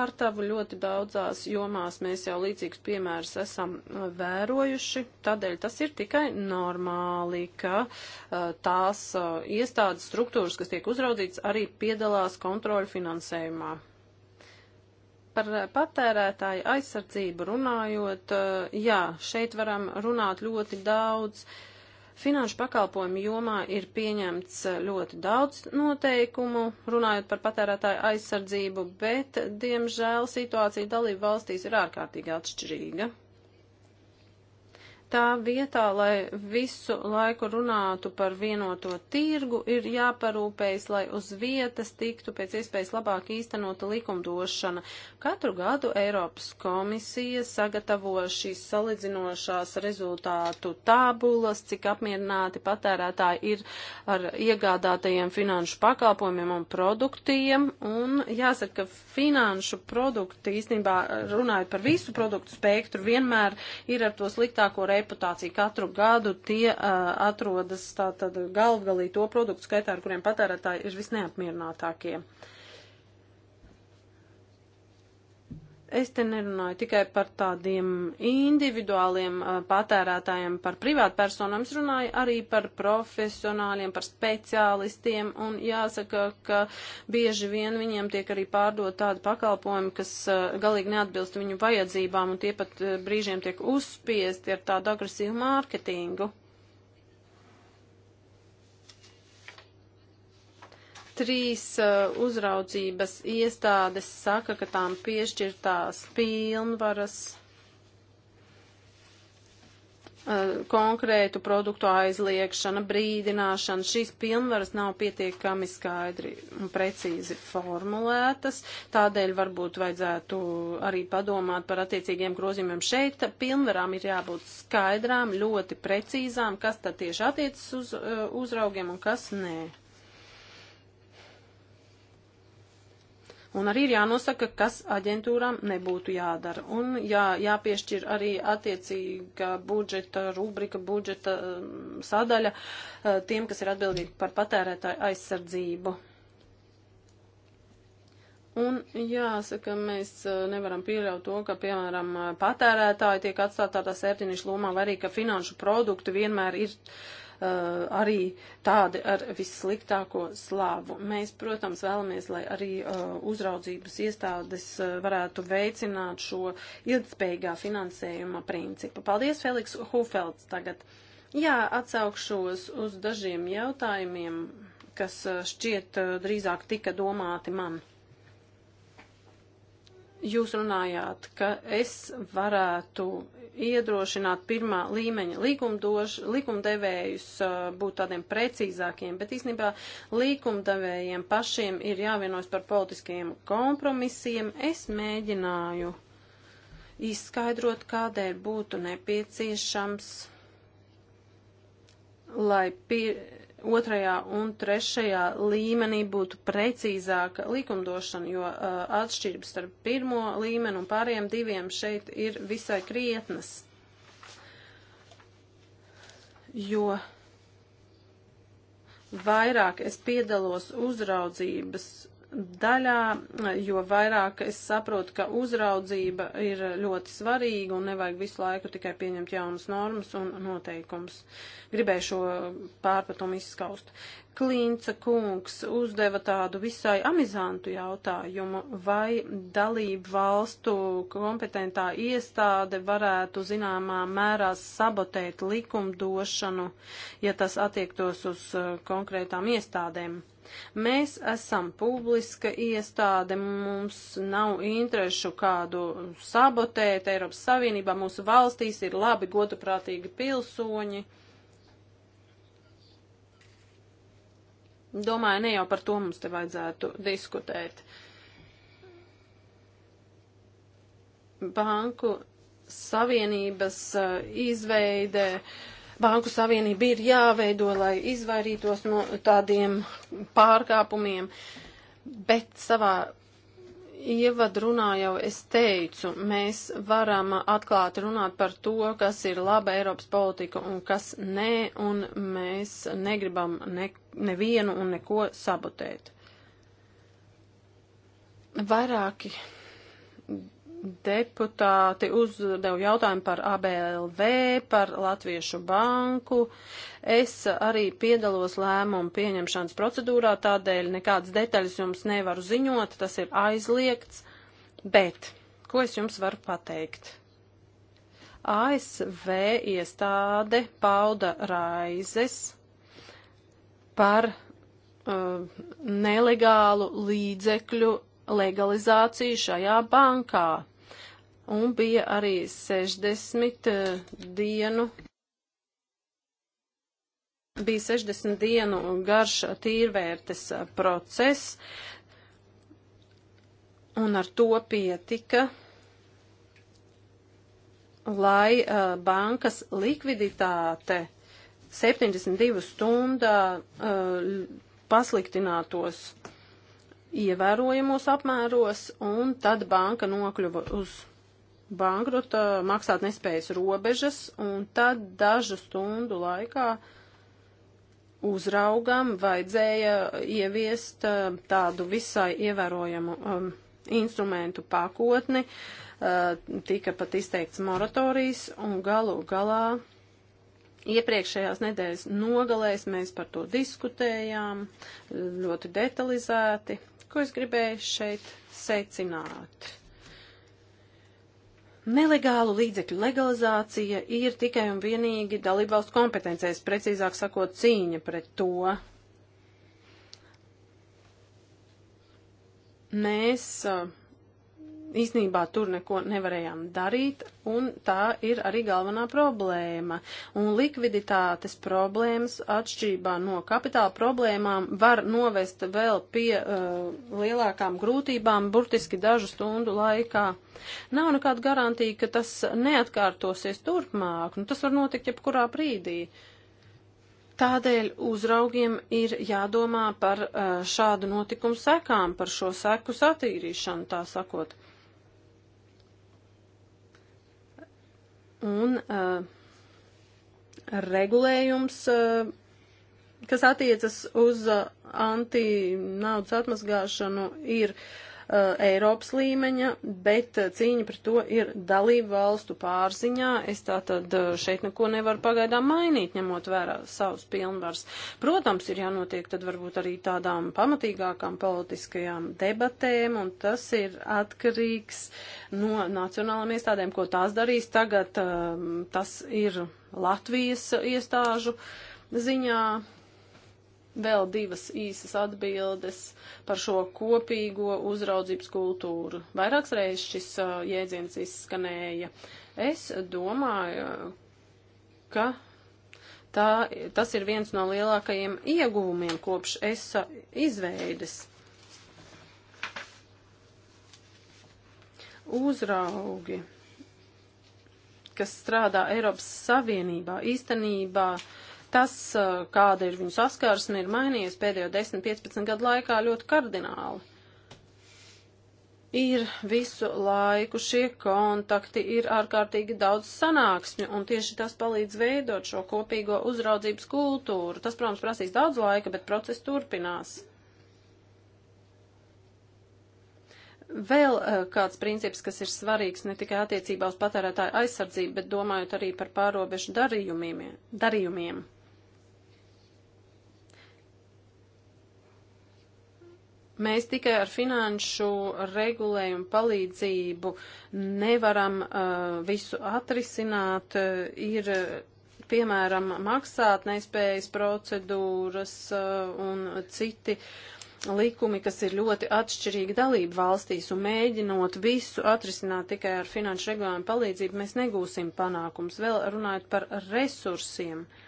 ārtavu. Ļoti daudzās jomās mēs jau līdzīgus piemērus esam vērojuši. Tādēļ tas ir tikai normāli, ka tās iestādes struktūras, kas tiek uzraudzītas, arī piedalās kontroļu finansējumā par patērētāju aizsardzību runājot, eh, jā, šeit varam runāt ļoti daudz. Finanšu pakalpojumu jomā ir pieņemts eh, ļoti daudz noteikumu, runājot par patērētāju aizsardzību, bet, diemžēl, situācija dalību valstīs ir ārkārtīgi atšķirīga tā vietā, lai visu laiku runātu par vienoto tirgu, ir jāparūpējas, lai uz vietas tiktu pēc iespējas labāk īstenota likumdošana. Katru gadu Eiropas komisija sagatavo šīs salīdzinošās rezultātu tabulas, cik apmierināti patērētāji ir ar iegādātajiem finanšu pakalpojumiem un produktiem. Un jāsaka, ka finanšu produkti īstenībā runājot par visu produktu spektru vienmēr ir ar to sliktāko reputāciju reputāciju. Katru gadu tie uh, atrodas tātad galvgalī to produktu skaitā, ar kuriem patērētāji ir visneapmierinātākie. Uh, Es te nerunāju tikai par tādiem individuāliem uh, patērētājiem, par privātpersonām, es runāju arī par profesionāļiem, par speciālistiem, un jāsaka, ka bieži vien viņiem tiek arī pārdot tādi pakalpojumi, kas uh, galīgi neatbilst viņu vajadzībām, un tie pat uh, brīžiem tiek uzspiesti ar tādu agresīvu mārketingu. Trīs uh, uzraudzības iestādes saka, ka tām piešķirtās pilnvaras uh, konkrētu produktu aizliekšana, brīdināšana, šīs pilnvaras nav pietiekami skaidri un precīzi formulētas, tādēļ varbūt vajadzētu arī padomāt par attiecīgiem grozījumiem šeit. Pilnvarām ir jābūt skaidrām, ļoti precīzām, kas tad tieši attiecas uz uh, uzraugiem un kas nē. Un arī ir jānosaka, kas aģentūram nebūtu jādara. Un jā, jāpiešķir arī attiecīga budžeta, rubrika, budžeta um, sadaļa uh, tiem, kas ir atbildīgi par patērētāju aizsardzību. Un jāsaka, mēs uh, nevaram pieļaut to, ka, piemēram, patērētāji tiek atstāti tādā sērtiņš lomā, vai arī, ka finanšu produktu vienmēr ir uh, Eh, arī tādi ar vissliktāko slāvu. Mēs, protams, vēlamies, lai arī eh, uzraudzības iestādes eh, varētu veicināt šo ilgspējīgā finansējuma principu. Paldies, Feliks Hufelds, tagad. Jā, atsaukšos uz dažiem jautājumiem, kas šķiet drīzāk tika domāti man jūs runājāt, ka es varētu iedrošināt pirmā līmeņa likumdož, likumdevējus uh, būt tādiem precīzākiem, bet īstenībā likumdevējiem pašiem ir jāvienojas par politiskiem kompromisiem. Es mēģināju izskaidrot, kādēļ būtu nepieciešams, lai pir otrajā un trešajā līmenī būtu precīzāka likumdošana, jo uh, atšķirības starp pirmo līmeni un pārējiem diviem šeit ir visai krietnas. Jo vairāk es piedalos uzraudzības daļā, jo vairāk es saprotu, ka uzraudzība ir ļoti svarīga un nevajag visu laiku tikai pieņemt jaunas normas un noteikumus. Gribēju šo pārpratumu izskaust. Klīnca kungs uzdeva tādu visai amizantu jautājumu, vai dalību valstu kompetentā iestāde varētu zināmā mērā sabotēt likumdošanu, ja tas attiektos uz uh, konkrētām iestādēm. Mēs esam publiska iestāde, mums nav interešu kādu sabotēt. Eiropas Savienībā mūsu valstīs ir labi, godaprātīgi pilsoņi. Uh, Domāju, ne jau par to mums te vajadzētu diskutēt. Banku savienības eh, izveide, banku savienība ir jāveido, lai izvairītos no tādiem pārkāpumiem, bet savā ievadrunā jau es teicu, mēs varam atklāti runāt par to, kas ir laba Eiropas politika un kas nē, un mēs negribam neko nevienu un neko sabotēt. Vairāki deputāti uzdev jautājumu par ABLV, par Latviešu banku. Es arī piedalos lēmumu pieņemšanas procedūrā, tādēļ nekādas detaļas jums nevaru ziņot, tas ir aizliegts, bet ko es jums varu pateikt? ASV iestāde pauda raizes par uh, nelegālu līdzekļu legalizāciju šajā bankā. Un bija arī 60 uh, dienu bija 60 dienu garš tīrvērtes uh, process, un ar to pietika, lai uh, bankas likviditāte 72 stundā uh, pasliktinātos ievērojamos apmēros, un tad banka nokļuva uz bankrota maksāt nespējas robežas, un tad dažu stundu laikā uzraugam vajadzēja ieviest uh, tādu visai ievērojamu um, instrumentu pakotni, uh, tika pat izteikts moratorijas, un galu galā Iepriekšējās nedēļas nogalēs mēs par to diskutējām ļoti detalizēti. Ko es gribēju šeit secināt? Nelegālu līdzekļu legalizācija ir tikai un vienīgi dalībvalstu kompetencijas, precīzāk sakot, cīņa pret to. Mēs uh, īsnībā tur neko nevarējām darīt, un tā ir arī galvenā problēma. Un likviditātes problēmas atšķirībā no kapitāla problēmām var novest vēl pie uh, lielākām grūtībām burtiski dažu stundu laikā. Nav nekāda garantija, ka tas neatkārtosies turpmāk, nu tas var notikt jebkurā brīdī. Tādēļ uzraugiem ir jādomā par uh, šādu notikumu sekām, par šo seku satīrīšanu, tā sakot. Un uh, regulējums, uh, kas attiecas uz uh, antinaudas atmazgāšanu, ir uh, Eh, Eiropas līmeņa, bet eh, cīņa par to ir dalību valstu pārziņā. Es tātad eh, šeit neko nevaru pagaidām mainīt, ņemot vērā savus pilnvars. Protams, ir jānotiek tad varbūt arī tādām pamatīgākām politiskajām debatēm, un tas ir atkarīgs no nacionālām iestādēm, ko tās darīs tagad. Tas ir Latvijas iestāžu ziņā Vēl divas īsas atbildes par šo kopīgo uzraudzības kultūru. Vairākas reizes šis uh, jēdziens izskanēja. Es domāju, ka tā, tas ir viens no lielākajiem ieguvumiem kopš ESA izveides. Uzraugi, kas strādā Eiropas Savienībā, īstenībā uh, Tas, kāda ir viņu saskarsme, ir mainījies pēdējo 10-15 gadu laikā ļoti kardināli ir visu laiku šie kontakti, ir ārkārtīgi daudz sanāksmju, un tieši tas palīdz veidot šo kopīgo uzraudzības kultūru. Tas, protams, prasīs daudz laika, bet process turpinās. Vēl kāds princips, kas ir svarīgs ne tikai attiecībā uz patērētāju aizsardzību, bet domājot arī par pārobežu darījumiem. darījumiem. Mēs tikai ar finanšu regulējumu palīdzību nevaram uh, visu atrisināt. Uh, ir, uh, piemēram, maksātnespējas procedūras uh, un citi likumi, kas ir ļoti atšķirīgi dalību valstīs, un mēģinot visu atrisināt tikai ar finanšu regulējumu palīdzību, mēs negūsim panākums. Vēl runājot par resursiem. Uh,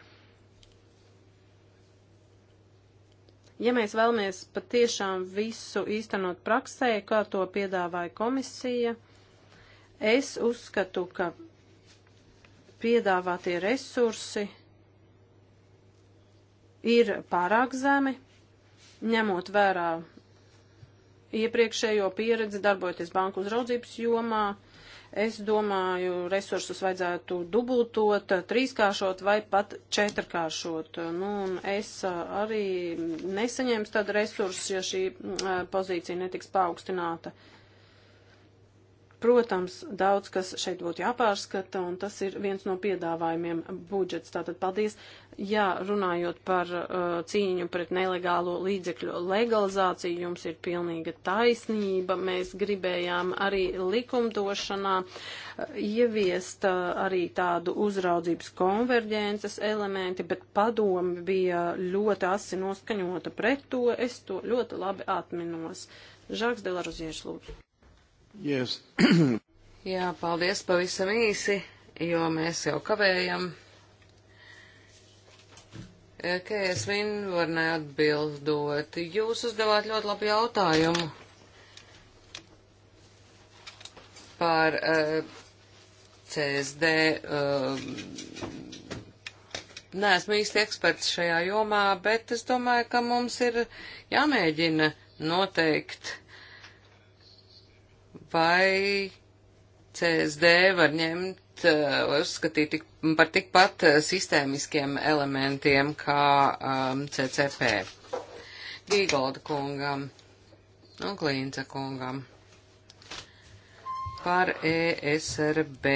Ja mēs vēlamies patiešām visu īstenot praksē, kā to piedāvāja komisija, es uzskatu, ka piedāvātie resursi ir pārāk zemi, ņemot vērā iepriekšējo pieredzi darbojoties banku uzraudzības jomā, Es domāju, resursus vajadzētu dubultot, trīskāršot vai pat četrkāršot. Nu, un es arī nesaņēmu tādu resursu, ja šī pozīcija netiks paaugstināta. Uh, Protams, daudz kas šeit būtu jāpārskata, un tas ir viens no piedāvājumiem budžets. Tātad paldies. Jā, runājot par uh, cīņu pret nelegālo līdzekļu legalizāciju, jums ir pilnīga taisnība. Mēs gribējām arī likumdošanā uh, ieviest uh, arī tādu uzraudzības konverģences elementi, bet padomi bija ļoti asi noskaņota pret to. Es to ļoti labi atminos. Žāks Delaruzieši lūdzu. Yes. Jā, paldies pavisam īsi, jo mēs jau kavējam. Kējas Vinvarnē atbildot, jūs uzdevāt ļoti labu jautājumu par uh, eh, CSD. Uh, eh, Nē, esmu īsti eksperts šajā jomā, bet es domāju, ka mums ir jāmēģina noteikt vai CSD var ņemt, eh, var uzskatīt tik, par tikpat eh, sistēmiskiem elementiem kā um, ehm, CCP. Gīgolda kungam un nu, Klīnca kungam par ESRB.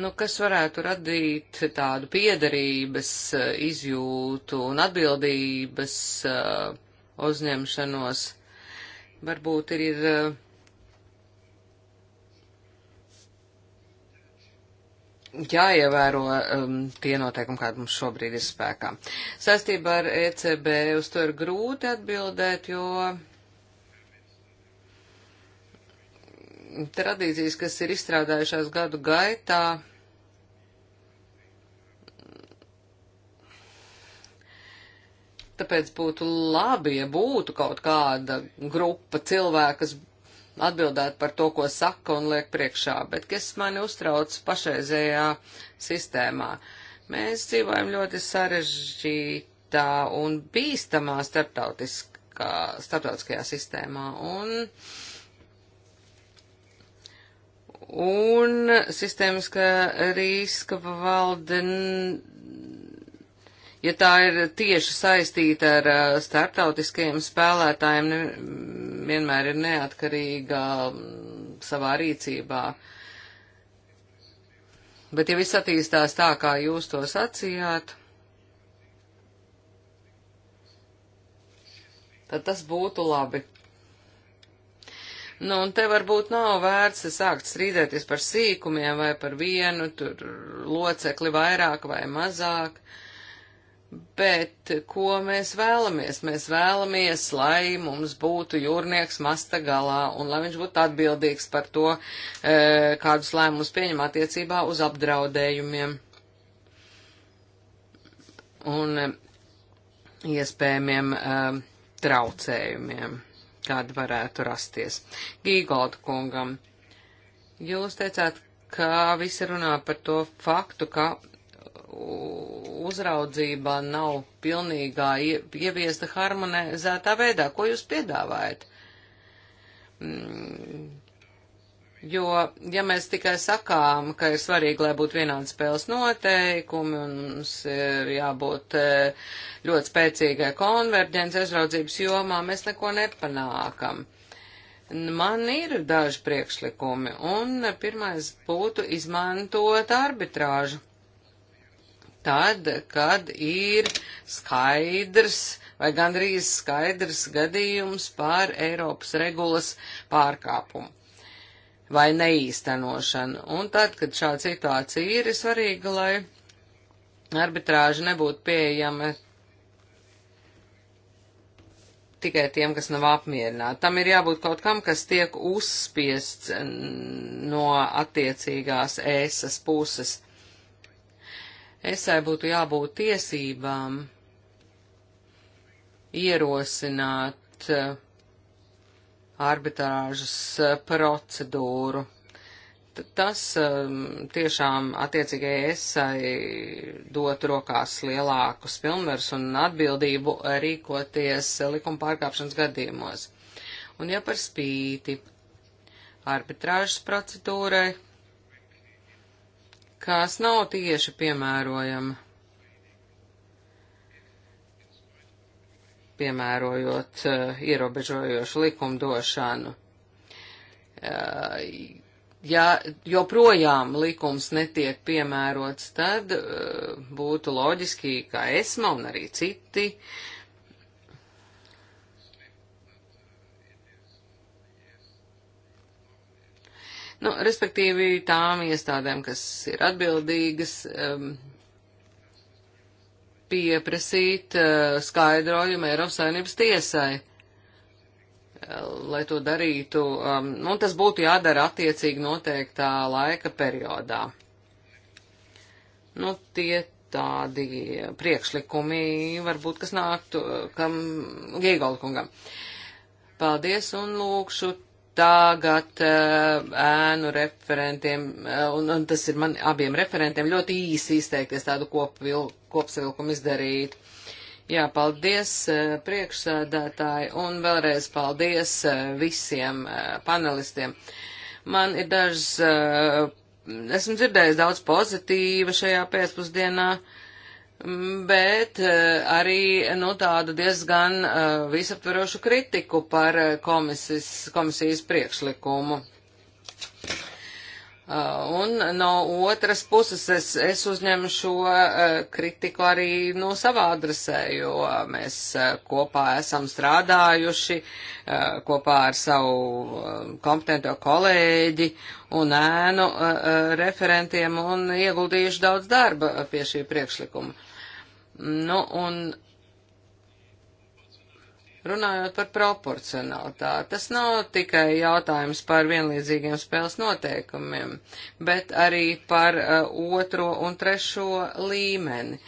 nu, kas varētu radīt tādu piederības eh, izjūtu un atbildības uh, uzņemšanos. Varbūt ir uh, jāievēro um, tie noteikumi, kādi mums šobrīd ir spēkā. Sastībā ar ECB uz to ir grūti atbildēt, jo tradīcijas, kas ir izstrādājušās gadu gaitā, tāpēc būtu labi, ja būtu kaut kāda grupa cilvēku, kas atbildētu par to, ko saka un liek priekšā, bet kas mani uztrauc pašreizējā sistēmā. Mēs dzīvojam ļoti sarežģītā un bīstamā starptautiskā, starptautiskajā sistēmā, un uh, un sistēmiskā riska valde, ja tā ir tieši saistīta ar starptautiskajiem spēlētājiem, vienmēr ir neatkarīga savā rīcībā. Bet ja viss attīstās tā, kā jūs to sacījāt, tad tas būtu labi. Nu, un te varbūt nav vērts sākt strīdēties par sīkumiem vai par vienu tur locekli vairāk vai mazāk, bet ko mēs vēlamies? Mēs vēlamies, lai mums būtu jūrnieks masta galā un lai viņš būtu atbildīgs par to, e, kādus lēmumus pieņem attiecībā uz apdraudējumiem. Un iespējamiem uh, traucējumiem kāda varētu rasties. Gīgolda kungam, jūs teicāt, ka visi runā par to faktu, ka uzraudzība nav pilnīgā ieviesta harmonizētā veidā. Ko jūs piedāvājat? Mm, Jo, ja mēs tikai sakām, ka ir svarīgi, lai būtu vienādi spēles noteikumi un mums ir jābūt e, ļoti spēcīgai konverģences aizraudzības jomā, mēs neko nepanākam. Man ir daži priekšlikumi, un pirmais būtu izmantot arbitrāžu. Tad, kad ir skaidrs vai gandrīz skaidrs gadījums par Eiropas regulas pārkāpumu vai neīstenošanu. Un tad, kad šāda situācija ir, ir svarīgi, lai arbitrāža nebūtu pieejama tikai tiem, kas nav apmierināti. Tam ir jābūt kaut kam, kas tiek uzspiests no attiecīgās ēsas puses. Esai būtu jābūt tiesībām ierosināt uh, arbitrāžas eh, procedūru. Tas ehm, tiešām attiecīgai esai dot rokās lielākus pilnvers un atbildību rīkoties likuma pārkāpšanas gadījumos. Un ja par spīti arbitrāžas procedūrai, kas nav tieši piemērojama piemērojot eh, ierobežojošu likumdošanu. Eh, ja joprojām likums netiek piemērots, tad eh, būtu loģiski, ka ESMA un arī citi Nu, respektīvi tām iestādēm, kas ir atbildīgas, um, pieprasīt eh, skaidrojumu Eiropas Savienības tiesai, eh, lai to darītu, um, un tas būtu jādara attiecīgi noteiktā laika periodā. Nu, tie tādi priekšlikumi varbūt, kas nāktu eh, kam Gīgolkungam. Paldies un lūkšu tagad eh, ēnu referentiem, eh, un, un tas ir man abiem referentiem, ļoti īsi izteikties tādu kopvil, kopsavilkumu izdarīt. Jā, paldies eh, priekšsēdētāji un vēlreiz paldies visiem panelistiem. Man ir dažs, esmu dzirdējis daudz pozitīva šajā pēcpusdienā. Uh, bet eh, arī nu, tādu diezgan eh, visaptverošu kritiku par eh, komisijas, komisijas priekšlikumu. Un no otras puses es, es uzņemu šo kritiku arī no savā adresē, jo mēs kopā esam strādājuši kopā ar savu kompetento kolēģi un ēnu referentiem un ieguldījuši daudz darba pie šī priekšlikuma. Nu, un runājot par proporcionalitāti, tas nav tikai jautājums par vienlīdzīgiem spēles noteikumiem, bet arī par uh, otro un trešo līmeni.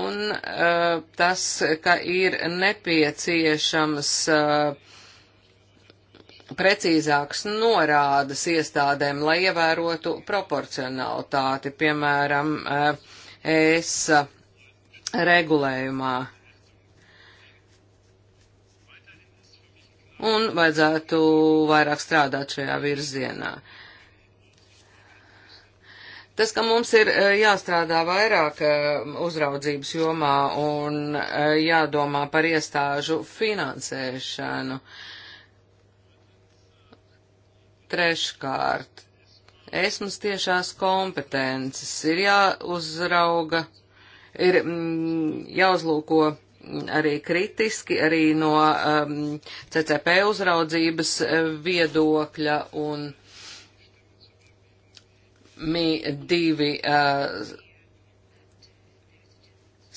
Un uh, tas, ka ir nepieciešams uh, precīzākas norādes iestādēm, lai ievērotu proporcionalitāti, piemēram, uh, ESA uh, regulējumā. Un vajadzētu vairāk strādāt šajā virzienā. Tas, ka mums ir eh, jāstrādā vairāk eh, uzraudzības jomā un eh, jādomā par iestāžu finansēšanu. Treškārt, esmas tiešās kompetences ir jāuzrauga ir mm, jāuzlūko arī kritiski, arī no um, mm, CCP uzraudzības eh, viedokļa un MI divi. Uh,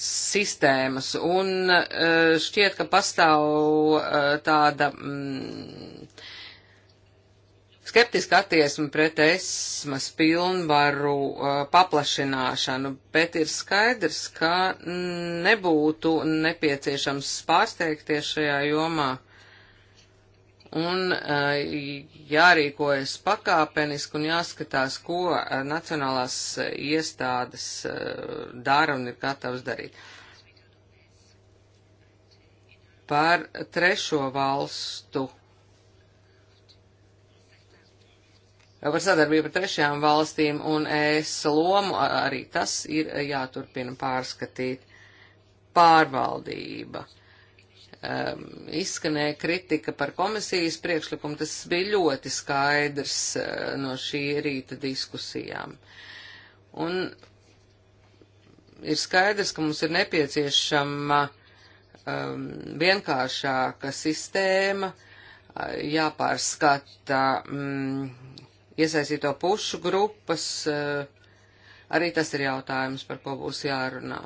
sistēmas, un eh, šķiet, ka pastāv tāda mm, skeptiska attieksme pret esmas pilnvaru uh, paplašināšanu, bet ir skaidrs, ka nebūtu nepieciešams pārsteigties šajā jomā un uh, jārīkojas pakāpeniski un jāskatās, ko uh, nacionālās iestādes uh, dara un ir gatavs darīt. Par trešo valstu par sadarbību ar trešajām valstīm un es lomu, arī tas ir jāturpina pārskatīt. Pārvaldība. Um, izskanēja kritika par komisijas priekšlikumu, tas bija ļoti skaidrs uh, no šī rīta diskusijām. Un ir skaidrs, ka mums ir nepieciešama um, vienkāršāka sistēma, uh, jāpārskata um, iesaistīto pušu grupas, eh, arī tas ir jautājums, par ko būs jārunā.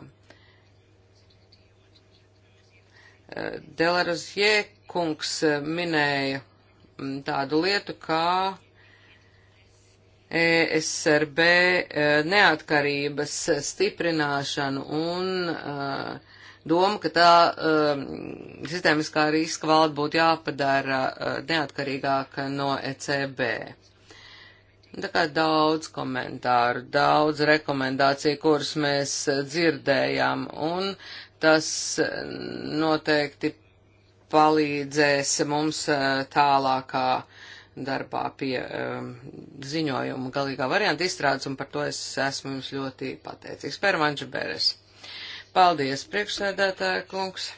Eh, Delarozie kungs eh, minēja mm, tādu lietu kā ESRB neatkarības stiprināšanu un doma, ka tā sistēmiskā riska valda būtu jāpadara neatkarīgāka no ECB. Tā kā daudz komentāru, daudz rekomendāciju, kuras mēs e, dzirdējām, un tas e, noteikti palīdzēs mums e, tālākā darbā pie um, ziņojuma galīgā varianta izstrādes, un par to es esmu jums ļoti pateicīgs. Pērvanģa Beres. Paldies, priekšsēdētāja kungs.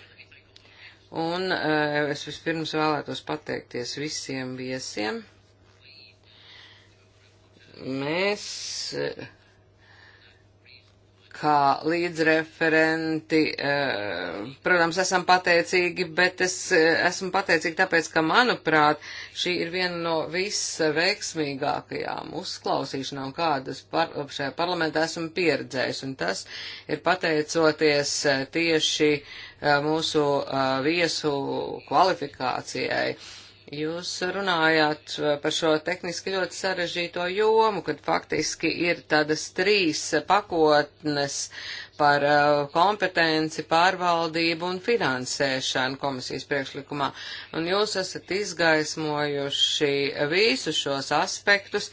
Un uh, es vispirms vēlētos pateikties visiem viesiem. Mēs kā līdzreferenti, eh, protams, esam pateicīgi, bet es eh, esmu pateicīgi tāpēc, ka, manuprāt, šī ir viena no visveiksmīgākajām uzklausīšanām, kādas par, šajā parlamentā esmu pieredzējis, un tas ir pateicoties eh, tieši mūsu viesu kvalifikācijai. Uh, Jūs runājāt uh, par šo tehniski ļoti sarežģīto jomu, kad faktiski ir tādas trīs pakotnes par uh, kompetenci, pārvaldību un finansēšanu komisijas priekšlikumā. Un jūs esat izgaismojuši visus šos aspektus,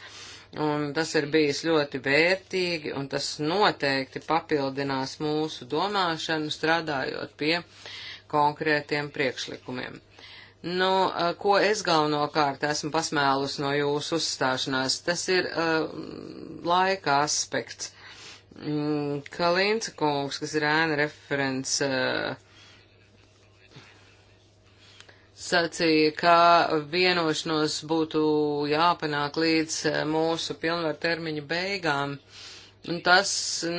un tas ir bijis ļoti vērtīgi, un tas noteikti papildinās mūsu domāšanu, strādājot pie konkrētiem priekšlikumiem. Nu, ko es galvenokārt esmu pasmēlus no jūsu uzstāšanās, tas ir uh, laika aspekts. Mm, Kalīnca kungs, kas ir ēna referents, uh, sacīja, ka vienošanos būtu jāpanāk līdz mūsu pilnvaru termiņu beigām. Un tas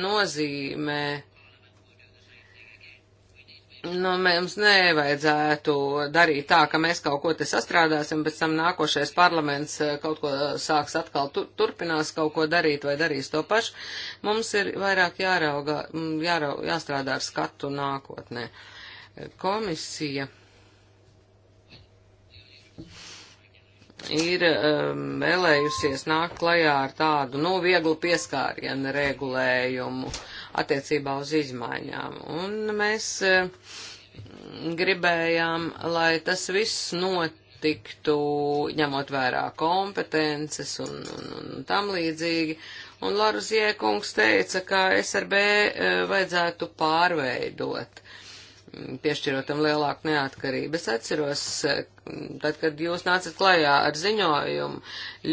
nozīmē, Nu, mums nevajadzētu darīt tā, ka mēs kaut ko te sastrādāsim, pēc tam nākošais parlaments eh, kaut ko sāks atkal tu, turpinās kaut ko darīt vai darīs to pašu. Mums ir vairāk jārauga, jārauga, jāstrādā ar skatu nākotnē. Komisija ir um, vēlējusies nākt klajā ar tādu, nu, vieglu pieskārienu regulējumu. Uh, attiecībā uz izmaiņām. Un mēs e, gribējām, lai tas viss notiktu, ņemot vērā kompetences un, un, un tam līdzīgi. Un Larus Jēkungs teica, ka SRB e, vajadzētu pārveidot piešķirot tam lielāku neatkarību. Es atceros, eh, tad, kad jūs nācat klajā ar ziņojumu,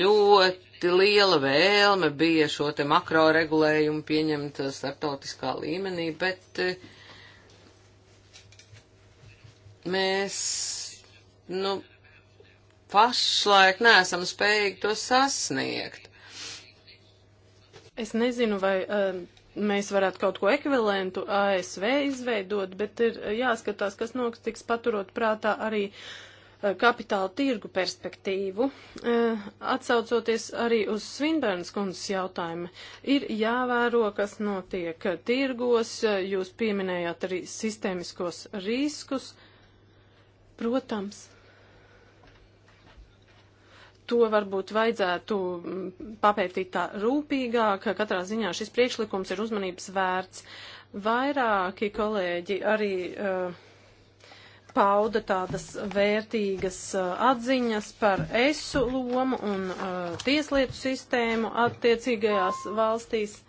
ļoti liela vēlme bija šo te makro regulējumu pieņemt eh, startautiskā līmenī, bet eh, mēs, nu, pašlaik neesam spējīgi to sasniegt. Es nezinu, vai. Uh mēs varētu kaut ko ekvivalentu ASV izveidot, bet ir eh, jāskatās, kas notiks paturot prātā arī eh, kapitāla tirgu perspektīvu. Eh, atsaucoties arī uz Svinbērnas kundzes jautājumu, ir jāvēro, kas notiek tirgos, jūs pieminējāt arī sistēmiskos riskus. Protams, to varbūt vajadzētu mm, papētīt tā rūpīgāk. Katrā ziņā šis priekšlikums ir uzmanības vērts. Vairāki kolēģi arī uh, pauda tādas vērtīgas uh, atziņas par esu lomu un uh, tieslietu sistēmu attiecīgajās valstīs.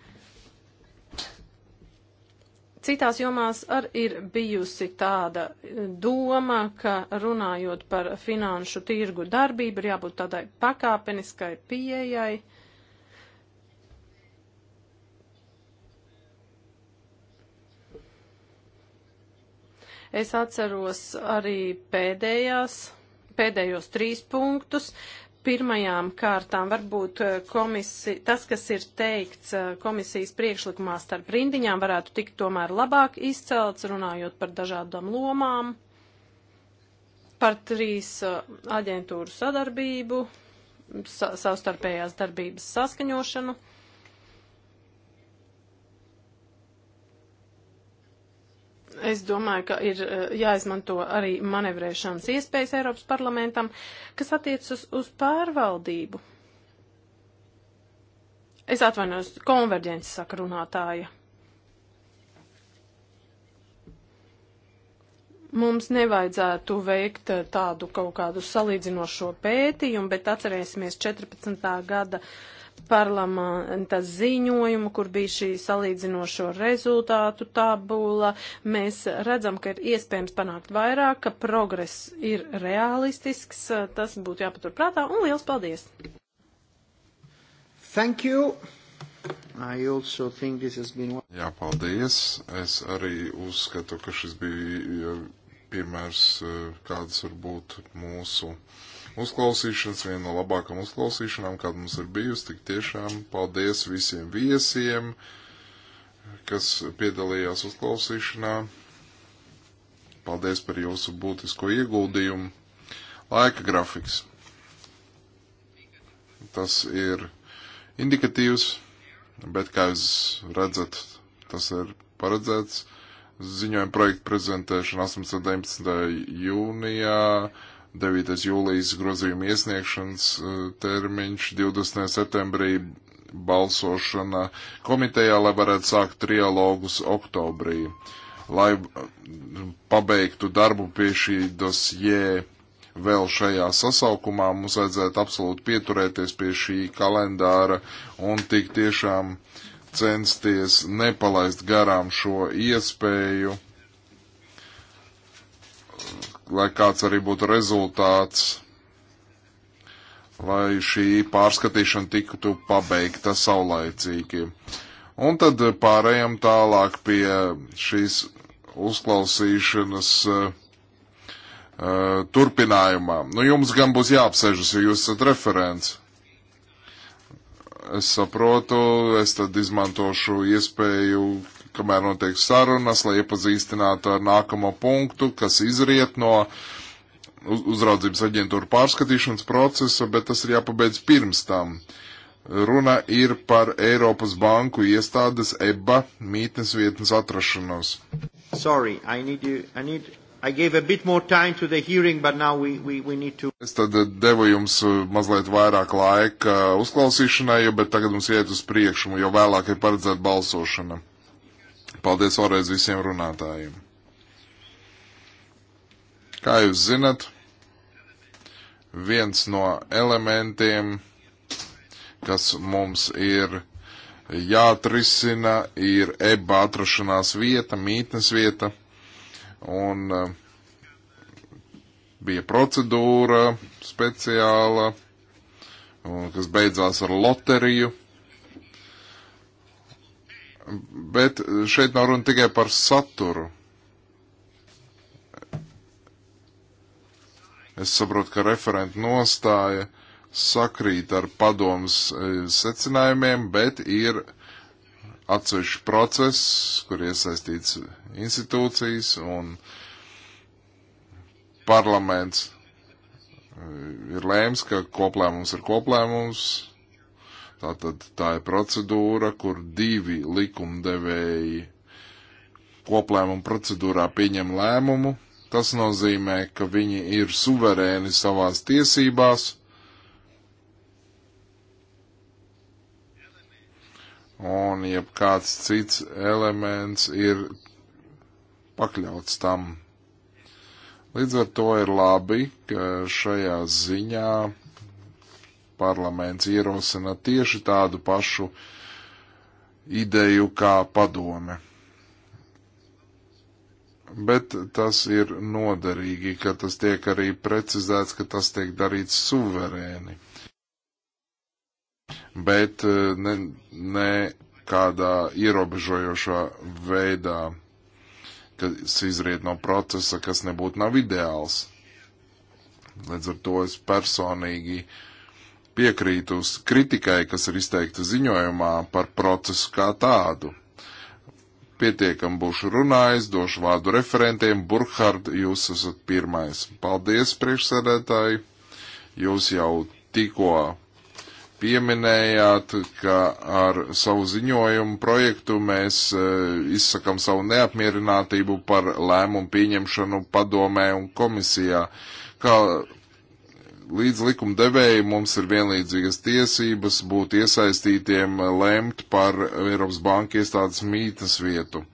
Citās jomās arī ir bijusi tāda e, doma, ka runājot par finanšu tirgu darbību, ir jābūt tādai pakāpeniskai pieejai. Es atceros arī pēdējās, pēdējos trīs punktus, Pirmajām kārtām varbūt eh, komisi, tas, kas ir teikts eh, komisijas priekšlikumā starp rindiņām, varētu tikt tomēr labāk izcelts, runājot par dažādām lomām, par trīs eh, aģentūru sadarbību, sa savstarpējās darbības saskaņošanu. Es domāju, ka ir eh, jāizmanto arī manevrēšanas iespējas Eiropas parlamentam, kas attiecas uz pārvaldību. Es atvainojos, konverģences saka runātāja. Mums nevajadzētu veikt eh, tādu kaut kādu salīdzinošo pētījumu, bet atcerēsimies 14. gada uh, parlamenta ziņojumu, kur bija šī salīdzinošo rezultātu tabula, mēs redzam, ka ir iespējams panākt vairāk, ka progress ir realistisks, tas būtu jāpaturprātā, un liels paldies! Thank you. I also think this has been... Jā, paldies. Es arī uzskatu, ka šis bija piemērs, eh, kāds var būt mūsu uh, uzklausīšanas, viena no labākām uzklausīšanām, kāda mums ir bijusi. Tik tiešām paldies visiem viesiem, kas piedalījās uzklausīšanā. Paldies par jūsu būtisko ieguldījumu. Laika grafiks. Tas ir indikatīvs, bet, kā jūs redzat, tas ir paredzēts ziņojuma projektu prezentēšana 18. un 19. jūnijā 9. jūlijas grozījuma iesniegšanas e, termiņš, 20. septembrī balsošana komitejā, lai varētu sākt trialogus oktobrī, lai e, pabeigtu darbu pie šī dosjē. Vēl šajā sasaukumā mums vajadzētu absolūti pieturēties pie šī kalendāra un tik tiešām censties nepalaist garām šo iespēju lai kāds arī būtu rezultāts, lai šī pārskatīšana tiktu pabeigta saulaicīgi. Un tad pārējām tālāk pie šīs uzklausīšanas uh, turpinājumā. Nu, jums gan būs jāapsēžas, jo jūs esat referents. Es saprotu, es tad izmantošu iespēju kamēr notiek sarunas, lai iepazīstinātu ar nākamo punktu, kas izriet no uzraudzības aģentūra pārskatīšanas procesa, bet tas ir jāpabeidz pirms tam. Runa ir par Eiropas banku iestādes EBA mītnes vietnes atrašanos. Sorry, I need you, I need, I gave a bit more time to the hearing, but now we, we, we need to. Es tad eh, devu jums eh, mazliet vairāk laika eh, uzklausīšanai, bet tagad mums iet uz priekšu, jo vēlāk ir paredzēta balsošana. Paldies vēlreiz visiem runātājiem. Kā jūs zinat, viens no elementiem, kas mums ir jāatrisina, ir eba atrašanās vieta, mītnes vieta. Un eh, bija procedūra speciāla, kas beidzās ar loteriju. Bet šeit nav runa tikai par saturu. Es saprotu, ka referenta nostāja sakrīt ar padomus e, secinājumiem, bet ir atsevišķi process, kur iesaistīts institūcijas un parlaments e, ir lēms, ka koplēmums ir koplēmums, Tātad tā ir procedūra, kur divi likumdevēji koplēmumu procedūrā pieņem lēmumu. Tas nozīmē, ka viņi ir suverēni savās tiesībās. Un jeb kāds cits elements ir pakļauts tam. Līdz ar to ir labi, ka šajā ziņā parlaments ierosina tieši tādu pašu ideju kā padome. Bet tas ir noderīgi, ka tas tiek arī precizēts, ka tas tiek darīts suverēni. Bet eh, ne, ne kādā ierobežojošā veidā, kas izriet no procesa, kas nebūtu nav ideāls. Līdz ar to es personīgi uh, piekrītu kritikai, kas ir izteikta ziņojumā par procesu kā tādu. Pietiekam būšu runājis, došu vārdu referentiem. Burkhard, jūs esat pirmais. Paldies, priekšsēdētāji. Jūs jau tikko pieminējāt, ka ar savu ziņojumu projektu mēs e, izsakam savu neapmierinātību par lēmumu pieņemšanu padomē un komisijā. Kā līdz likumdevēji mums ir vienlīdzīgas tiesības būt iesaistītiem eh, lemt par Eiropas banka iestādes mītnes vietu.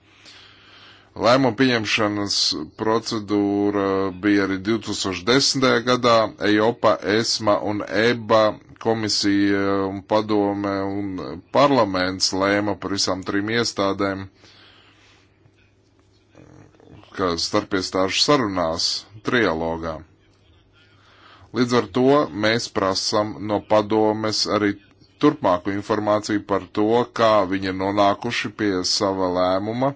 Lēmuma pieņemšanas procedūra bija arī 2010. gadā. EIOPA, ESMA un EBA komisija un padome un parlaments lēma par visām trim iestādēm, kas starpiestāšu sarunās trialogā. Līdz ar to mēs prasam no padomes arī turpmāku informāciju par to, kā viņi ir nonākuši pie sava lēmuma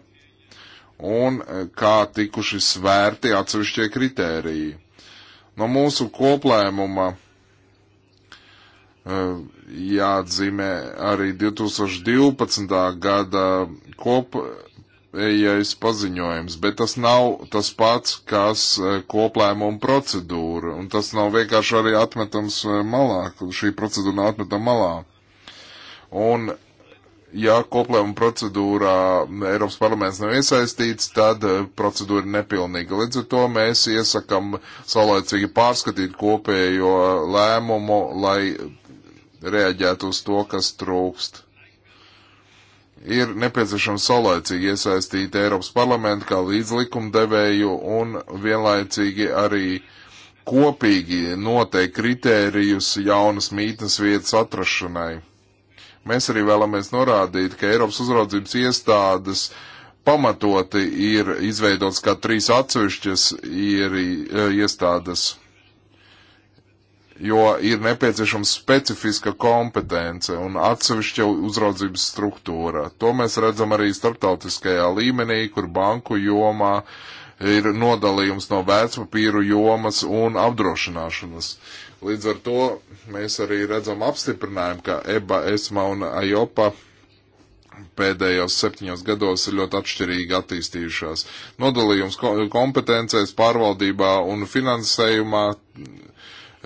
un e, kā tikuši svērti atsevišķie kritēriji. No mūsu koplēmuma e, jāatzīmē arī 2012. gada kop kopējais paziņojums, bet tas nav tas pats, kas eh, koplēmuma procedūra, un tas nav vienkārši arī atmetams eh, malā, šī procedūra nav atmetama malā. Un, ja koplēmuma procedūrā mm, Eiropas parlaments nav iesaistīts, tad eh, procedūra ir nepilnīga. Līdz ar to mēs iesakam saulēcīgi pārskatīt kopējo lēmumu, lai reaģētu uz to, kas trūkst ir nepieciešams saulēcīgi iesaistīt Eiropas parlamentu kā līdzlikumdevēju un vienlaicīgi arī kopīgi noteikt kritērijus jaunas mītnes vietas atrašanai. Mēs arī vēlamies norādīt, ka Eiropas uzraudzības iestādes pamatoti ir izveidots kā trīs atsevišķas ir, iestādes jo ir nepieciešama specifiska kompetence un atsevišķa uzraudzības struktūra. To mēs redzam arī starptautiskajā līmenī, kur banku jomā ir nodalījums no vērtspapīru jomas un apdrošināšanas. Līdz ar to mēs arī redzam apstiprinājumu, ka EBA, ESMA un AJOPA pēdējos septiņos gados ir ļoti atšķirīgi attīstījušās. Nodalījums kompetencēs, pārvaldībā un finansējumā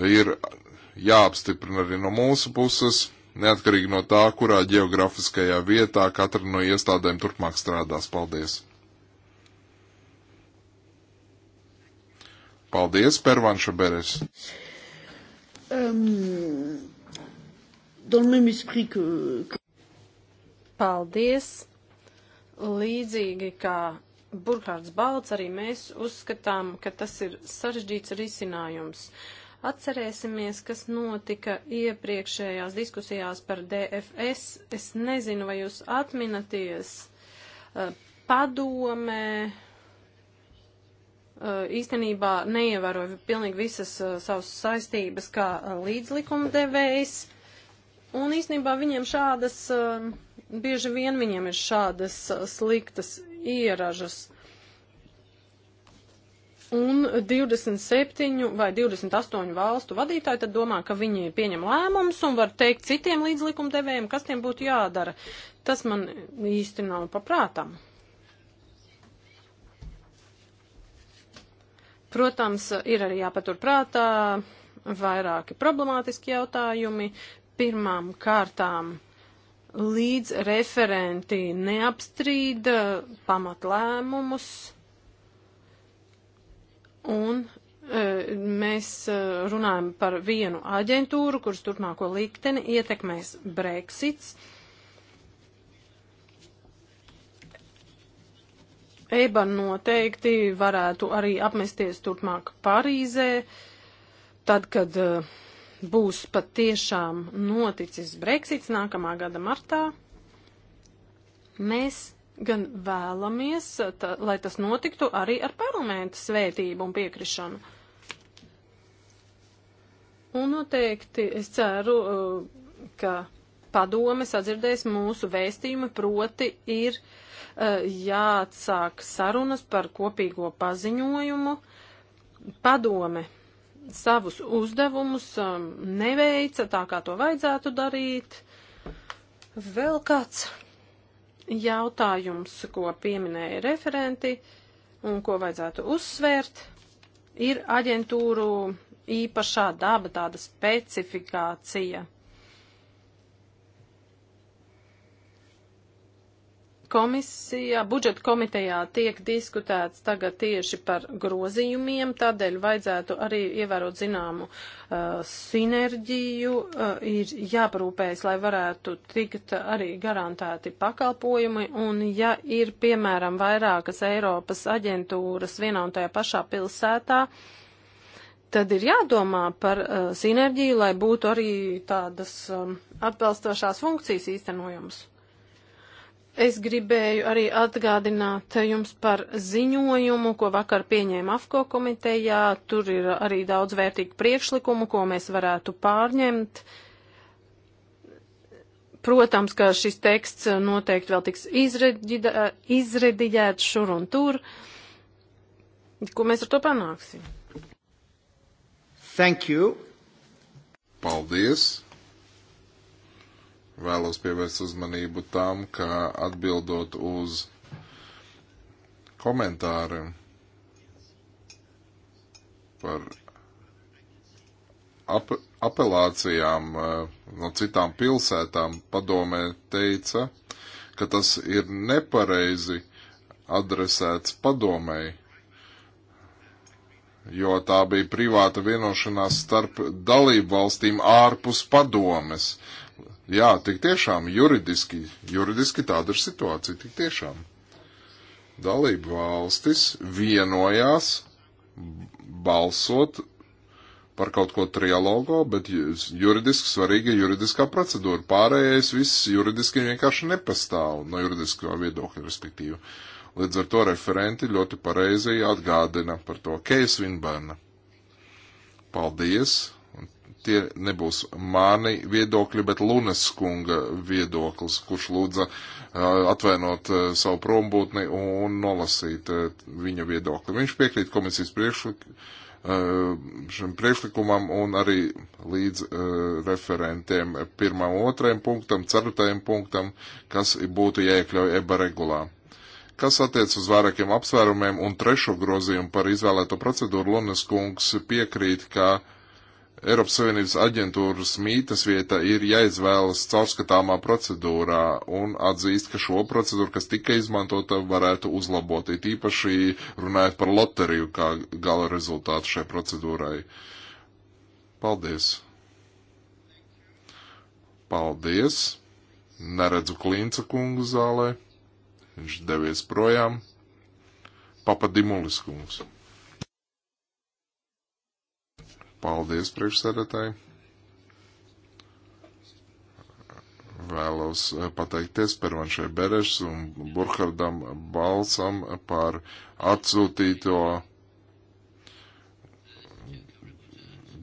ir jāapstiprina arī no mūsu puses, neatkarīgi no tā, kurā geografiskajā vietā katra no iestādēm turpmāk strādās. Paldies! Paldies, Pervanša Beres! Um, Paldies! Līdzīgi kā Burkhards Balts, arī mēs uzskatām, ka tas ir sarežģīts risinājums. Uh, Atcerēsimies, kas notika iepriekšējās diskusijās par DFS. Es nezinu, vai jūs atminaties eh, padomē eh, īstenībā neievēroja pilnīgi visas eh, savas saistības kā līdzlikuma devējs. Un īstenībā viņiem šādas, bieži vien viņiem ir šādas sliktas ieražas. Un 27 vai 28 valstu vadītāji tad domā, ka viņi pieņem lēmumus un var teikt citiem līdzlikumdevējiem, kas tiem būtu jādara. Tas man īsti nav paprātam. Protams, ir arī jāpaturprātā vairāki problemātiski jautājumi. Pirmām kārtām līdz referenti neapstrīda pamatlēmumus Un e, mēs e, runājam par vienu aģentūru, kuras turpmāko likteni ietekmēs Brexits. Eba noteikti varētu arī apmesties turpmāk Parīzē, tad, kad e, būs patiešām noticis Brexits nākamā gada martā. Mēs gan vēlamies, tā, lai tas notiktu arī ar parlamenta svētību un piekrišanu. Un noteikti es ceru, uh, ka padome sadzirdēs mūsu vēstījumu, proti ir uh, jāatsāk sarunas par kopīgo paziņojumu. Padome savus uzdevumus um, neveica tā, kā to vajadzētu darīt. Vēl kāds jautājums, ko pieminēja referenti un ko vajadzētu uzsvērt, ir aģentūru īpašā daba, tāda specifikācija. komisijā, budžeta komitejā tiek diskutēts tagad tieši par grozījumiem, tādēļ vajadzētu arī ievērot zināmu uh, sinerģiju, uh, ir jāparūpējas, lai varētu tikt arī garantēti pakalpojumi, un ja ir, piemēram, vairākas Eiropas aģentūras vienā un tajā pašā pilsētā, tad ir jādomā par uh, sinerģiju, lai būtu arī tādas um, atbalstošās funkcijas īstenojumas. Es gribēju arī atgādināt jums par ziņojumu, ko vakar pieņēma AFCO komitejā. Tur ir arī daudz vērtīgu priekšlikumu, ko mēs varētu pārņemt. Protams, ka šis teksts noteikti vēl tiks izrediģēts šur un tur. Ko mēs ar to panāksim? Thank you. Paldies. Vēlos pievērst uzmanību tam, ka atbildot uz komentāriem par ap apelācijām eh, no citām pilsētām padomē teica, ka tas ir nepareizi adresēts padomēji, jo tā bija privāta vienošanās starp dalību valstīm ārpus padomes. Uh, Jā, tik tiešām juridiski, juridiski tāda ir situācija, tik tiešām. Dalība valstis vienojās balsot par kaut ko trialogo, bet juridiski svarīga juridiskā procedūra. Pārējais viss juridiski vienkārši nepastāv no juridiskā viedokļa, respektīvi. Līdz ar to referenti ļoti pareizi atgādina par to Keis Vinbērna. Paldies! tie nebūs mani viedokļi, bet Lunas kunga viedoklis, kurš lūdza atvainot savu prombūtni un nolasīt viņa viedokli. Viņš piekrīt komisijas priekšlik, šim priekšlikumam un arī līdz referentiem pirmam, otrajam punktam, ceturtajam punktam, kas būtu jāiekļauj EBA regulā kas attiec uz vairākiem apsvērumiem un trešo grozījumu par izvēlēto procedūru, Lunas kungs piekrīt, ka Eiropas Savienības aģentūras mītas vieta ir jāizvēlas caurskatāmā procedūrā un atzīst, ka šo procedūru, kas tika izmantota, varētu uzlabot, it īpaši runājot par loteriju kā gala rezultātu šai procedūrai. Paldies! Paldies! Neredzu Klinca kungu zālē. Viņš devies projām. Papadimulis kungs. Paldies, priekšsēdētāji! Vēlos eh, pateikties Pervanšai Berešs un Burkhardam Balsam par atsūtīto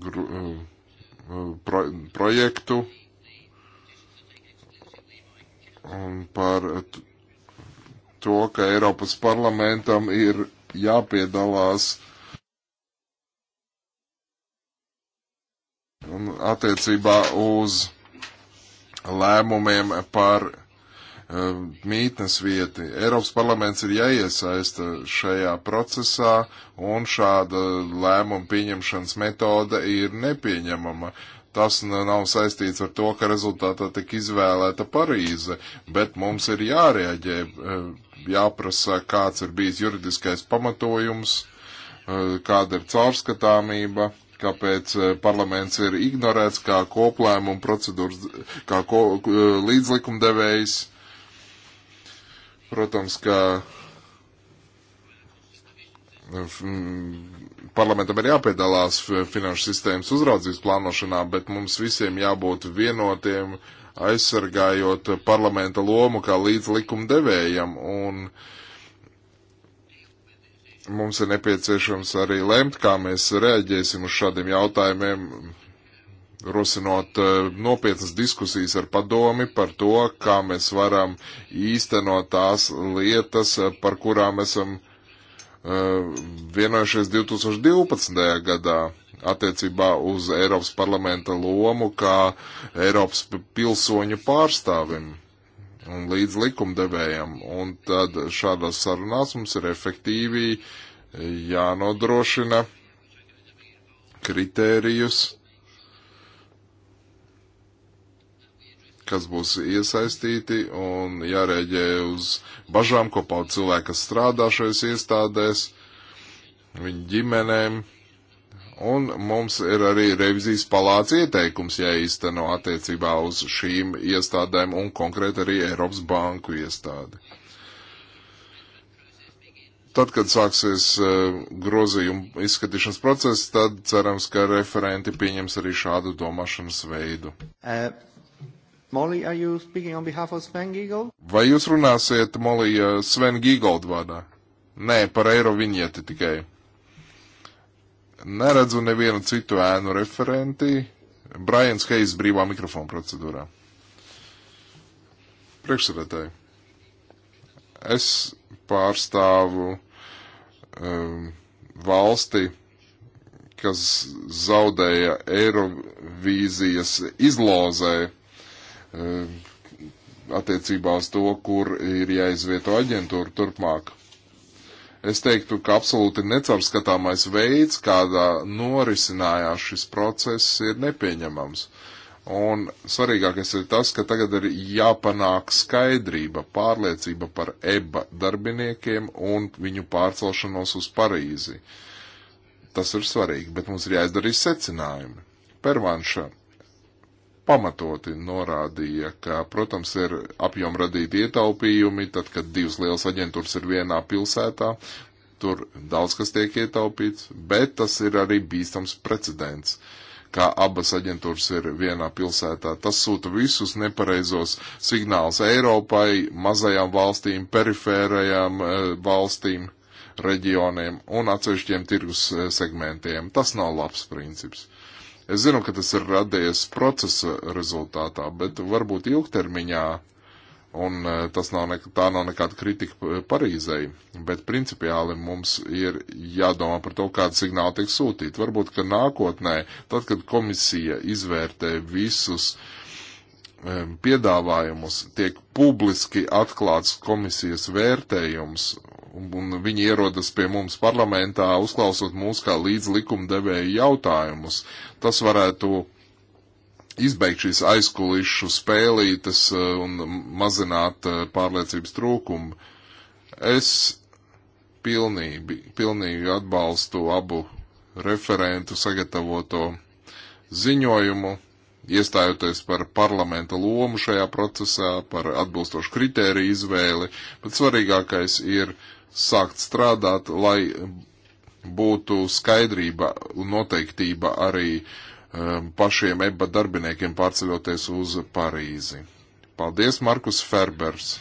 gru, eh, pro, projektu un par to, ka Eiropas parlamentam ir jāpiedalās Un attiecībā uz lēmumiem par uh, mītnes vieti. Eiropas parlaments ir jāiesaista šajā procesā, un šāda lēmuma pieņemšanas metode ir nepieņemama. Tas nav saistīts ar to, ka rezultātā tika izvēlēta Parīze, bet mums ir jārēģē, uh, jāprasa, kāds ir bijis juridiskais pamatojums, uh, kāda ir caurskatāmība kāpēc eh, parlaments ir ignorēts kā koplēmuma procedūras, kā ko, eh, līdzlikumdevējs. Protams, ka parlamentam ir jāpiedalās finanšu sistēmas uzraudzības plānošanā, bet mums visiem jābūt vienotiem, aizsargājot parlamenta lomu kā līdzlikumdevējam. Un, uh, mums ir nepieciešams arī lemt, kā mēs reaģēsim uz šādiem jautājumiem, rosinot eh, nopietnas diskusijas ar padomi par to, kā mēs varam īstenot tās lietas, eh, par kurām esam uh, vienojušies 2012. gadā attiecībā uz Eiropas parlamenta lomu kā Eiropas pilsoņu pārstāvim un līdz likumdevējam. Un tad šādās sarunās mums ir efektīvi jānodrošina kritērijus, kas būs iesaistīti un jārēģē uz bažām, ko pauda cilvēki, kas strādā šajās iestādēs, viņu ģimenēm. Un mums ir arī revizijas palāca ieteikums jāīsteno attiecībā uz šīm iestādēm un konkrēti arī Eiropas banku iestādi. Tad, kad sāksies eh, grozījuma izskatīšanas process, tad cerams, ka referenti pieņems arī šādu domāšanas veidu. Uh, Molly, Vai jūs runāsiet, Molija, eh, Sven Gīgold vārdā? Nē, par eiro viņieti tikai. Neredzu nevienu citu ēnu referenti. Brians Heijs brīvā mikrofona procedūrā. Priekšsēdētāji, es pārstāvu um, valsti, kas zaudēja Eirovīzijas izlozē um, attiecībā uz to, kur ir jāizvieto aģentūra turpmāk. Es teiktu, ka absolūti necaurskatāmais veids, kādā norisinājās šis process, ir nepieņemams. Un svarīgākais ir tas, ka tagad ir jāpanāk skaidrība, pārliecība par EBA darbiniekiem un viņu pārcelšanos uz Parīzi. Tas ir svarīgi, bet mums ir jāizdara secinājumi. Pervanša pamatoti norādīja, ka, protams, ir apjom radīti ietaupījumi, tad, kad divas lielas aģentūras ir vienā pilsētā, tur daudz kas tiek ietaupīts, bet tas ir arī bīstams precedents, kā abas aģentūras ir vienā pilsētā. Tas sūta visus nepareizos signālus Eiropai, mazajām valstīm, perifērajām eh, valstīm, reģioniem un atsevišķiem tirgus eh, segmentiem. Tas nav labs princips. Es zinu, ka tas ir radies procesa rezultātā, bet varbūt ilgtermiņā, un e, tas nav ne, tā nav nekāda kritika Parīzei, bet principiāli mums ir jādomā par to, kāda signāla tiek sūtīta. Varbūt, ka nākotnē, tad, kad komisija izvērtē visus e, piedāvājumus, tiek publiski atklāts komisijas vērtējums un viņi ierodas pie mums parlamentā, uzklausot mūs kā līdzlikumdevēju jautājumus. Tas varētu izbeigt šīs aizkulišu spēlītes eh, un mazināt eh, pārliecības trūkumu. Es pilnīgi, pilnīgi atbalstu abu referentu sagatavoto ziņojumu, iestājoties par parlamenta lomu šajā procesā, par atbilstošu kritēriju izvēli, bet svarīgākais ir uh, sākt strādāt, lai būtu skaidrība un noteiktība arī um, pašiem EBA darbiniekiem pārceļoties uz Parīzi. Paldies, Markus Ferbers!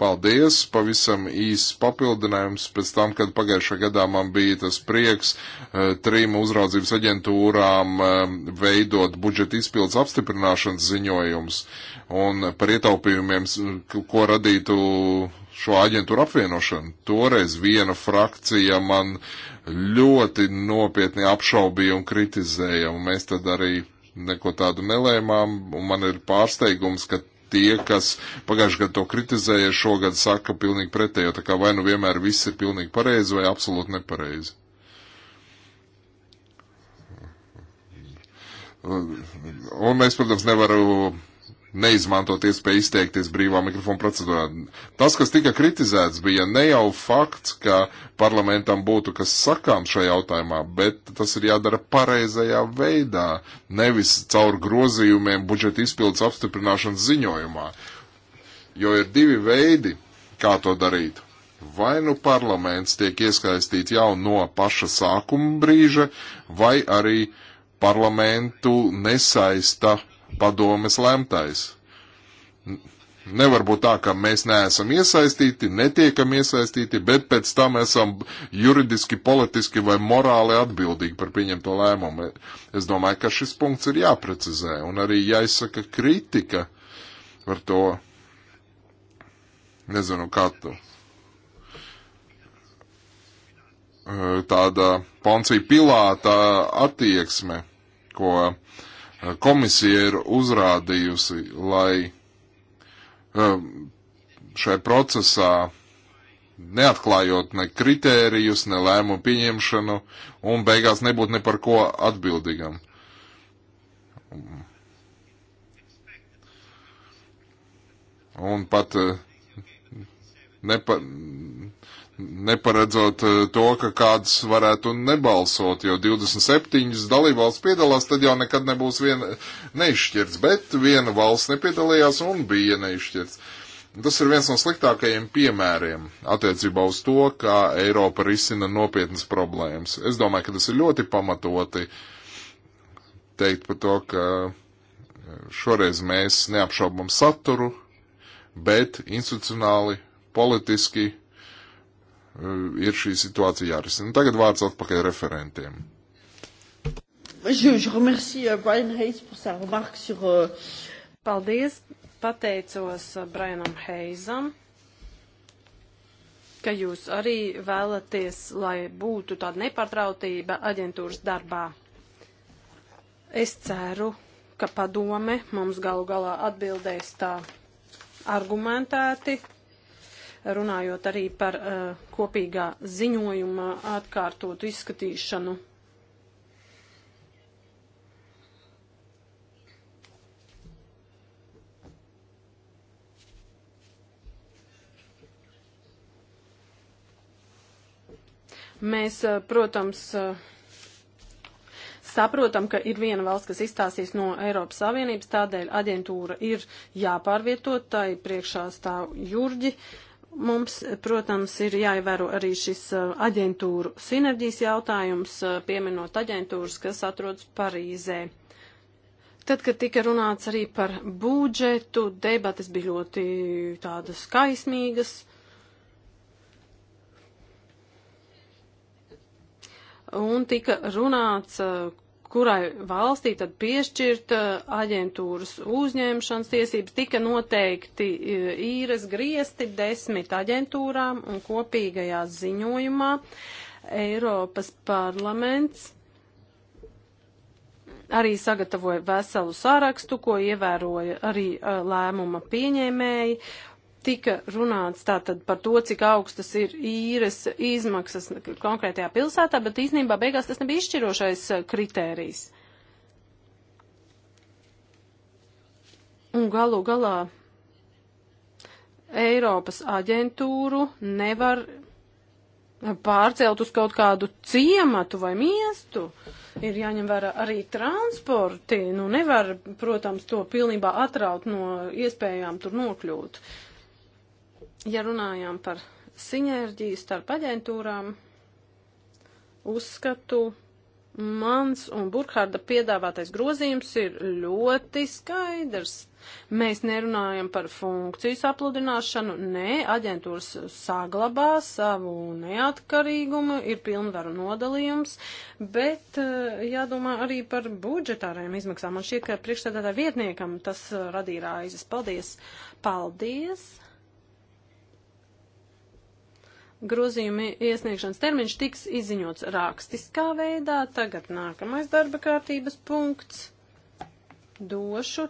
Paldies! Pavisam īsts papildinājums pēc tam, kad pagājušā gadā man bija tas prieks uh, trim uzraudzības aģentūrām uh, veidot budžeta izpildes apstiprināšanas ziņojums un par ietaupījumiem, ko radītu šo aģentūru apvienošanu. Toreiz viena frakcija man ļoti nopietni apšaubīja un kritizēja, un mēs tad arī neko tādu nelēmām, un man ir pārsteigums, ka tie, kas pagājušajā gadā to kritizēja, šogad saka pilnīgi pretējo, tā kā vai nu vienmēr viss ir pilnīgi pareizi vai absolūti nepareizi. Un mēs, protams, nevaram neizmantot iespēju izteikties brīvā mikrofona procedūrā. Tas, kas tika kritizēts, bija ne jau fakts, ka parlamentam būtu kas sakām šajā jautājumā, bet tas ir jādara pareizajā veidā, nevis caur grozījumiem budžeta izpildes apstiprināšanas ziņojumā. Jo ir divi veidi, kā to darīt. Vai nu parlaments tiek iesaistīts jau no paša sākuma brīža, vai arī parlamentu nesaista padomes lemtais. Nevar būt tā, ka mēs neesam iesaistīti, netiekam iesaistīti, bet pēc tam esam juridiski, politiski vai morāli atbildīgi par pieņemto lēmumu. Es domāju, ka šis punkts ir jāprecizē un arī jāizsaka kritika par to. Nezinu, kā tu. Tāda Poncija Pilāta attieksme, ko uh, komisija ir uzrādījusi, lai um, šai procesā neatklājot ne kritērijus, ne lēmumu pieņemšanu un beigās nebūt ne par ko atbildīgam. Un pat eh, nepa, neparedzot eh, to, ka kāds varētu nebalsot, jo 27 dalībvalsts piedalās, tad jau nekad nebūs viena neizšķirts, bet viena valsts nepiedalījās un bija neizšķirts. Tas ir viens no sliktākajiem piemēriem attiecībā uz to, kā Eiropa risina nopietnas problēmas. Es domāju, ka tas ir ļoti pamatoti teikt par to, ka eh, šoreiz mēs neapšaubam saturu, bet institucionāli, politiski Eh, ir šī situācija jārisina. Nu, tagad vārds atpakaļ referentiem. Je, je remercie euh, Brian Hayes par sa remarque sur. Euh, Paldies, pateicos euh, Brianam Heizam, ka jūs arī vēlaties, lai būtu tāda nepārtrautība aģentūras darbā. Es ceru, ka padome mums galu galā atbildēs tā argumentēti, runājot arī par uh, kopīgā ziņojuma atkārtotu izskatīšanu. Mēs, eh, protams, eh, saprotam, ka ir viena valsts, kas izstāsīs no Eiropas Savienības, tādēļ aģentūra ir jāpārvietot, tai priekšā stāv jurģi. Uh, Mums, protams, ir jāievēro arī šis uh, aģentūru sinerģijas jautājums, uh, pieminot aģentūras, kas atrodas Parīzē. Tad, kad tika runāts arī par budžetu, debates bija ļoti tādas kaismīgas. Un tika runāts, uh, kurai valstī tad piešķirt uh, aģentūras uzņemšanas tiesības, tika noteikti uh, īres griesti desmit aģentūrām un kopīgajā ziņojumā Eiropas parlaments arī sagatavoja veselu sarakstu, ko ievēroja arī uh, lēmuma pieņēmēji, tika runāts tātad par to, cik augstas ir īres izmaksas konkrētajā pilsētā, bet īstenībā beigās tas nebija izšķirošais eh, kritērijs. Un galu galā Eiropas aģentūru nevar pārcelt uz kaut kādu ciematu vai miestu. Ir jāņem vērā arī transporti. Nu, nevar, protams, to pilnībā atraut no iespējām tur nokļūt. Uh, Ja runājām par sinerģiju starp aģentūrām, uzskatu, mans un Burkhārda piedāvātais grozījums ir ļoti skaidrs. Mēs nerunājam par funkcijas apludināšanu, nē, aģentūras saglabā savu neatkarīgumu, ir pilnvaru nodalījums, bet eh, jādomā arī par budžetārajām izmaksām. Man šķiet, ka priekšstādātā vietniekam tas eh, radīja raizes. Paldies! Paldies! Grozījumi iesniegšanas termiņš tiks izziņots rakstiskā veidā. Tagad nākamais darba kārtības punkts. Došu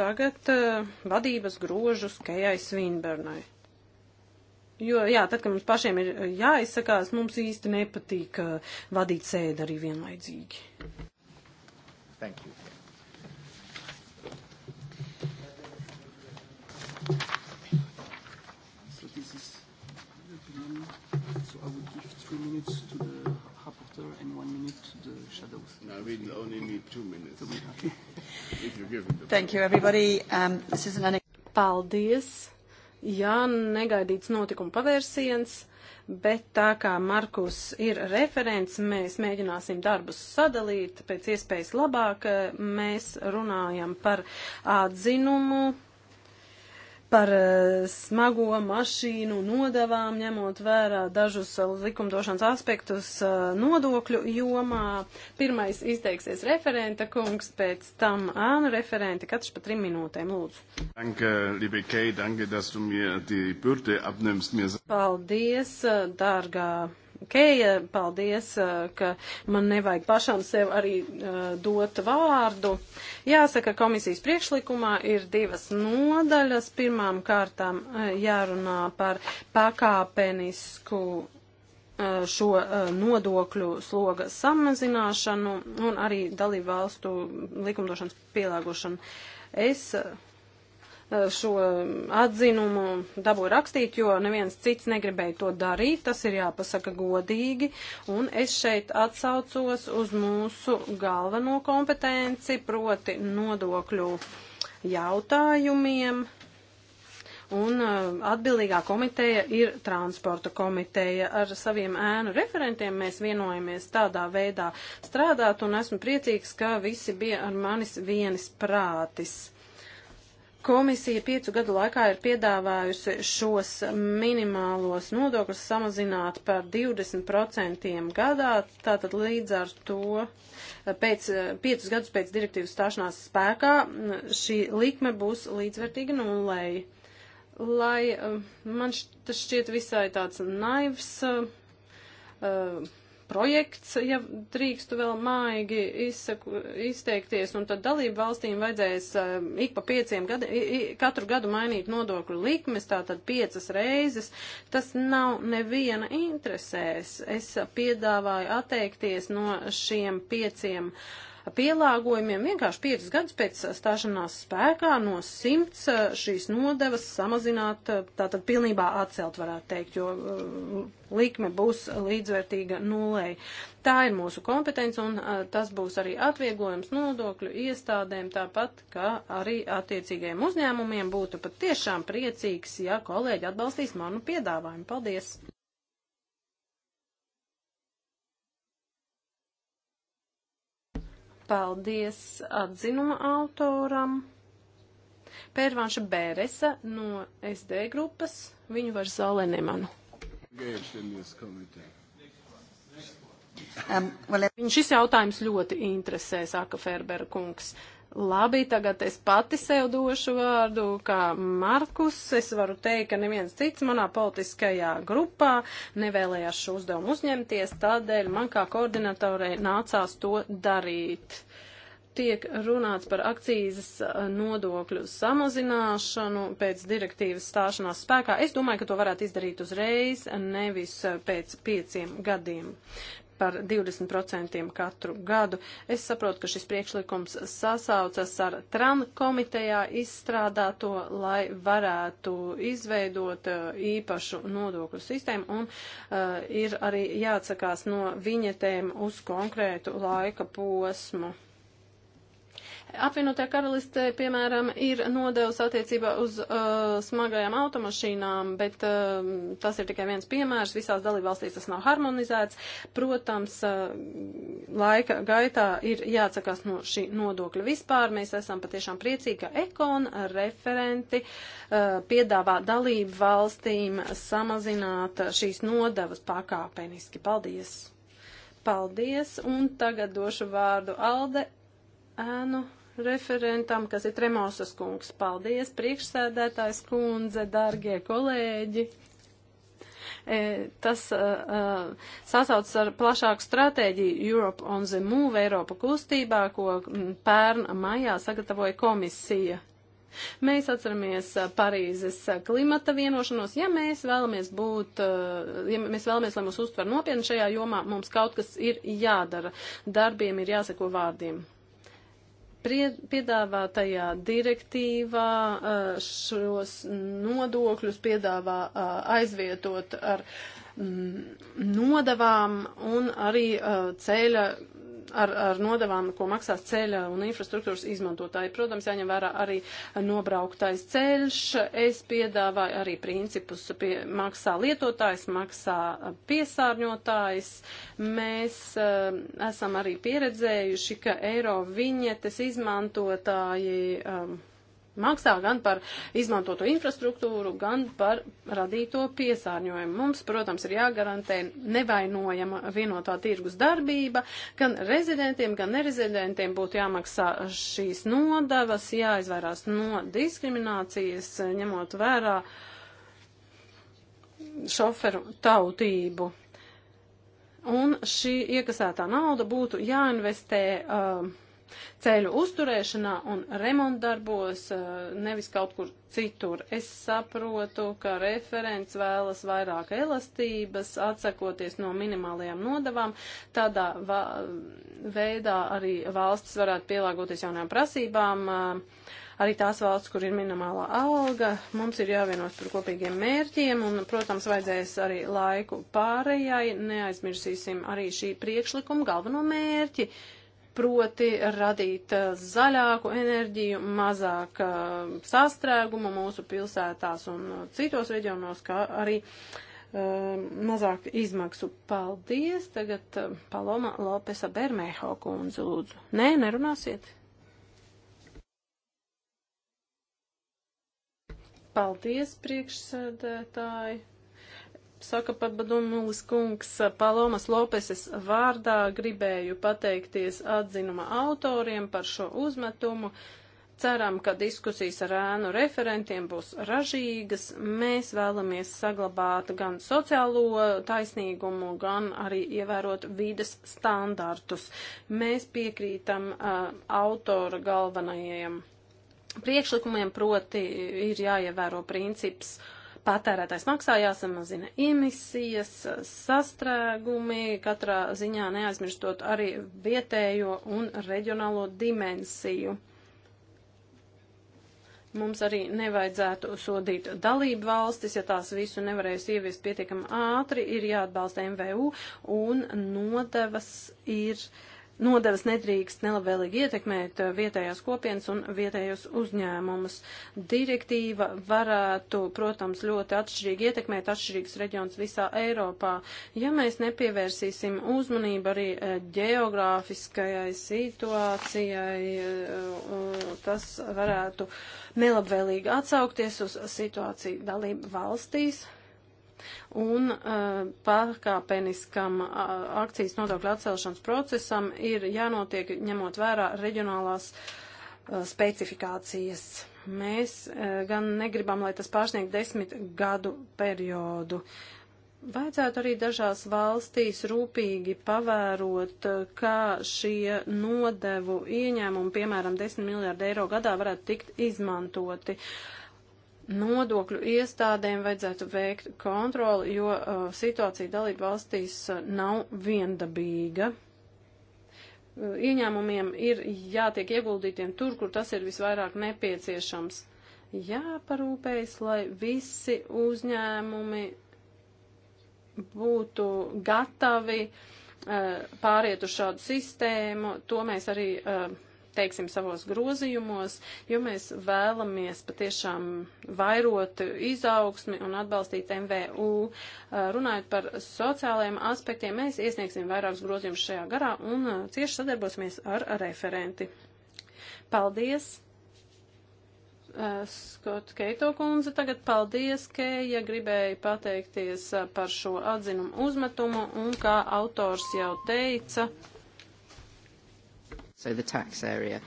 tagad uh, vadības grožus Kejai Svinbernai. Jo, jā, tad, kad mums pašiem ir jāizsakās, mums īsti nepatīk uh, vadīt sēdi arī vienlaidzīgi. Thank you. three minutes to the rapporteur and one minute to the shadows. No, we we'll only need two minutes. Two minutes. Okay. if you give it the Thank you, everybody. Um, this is an... Paldies. Jā, negaidīts notikuma pavērsiens, bet tā kā Markus ir referents, mēs mēģināsim darbus sadalīt pēc iespējas labāk. Eh, mēs runājam par atzinumu par eh, smago mašīnu nodavām, ņemot vērā dažus eh, likumdošanas aspektus eh, nodokļu jomā. Pirmais izteiksies referenta kungs, pēc tam ānu referenti, katrs pa trim minūtēm, lūdzu. Danke, liebe Kei, danke, dass du mir die Bürde abnimmst. Mir... Paldies, dārgā Keja, paldies, ka man nevajag pašam sev arī dot vārdu. Jāsaka, komisijas priekšlikumā ir divas nodaļas. Pirmām kārtām jārunā par pakāpenisku šo nodokļu sloga samazināšanu un arī dalību valstu likumdošanas pielāgošanu. Es Eh, šo atzinumu dabūju rakstīt, jo neviens cits negribēja to darīt. Tas ir jāpasaka godīgi. Un es šeit atsaucos uz mūsu galveno kompetenci, proti nodokļu jautājumiem. Un eh, atbildīgā komiteja ir transporta komiteja. Ar saviem ēnu referentiem mēs vienojamies tādā veidā strādāt, un esmu priecīgs, ka visi bija ar manis vienis prātis. Komisija piecu gadu laikā ir piedāvājusi šos minimālos nodokļus samazināt par 20% gadā, tātad līdz ar to eh, pēc, eh, piecus gadus pēc direktīvas stāšanās spēkā mm, šī likme būs līdzvērtīga nulēji. Lai eh, man tas šķiet visai tāds naivs. Uh, projekts, ja drīkstu vēl maigi izsaku, izteikties, un tad dalību valstīm vajadzēs eh, ik pa pieciem gadiem, katru gadu mainīt nodokļu likmes, tātad piecas reizes. Tas nav neviena interesēs. Es piedāvāju atteikties no šiem pieciem. Uh, pielāgojumiem. Vienkārši 5 gadus pēc stāšanās spēkā no 100 eh, šīs nodevas samazināt, eh, tātad pilnībā atcelt varētu teikt, jo eh, likme būs līdzvērtīga nulēji. Tā ir mūsu kompetence un tas būs arī atvieglojums nodokļu iestādēm, tāpat kā arī attiecīgajiem uzņēmumiem būtu pat tiešām priecīgs, ja kolēģi atbalstīs manu piedāvājumu. Paldies! Paldies atzinuma autoram. Pērvanša Bēresa no SD grupas. Viņu var zālē nemanu. Um, Viņš šis jautājums ļoti interesē, saka Ferbera kungs. Uh, Labi, tagad es pati sev došu vārdu, kā Markus. Es varu teikt, ka neviens cits manā politiskajā grupā nevēlējās šo uzdevumu uzņemties, tādēļ man kā koordinatorei nācās to darīt. Tiek runāts par akcijas nodokļu samazināšanu pēc direktīvas stāšanās spēkā. Es domāju, ka to varētu izdarīt uzreiz, nevis pēc pieciem gadiem par 20% katru gadu. Es saprotu, ka šis priekšlikums sasaucas ar TRAN komitejā izstrādāto, lai varētu izveidot uh, īpašu nodokļu sistēmu un uh, ir arī jāatsakās no viņetēm uz konkrētu laika posmu. Apvienotā karalistē, piemēram, ir nodevs attiecībā uz uh, smagajām automašīnām, bet uh, tas ir tikai viens piemērs. Visās dalībvalstīs tas nav harmonizēts. Protams, uh, laika gaitā ir jāatsakās no šī nodokļa vispār. Mēs esam patiešām priecīgi, ka ekon referenti uh, piedāvā dalību valstīm samazināt šīs nodevas pakāpeniski. Paldies! Paldies, un tagad došu vārdu Alde ēnu referentam, kas ir Tremosas kungs. Paldies, priekšsēdētājs kundze, dargie kolēģi. E, tas uh, sasaucas ar plašāku stratēģiju Europe on the Move, Eiropa kustībā, ko pērn maijā sagatavoja komisija. Mēs atceramies e, Parīzes klimata vienošanos. Ja mēs vēlamies būt, ja mēs vēlamies, lai mūs uztver nopietni šajā jomā, mums kaut kas ir jādara. Darbiem ir jāseko vārdiem piedāvātajā direktīvā uh, šos nodokļus piedāvā uh, aizvietot ar mm, nodavām un arī uh, ceļa ar, ar nodevām, ko maksās ceļa un infrastruktūras izmantotāji. Protams, jāņem vērā arī nobrauktais ceļš. Es piedāvāju arī principus pie, maksā lietotājs, maksā piesārņotājs. Mēs uh, esam arī pieredzējuši, ka eiro viņetes izmantotāji. Um, maksā gan par izmantoto infrastruktūru, gan par radīto piesārņojumu. Mums, protams, ir jāgarantē nevainojama vienotā tirgus darbība, gan rezidentiem, gan nerezidentiem būtu jāmaksā šīs nodavas, jāizvairās no diskriminācijas, ņemot vērā šoferu tautību. Un šī iekasētā nauda būtu jāinvestē uh, ceļu uzturēšanā un remontdarbos, eh, nevis kaut kur citur. Es saprotu, ka referents vēlas vairāk elastības, atsakoties no minimālajām nodavām. Tādā veidā arī valstis varētu pielāgoties jaunām prasībām. Eh, arī tās valsts, kur ir minimālā alga, mums ir jāvienos par kopīgiem mērķiem un, protams, vajadzēs arī laiku pārējai. Neaizmirsīsim arī šī priekšlikuma galveno mērķi. Uh, proti radīt eh, zaļāku enerģiju, mazāk eh, sastrēgumu mūsu pilsētās un eh, citos reģionos, kā arī mazāk izmaksu. Paldies! Tagad Paloma Lopesa Bermeho kundze lūdzu. Nē, nerunāsiet! Paldies, priekšsēdētāji! Saka Papadumulis kungs Palomas Lopeses vārdā gribēju pateikties atzinuma autoriem par šo uzmetumu. Ceram, ka diskusijas ar ēnu referentiem būs ražīgas. Mēs vēlamies saglabāt gan sociālo taisnīgumu, gan arī ievērot vides standartus. Mēs piekrītam uh, autora galvenajiem priekšlikumiem, proti ir jāievēro princips uh, patērētājs maksā, jāsamazina emisijas, sastrēgumi, katrā ziņā neaizmirstot arī vietējo un reģionālo dimensiju. Mums arī nevajadzētu sodīt dalību valstis, ja tās visu nevarēs ieviest pietiekami ātri, ir jāatbalsta MVU un nodevas ir uh, nodevas nedrīkst nelabvēlīgi ietekmēt eh, vietējās kopienas un vietējos uzņēmumus. Direktīva varētu, protams, ļoti atšķirīgi ietekmēt atšķirīgus reģionus visā Eiropā. Ja mēs nepievērsīsim uzmanību arī eh, geogrāfiskajai situācijai, eh, tas varētu nelabvēlīgi atsaukties uz situāciju dalību valstīs Un uh, pārkāpeniskam uh, akcijas nodokļu atcelšanas procesam ir jānotiek ņemot vērā reģionālās uh, specifikācijas. Mēs uh, gan negribam, lai tas pārsniegtu desmit gadu periodu. Uh, Vajadzētu arī dažās valstīs rūpīgi pavērot, kā šie nodevu ieņēmumi, piemēram, 10 miljārdi eiro gadā, varētu tikt izmantoti. Uh, nodokļu iestādēm vajadzētu veikt kontroli, jo uh, situācija dalību valstīs uh, nav viendabīga. Uh, ieņēmumiem ir jātiek ieguldītiem tur, kur tas ir visvairāk nepieciešams. Jāparūpējas, lai visi uzņēmumi būtu gatavi uh, pāriet uz šādu sistēmu. To mēs arī uh, teiksim, savos grozījumos, jo mēs vēlamies patiešām vairot izaugsmi un atbalstīt MVU. Uh, runājot par sociālajiem aspektiem, mēs iesniegsim vairākus grozījumus šajā garā un uh, cieši sadarbosimies ar referenti. Paldies! Uh, Skot Keito kundze, tagad paldies, Keja gribēja pateikties par šo atzinumu uzmetumu un, kā autors jau teica, so the tax area.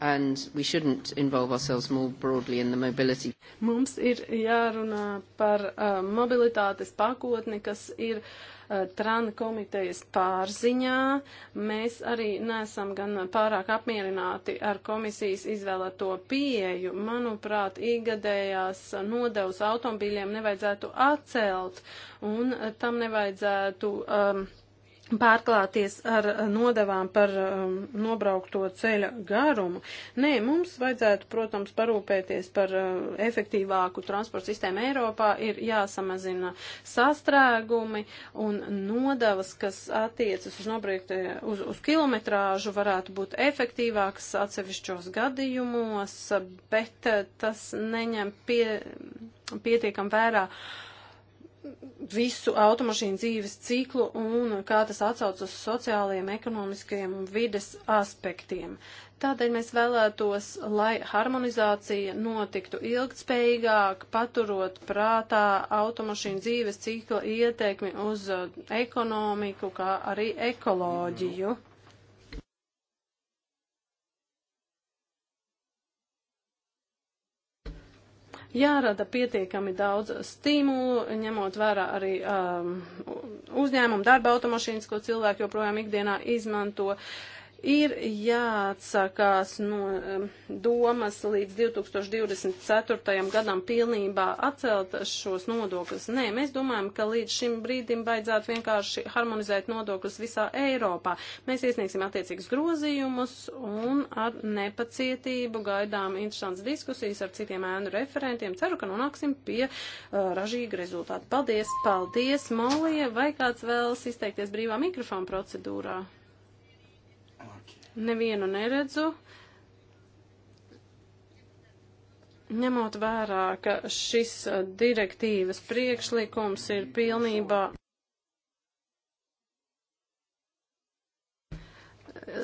And we shouldn't involve ourselves more broadly in the mobility. Mums ir jārunā par uh, mobilitātes pakotni, kas ir uh, Trana komitejas pārziņā. Mēs arī nesam gan pārāk apmierināti ar komisijas izvēlēto pieeju. Manuprāt, īgadējās nodevs automobīļiem nevajadzētu atcelt un uh, tam nevajadzētu. Um, pārklāties ar nodevām par um, nobraukto ceļa garumu. Nē, mums vajadzētu, protams, parūpēties par uh, efektīvāku transporta sistēmu Eiropā, ir jāsamazina sastrēgumi un nodevas, kas attiecas uz, uz, uz kilometrāžu, varētu būt efektīvākas atsevišķos gadījumos, bet uh, tas neņem pie, pietiekam vērā uh, visu automašīnu dzīves ciklu un kā tas atsauc uz sociālajiem, ekonomiskajiem un vides aspektiem. Tādēļ mēs vēlētos, lai harmonizācija notiktu ilgtspējīgāk, paturot prātā automašīnu dzīves cikla ietekmi uz uh, ekonomiku, kā arī ekoloģiju. Mm -hmm. Jārada pietiekami daudz stimulu, ņemot vērā arī um, uzņēmumu darba automašīnas, ko cilvēki joprojām ikdienā izmanto. Uh, ir jāatsakās no domas līdz 2024. gadam pilnībā atcelt šos nodokļus. Nē, mēs domājam, ka līdz šim brīdim vajadzētu vienkārši harmonizēt nodokļus visā Eiropā. Mēs iesniegsim attiecīgus grozījumus un ar nepacietību gaidām interesants diskusijas ar citiem ēnu referentiem. Ceru, ka nonāksim pie uh, ražīga rezultāta. Paldies, paldies, Molija, vai kāds vēlas izteikties brīvā mikrofona procedūrā? Nevienu neredzu. Ņemot vērā, ka šis direktīvas priekšlikums ir pilnībā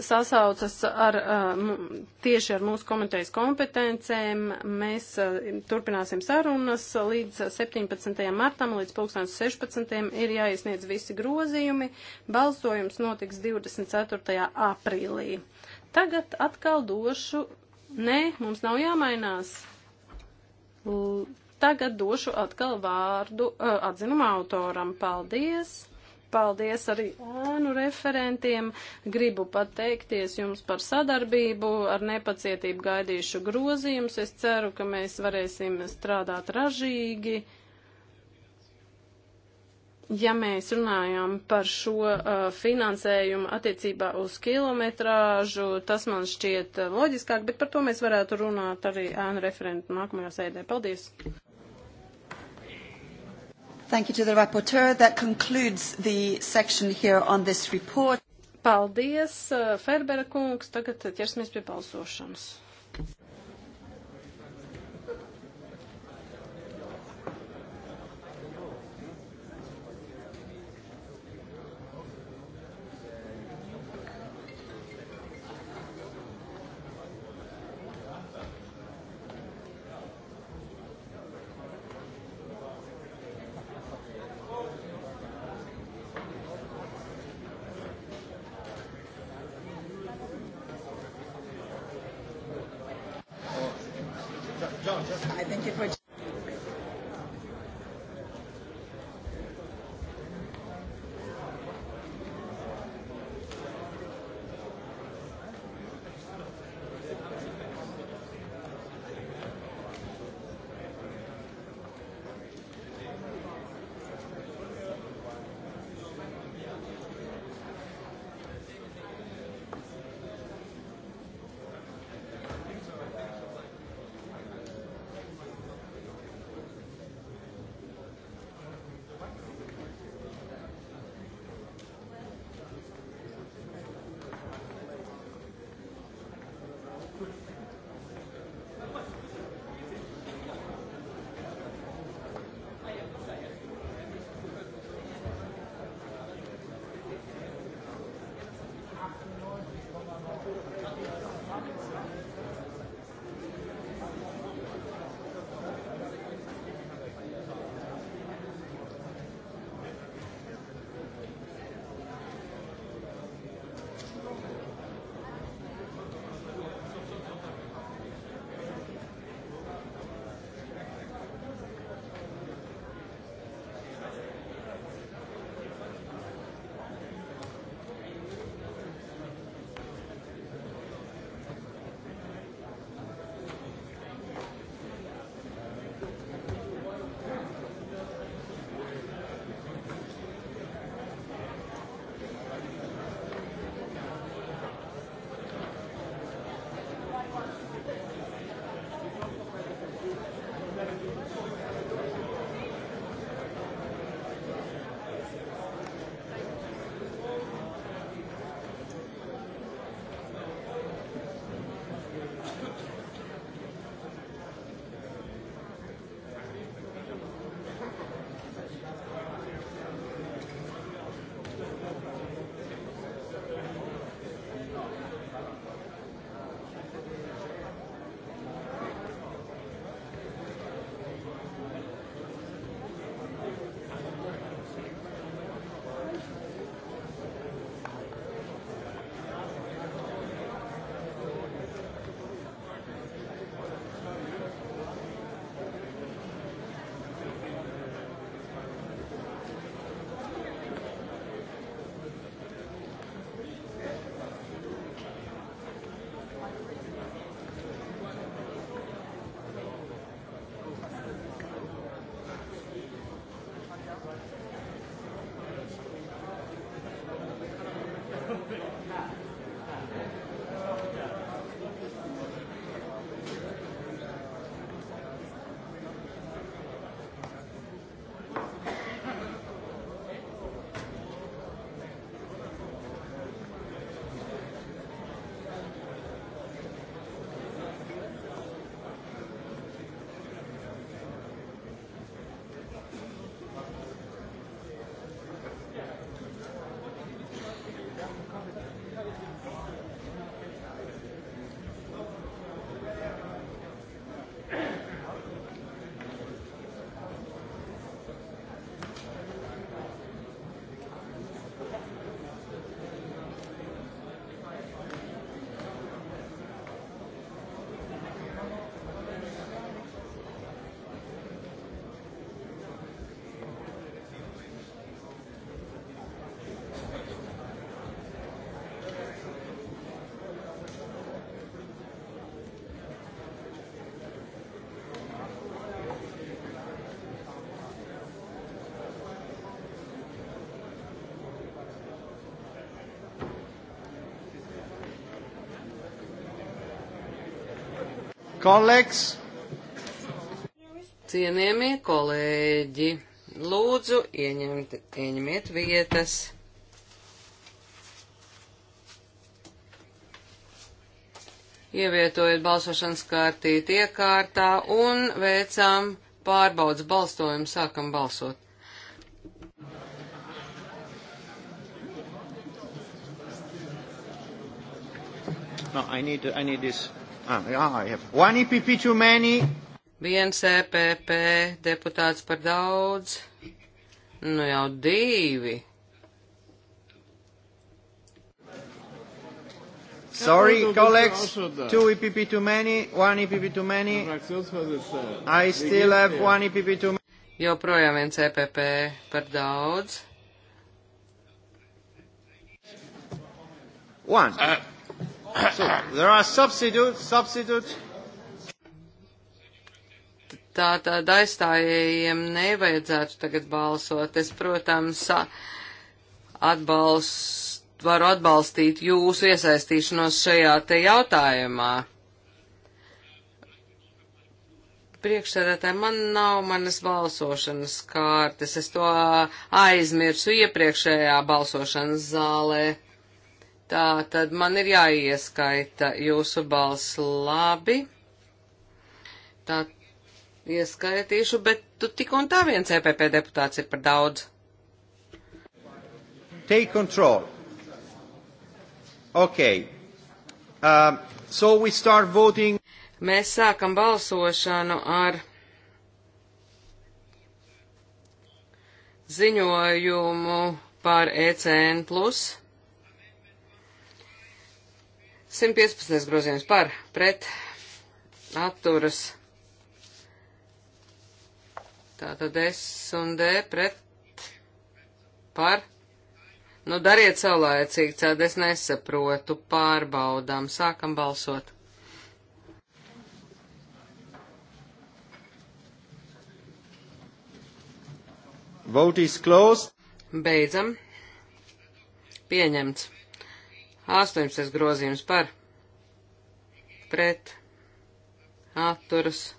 sasaucas ar, uh, tieši ar mūsu komitejas kompetencēm. Mēs uh, turpināsim sarunas līdz 17. martam, līdz 2016. ir jāiesniedz visi grozījumi. Balsojums notiks 24. aprīlī. Tagad atkal došu. Nē, mums nav jāmainās. L tagad došu atkal vārdu uh, atzinuma autoram. Paldies! Paldies arī ēnu referentiem. Gribu pateikties jums par sadarbību. Ar nepacietību gaidīšu grozījumus. Es ceru, ka mēs varēsim strādāt ražīgi. Ja mēs runājam par šo uh, finansējumu attiecībā uz kilometrāžu, tas man šķiet uh, loģiskāk, bet par to mēs varētu runāt arī ēnu referentu nākamajā sēdē. Paldies! Thank you to the rapporteur. That concludes the section here on this report. Paldies, uh, Ferbera kungs. Tagad ķersimies pie balsošanas. Kolēģis! Cienījamie kolēģi, lūdzu, ieņemt, ieņemiet vietas. Ievietojiet balsošanas kārtīti iekārtā un veicam pārbaudas balstojumu, sākam balsot. No, I need, I need this. Ah, jā, One EPP too many. Viens EPP deputāts par daudz. Nu jau divi. Sorry, colleagues, two EPP too many, one EPP too many. Nu, eh, I still have one EPP too many. Joprojām viens EPP par daudz. One. Uh. So, there are substitutes, substitutes. Tātad aizstājējiem nevajadzētu tagad balsot. Es, protams, atbalst, varu atbalstīt jūsu iesaistīšanos šajā te jautājumā. Priekšsēdētāji, man nav manas balsošanas kārtas. Es to aizmirsu iepriekšējā balsošanas zālē. Tā tad man ir jāieskaita jūsu balss labi. Tā ieskaitīšu, bet tu tik un tā viens EPP deputāts ir par daudz. Take control. Okay. Uh, so we start voting. Mēs sākam balsošanu ar ziņojumu par ECN plus. 115. grozījums par pret atturas. Tātad S un D pret par. Nu, dariet saulēcīgi, cēd es nesaprotu, pārbaudām, sākam balsot. Vote is closed. Beidzam. Pieņemts. 18. grozījums par pret atturas.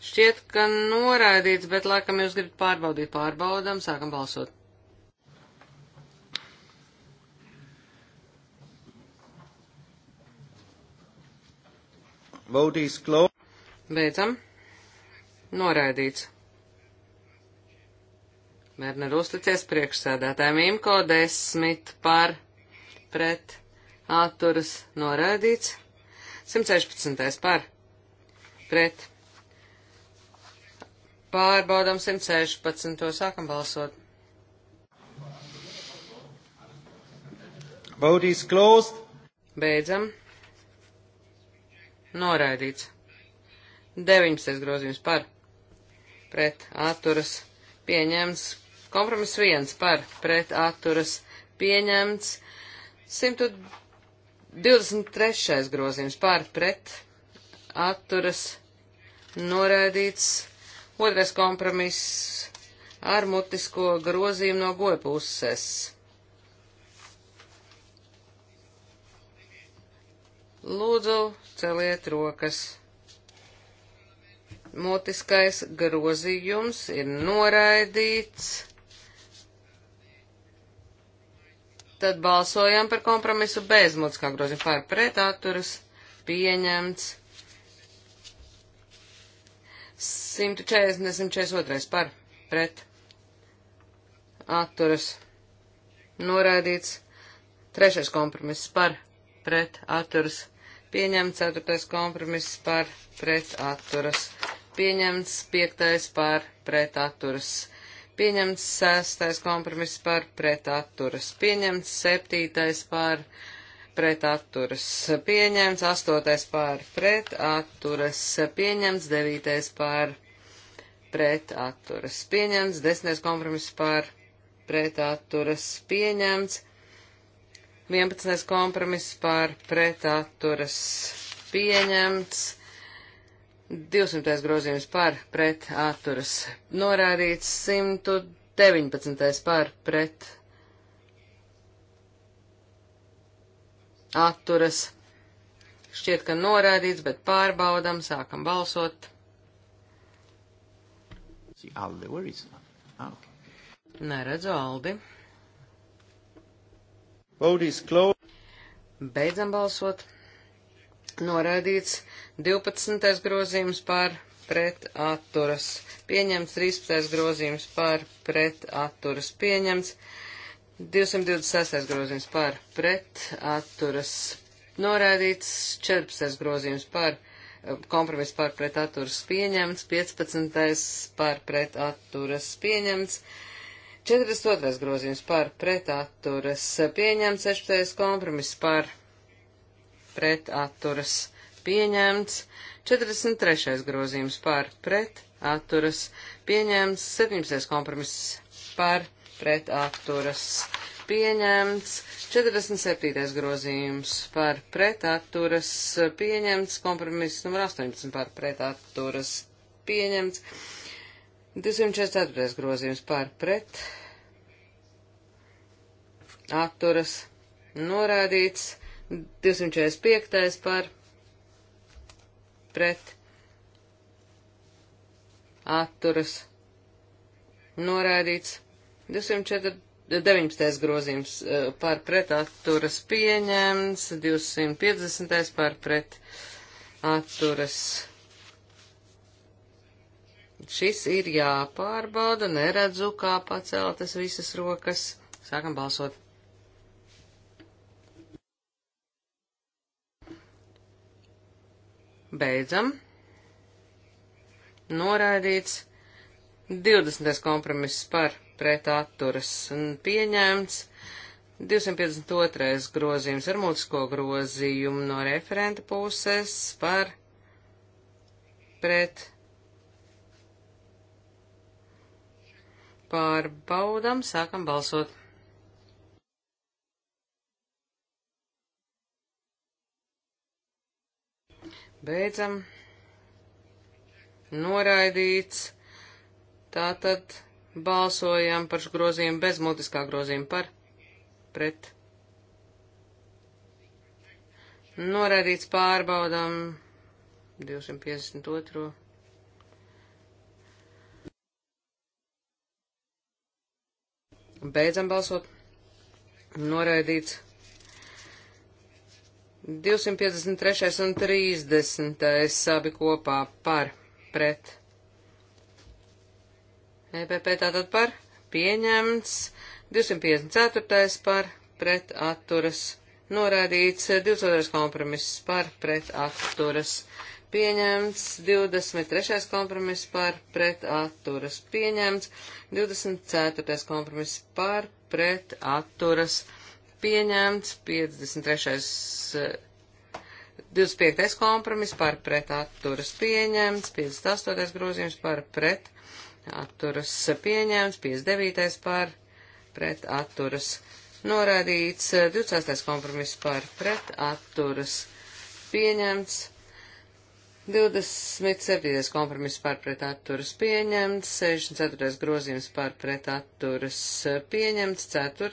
Šķiet, ka noraidīts, bet laikam jūs gribat pārbaudīt. Pārbaudam, sākam balsot. Baudīs klau. Beidzam. Noraidīts. Mērner uzticies priekšsēdētājiem Imko 10 par pret atturas noraidīts. 116. par pret. Pārbaudam 116. sākam balsot. Vote is closed. Beidzam. Noraidīts. 19. grozījums par pret atturas pieņems Kompromiss viens par pret atturas pieņemts. 123. grozījums par pret atturas noraidīts. Otrais kompromiss ar mutisko grozījumu no goja puses. Lūdzu, celiet rokas. Mutiskais grozījums ir noraidīts. Tad balsojam par kompromisu bez mutiskā grozījuma pār pret atturas pieņemts. 140, 142 par pret atturas noraidīts. Trešais kompromiss par pret atturas pieņemts. Ceturtais kompromiss par pret atturas pieņemts. Piektais par pret atturas Pieņemts sestais kompromiss par pretatturas. Pieņemts septītais par pretatturas. Pieņemts astotais par pretatturas. Pieņemts devītais par pretatturas. Pieņemts desmitais kompromiss par pretatturas. Pieņemts vienpadsmitais kompromiss par pretatturas. Pieņemts 200. grozījums par pret atturas norādīts, 119. par pret atturas. Šķiet, ka norādīts, bet pārbaudam, sākam balsot. Aldi, where is ah, okay. Neredzu Aldi. Vote is closed. Beidzam balsot. Noraidīts 12. grozījums par pret atturas. Pieņemts 13. grozījums par pret atturas. Pieņemts 226. grozījums par pret atturas. Noraidīts 14. grozījums par kompromiss par pret atturas. Pieņemts 15. par pret atturas. Pieņemts 42. grozījums par pret atturas. Pieņemts 16. kompromiss par pret atturas pret atturas pieņemts, 43. grozījums par pret atturas pieņemts, 17. kompromiss par pret atturas pieņemts, 47. grozījums par pret atturas pieņemts, kompromiss numur 18 par pret atturas pieņemts, 244. grozījums par pret atturas norādīts, 245. par pret atturas noraidīts 219. grozījums e, par pret atturas pieņemts, 250. par pret atturas. Šis ir jāpārbauda, neredzu, kā paceltas visas rokas. Sākam balsot. Beidzam. Noraidīts. 20. kompromiss par pret atturas pieņemts. 252. grozījums ar mūtisko grozījumu no referenta puses par pret pārbaudam, sākam balsot. Beidzam. Noraidīts. Tātad balsojam par šo grozījumu bez mutiskā grozījuma par pret. Noraidīts pārbaudam 252. Beidzam balsot. Noraidīts 253. un 30. abi kopā par pret. EPP tātad par pieņemts, 254. par pret atturas noraidīts, 22. Eh, kompromiss par pret atturas pieņemts, 23. kompromiss par pret atturas pieņemts, 24. kompromiss par pret atturas pieņemts pieņemts, 53. 25. kompromis par pret atturas pieņemts, 58. grozījums par pret atturas pieņemts, 59. par pret atturas norādīts, 26. kompromis par pret atturas pieņemts, 27. kompromiss pārpret atturas pieņemts, 64. grozījums pārpret atturas pieņemts, 4.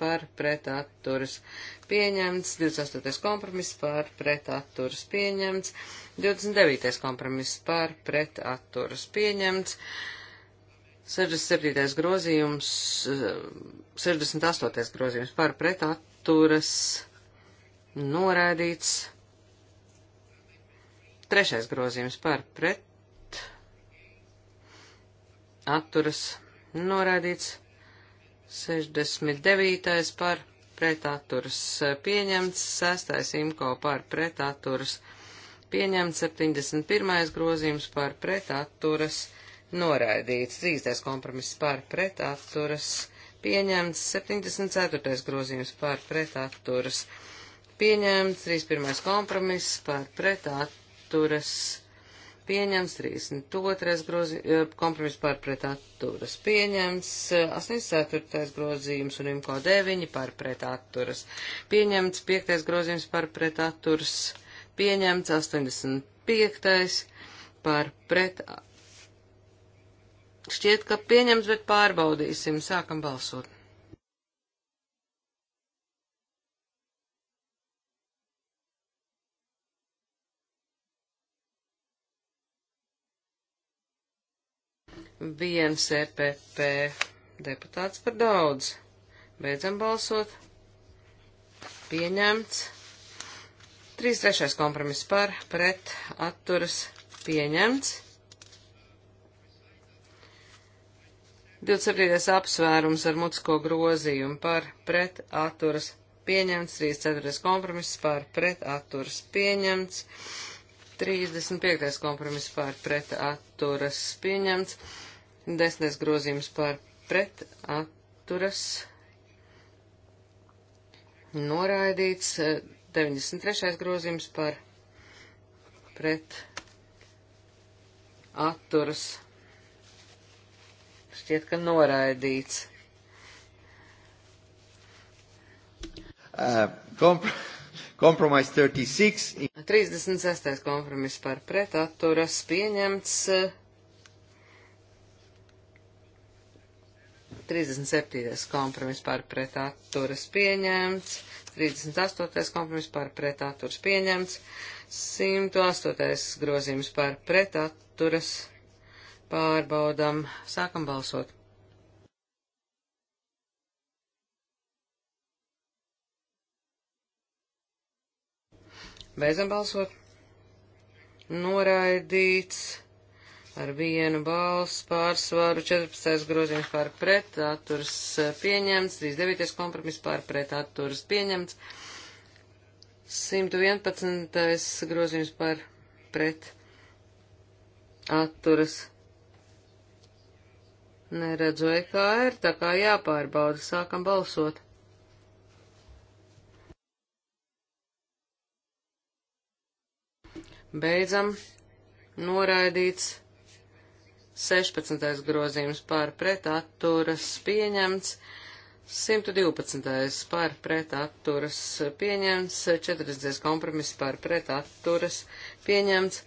pārpret atturas pieņemts, 28. kompromiss pārpret atturas pieņemts, 29. kompromiss pārpret atturas pieņemts, 67. grozījums, 68. grozījums pārpret atturas noraidīts. Trešais grozījums par pret atturas norādīts. 69. par pretaturas pieņemts. 6. imko par pretaturas pieņemts. 71. grozījums par pretaturas noraidīts. 3. kompromiss par pretaturas pieņemts. 74. grozījums par pretaturas pieņemts. 3. kompromiss par pretaturas atturas pieņems, 32. Grozi, eh, kompromiss pārpret atturas pieņems, 84. Eh, grozījums un imko 9 pārpret atturas pieņemts, 5. grozījums pārpret atturas pieņemts, 85. pārpret. Šķiet, ka pieņems, bet pārbaudīsim, sākam balsot. Viens EPP deputāts par daudz. Beidzam balsot. Pieņemts. 3. trešais kompromiss par, pret, atturas, pieņemts. 27. apsvērums ar mutisko grozījumu par pret atturas pieņemts, 34. kompromiss par pret atturas pieņemts, 35. kompromiss par pret atturas pieņemts, Desmitais grozījums par pret atturas noraidīts. 93. grozījums par pret atturas šķiet, ka noraidīts. Uh, kompr kompromis 36. 36. kompromis par pret atturas pieņemts. Uh, 37. kompromiss par pretāturas pieņemts, 38. kompromiss par pretāturas pieņemts, 108. grozījums par pretāturas pārbaudam, sākam balsot. Beidzam balsot. Noraidīts ar vienu balsu pārsvaru, 14. grozījums pār eh, pret, atturs pieņemts, 39. kompromiss pār pret, atturs pieņemts, 111. grozījums pār pret, atturs. Neredzu EKR, tā kā jāpārbauda, sākam balsot. Beidzam. Noraidīts. 16. grozījums par pret atturas pieņemts, 112. par pret atturas pieņemts, 40. kompromiss par pret atturas pieņemts,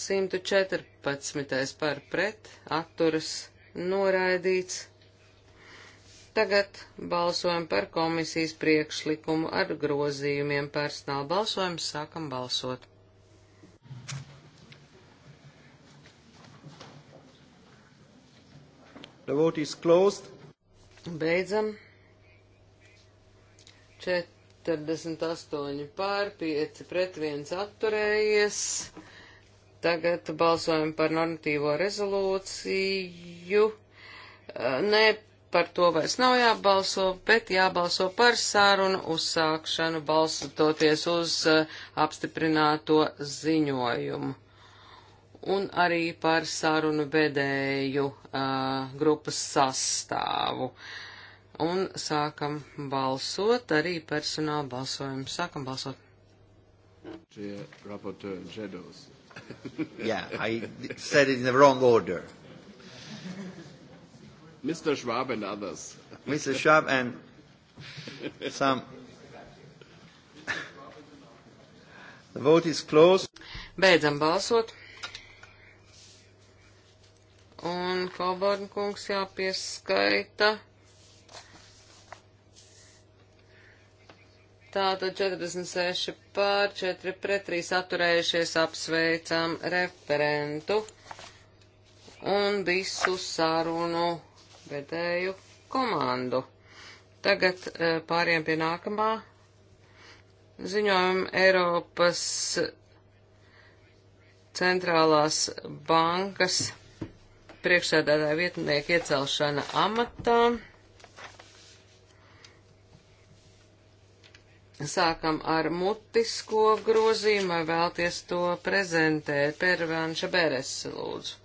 114. par pret atturas noraidīts. Tagad balsojam par komisijas priekšlikumu ar grozījumiem personāla balsojumu, sākam balsot. The vote is closed. Beidzam. 48 pār, 5 pret 1 atturējies. Tagad balsojam par normatīvo rezolūciju. Nē, par to vairs nav jābalso, bet jābalso par sārunu uzsākšanu, balstoties uz apstiprināto ziņojumu un arī par sarunu vedēju uh, grupas sastāvu. Un sākam balsot, arī personāla balsojumu. Sākam balsot. yeah, I said it in the wrong order. Mr. Schwab and others. Mr. Schwab and some. the vote is closed. Beidzam balsot. Un Kalborn kungs jāpieskaita. Tātad 46 pār 4 pret 3 atturējušies apsveicam referentu un visu sarunu vedēju komandu. Tagad eh, pāriem pie nākamā ziņojuma Eiropas centrālās bankas priekšsēdētāja vietnieka iecelšana amatā. Sākam ar mutisko grozījumu, vai vēlties to prezentēt. Pervānša Beres, lūdzu.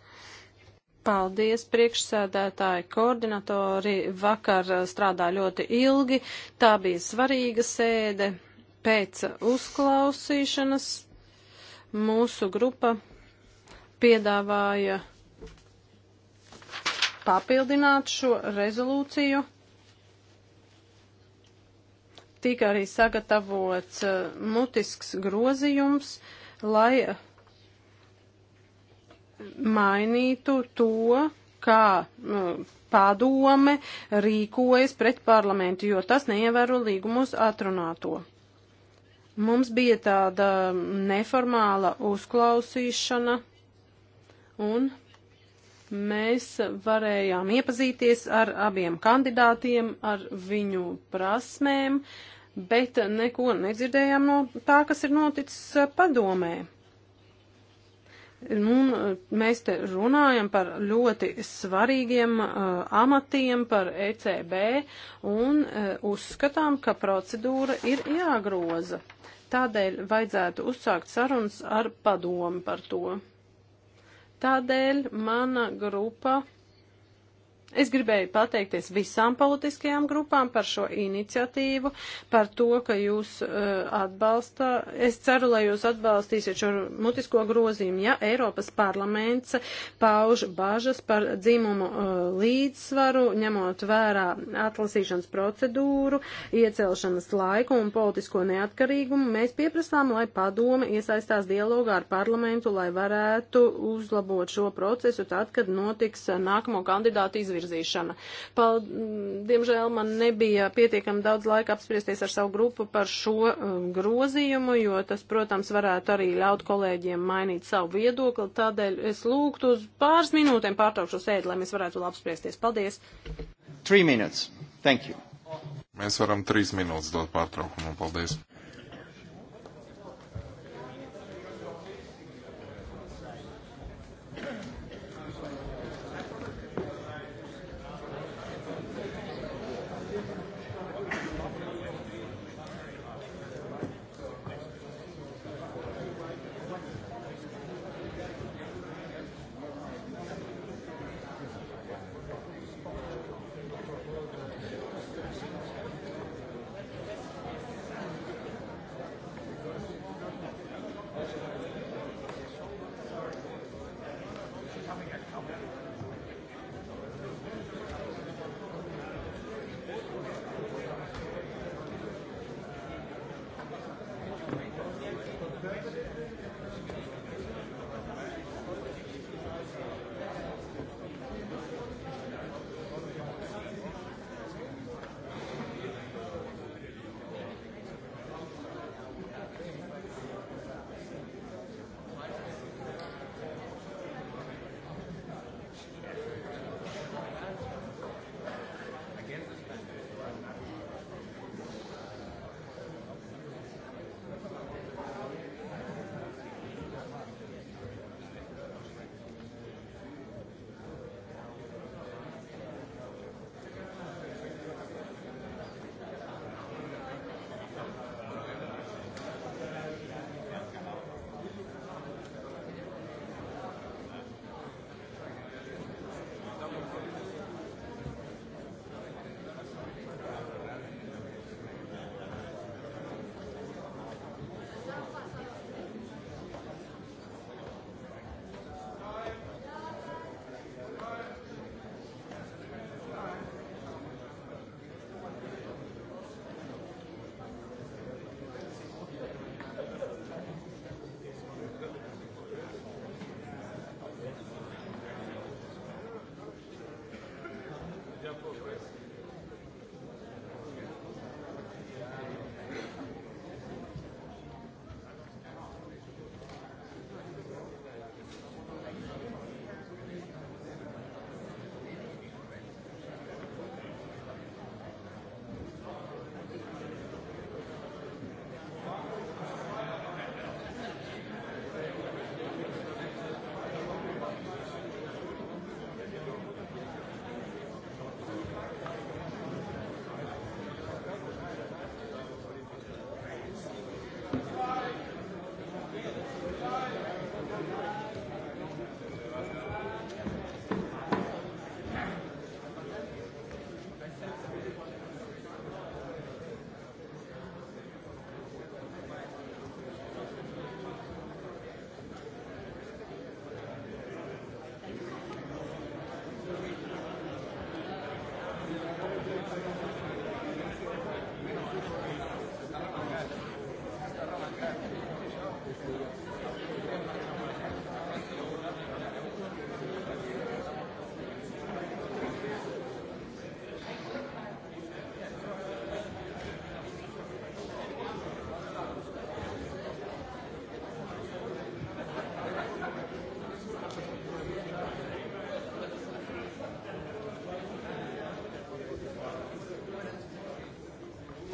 Paldies, priekšsēdētāji, koordinatori. Vakar uh, strādā ļoti ilgi. Tā bija svarīga sēde. Pēc uzklausīšanas mūsu grupa piedāvāja papildināt šo rezolūciju. Tika arī sagatavots uh, mutisks grozījums, lai mainītu to, kā uh, padome rīkojas pret parlamentu, jo tas neievēro līgumus atrunāto. Mums bija tāda neformāla uzklausīšana un mēs varējām iepazīties ar abiem kandidātiem, ar viņu prasmēm, bet neko nedzirdējām no tā, kas ir noticis padomē. Nu, mēs te runājam par ļoti svarīgiem uh, amatiem, par ECB, un uh, uzskatām, ka procedūra ir jāgroza. Tādēļ vajadzētu uzsākt sarunas ar padomu par to. Tādēļ mana grupa Es gribēju pateikties visām politiskajām grupām par šo iniciatīvu, par to, ka jūs uh, atbalsta. Es ceru, lai jūs atbalstīsiet šo mutisko grozījumu, ja Eiropas parlaments pauž bažas par dzimumu uh, līdzsvaru, ņemot vērā atlasīšanas procedūru, iecelšanas laiku un politisko neatkarīgumu. Mēs pieprasām, lai padome iesaistās dialogā ar parlamentu, lai varētu uzlabot šo procesu tad, kad notiks eh, nākamo kandidātu izvirzīšana izvirzīšana. Pal, mm, diemžēl man nebija pietiekami daudz laika apspriesties ar savu grupu par šo um, grozījumu, jo tas, protams, varētu arī ļaut kolēģiem mainīt savu viedokli. Tādēļ es lūgtu uz pāris minūtēm pārtraukšu sēdi, lai mēs varētu labi apspriesties. Paldies! Three minutes. Thank you. Mēs varam trīs minūtes dot pārtraukumu. Paldies!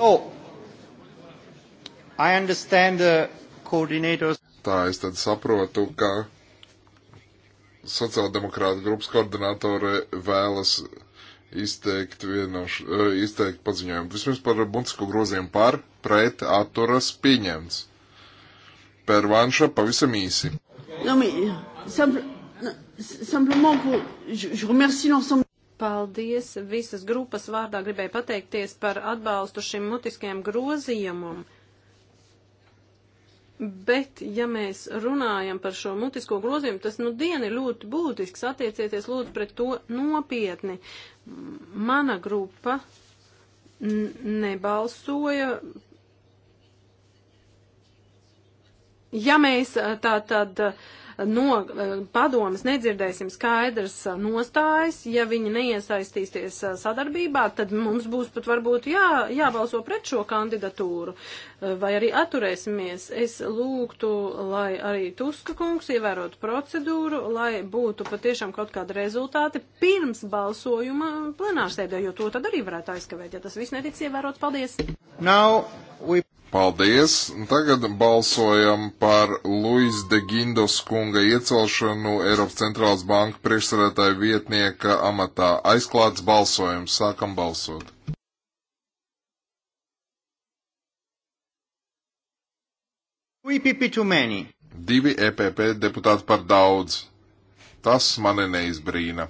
Oh. I understand the coordinators. Tā es tad saprotu, ka sociāldemokrāta grupas koordinātore vēlas izteikt, vienoš, eh, izteikt paziņojumu. Vispirms par Buntsku grozījumu par, pret, atturas, pieņemts. Per vanša pavisam īsi. No, mais, euh, simple, simplement, je, je remercie l'ensemble. Paldies visas grupas vārdā gribēju pateikties par atbalstu šim mutiskajam grozījumam. Bet, ja mēs runājam par šo mutisko grozījumu, tas nu dien ir ļoti būtisks, attiecieties lūdzu pret to nopietni. Mana grupa nebalsoja Ja mēs tā tad no eh, padomas nedzirdēsim skaidrs eh, nostājas, ja viņi neiesaistīsies eh, sadarbībā, tad mums būs pat varbūt jā, jābalso pret šo kandidatūru vai arī atturēsimies. Es lūgtu, lai arī Tuska kungs ievērotu procedūru, lai būtu patiešām kaut kāda rezultāti pirms balsojuma plenārsēdē, jo to tad arī varētu aizkavēt, ja tas viss netiks ievērots. Paldies! Now we... Paldies! Tagad balsojam par Luis de Gindos kunga iecelšanu Eiropas centrālās banka priekšsarētāja vietnieka amatā. Aizklāts balsojums. Sākam balsot! E Divi EPP deputāti par daudz. Tas mani neizbrīna.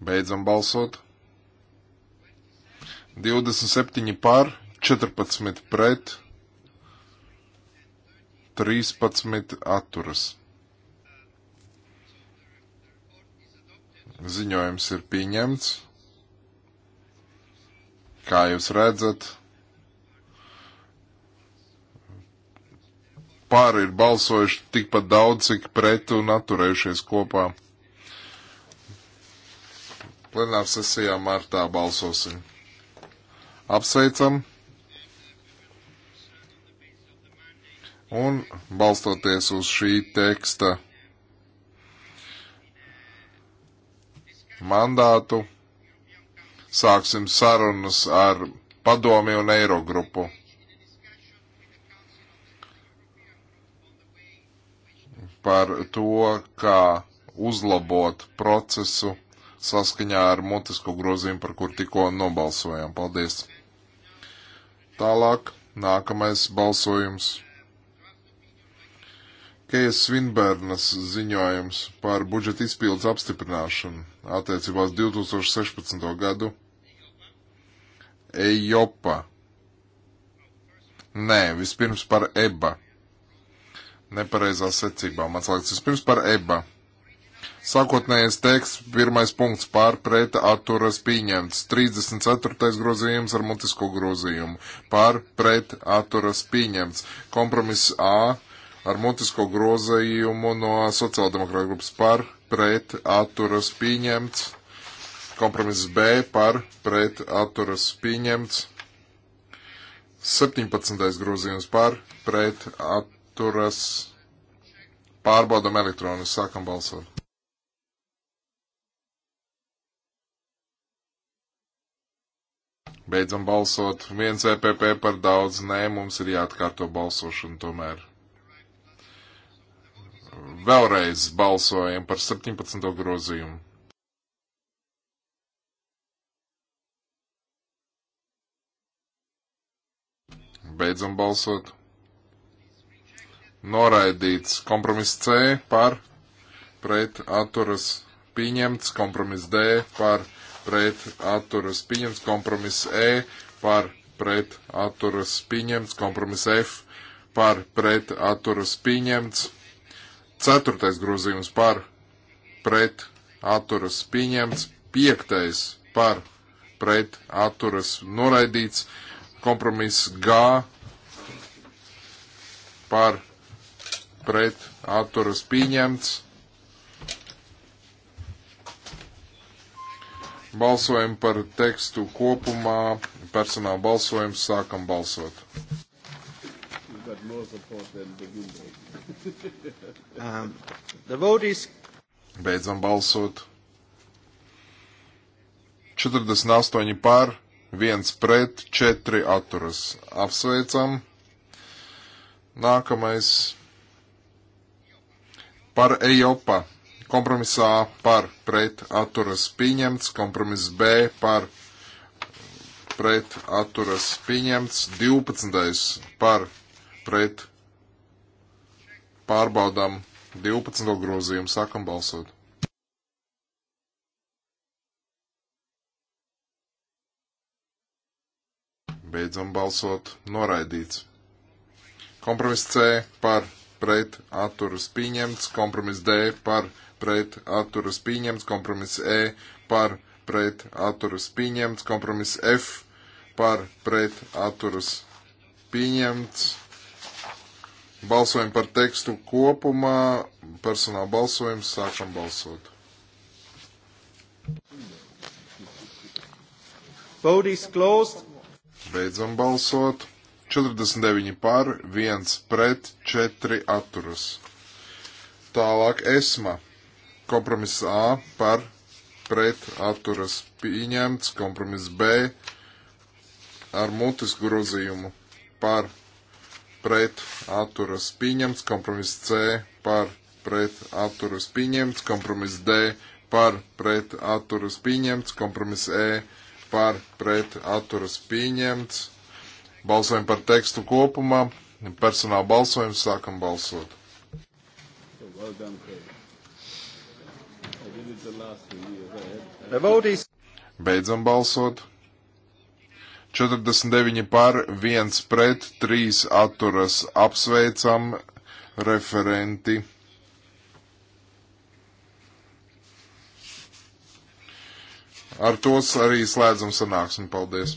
Beidzam balsot! 27 par, 14 pret, 13 atturas. Ziņojums ir pieņemts. Kā jūs redzat, pāri ir balsojuši tikpat daudz, cik pret un atturējušies kopā. Plenārsesijā martā balsosim. Apsveicam! Un balstoties uz šī teksta mandātu, sāksim sarunas ar padomi un Eirogrupu. Par to, kā uzlabot procesu saskaņā ar mutisko grozījumu, par kur tikko nobalsojām. Paldies! Tālāk nākamais balsojums. Kejas Svinbērnas ziņojums par budžeta izpildes apstiprināšanu attiecībās 2016. gadu. Ejopa. Nē, vispirms par EBA. Nepareizā secībā. Man slēgts vispirms par EBA. Sākotnējais teksts, pirmais punkts pārpreta atturas pieņemts. 34. grozījums ar mutisko grozījumu. Pārpret atturas pieņemts. Kompromiss A ar mutisko grozījumu no sociāldemokrāta grupas pārpret atturas pieņemts. Kompromiss B pārpret atturas pieņemts. 17. grozījums pārpret atturas. Pārbaudam elektronu, sākam balsot. Beidzam balsot. Viens EPP par daudz. Nē, mums ir jāatkārto balsošana tomēr. Vēlreiz balsojam par 17. grozījumu. Beidzam balsot. Noraidīts kompromiss C par pret atturas pieņemts, kompromiss D par pret pret atturas pieņemts, kompromiss E par pret atturas pieņemts, kompromiss F par pret atturas pieņemts, ceturtais grozījums par pret atturas pieņemts, piektais par pret atturas noraidīts, kompromiss G par pret atturas pieņemts Balsojam par tekstu kopumā, personāla balsojums, sākam balsot. um, is... Beidzam balsot. 48 pār, 1 pret, 4 atturas. Apsveicam. Nākamais par Ejopa Kompromiss A par pret atturas pieņemts, kompromiss B par pret atturas pieņemts, 12. par pret pārbaudām 12. grozījumu, sākam balsot. Beidzam balsot, noraidīts. Kompromiss C par pret atturas pieņemts, kompromiss D par pret atturas pieņemts, kompromiss E par pret atturas pieņemts, kompromiss F par pret atturas pieņemts. Balsojam par tekstu kopumā, personāla balsojums, sākam balsot. Vote is closed. Beidzam balsot. 49 par, 1 pret, 4 atturas. Tālāk esma. Kompromiss A par, pret, atturas pieņemts. Kompromiss B ar mutisku grozījumu par, pret, atturas pieņemts. Kompromiss C par, pret, atturas pieņemts. Kompromiss D par, pret, atturas pieņemts. Kompromiss E par, pret, atturas pieņemts Balsojam par tekstu kopumā. Personāla balsojums sākam balsot. Beidzam balsot. 49 par, 1 pret, 3 atturas. Apsveicam referenti. Ar tos arī slēdzam sanāksmi. Paldies!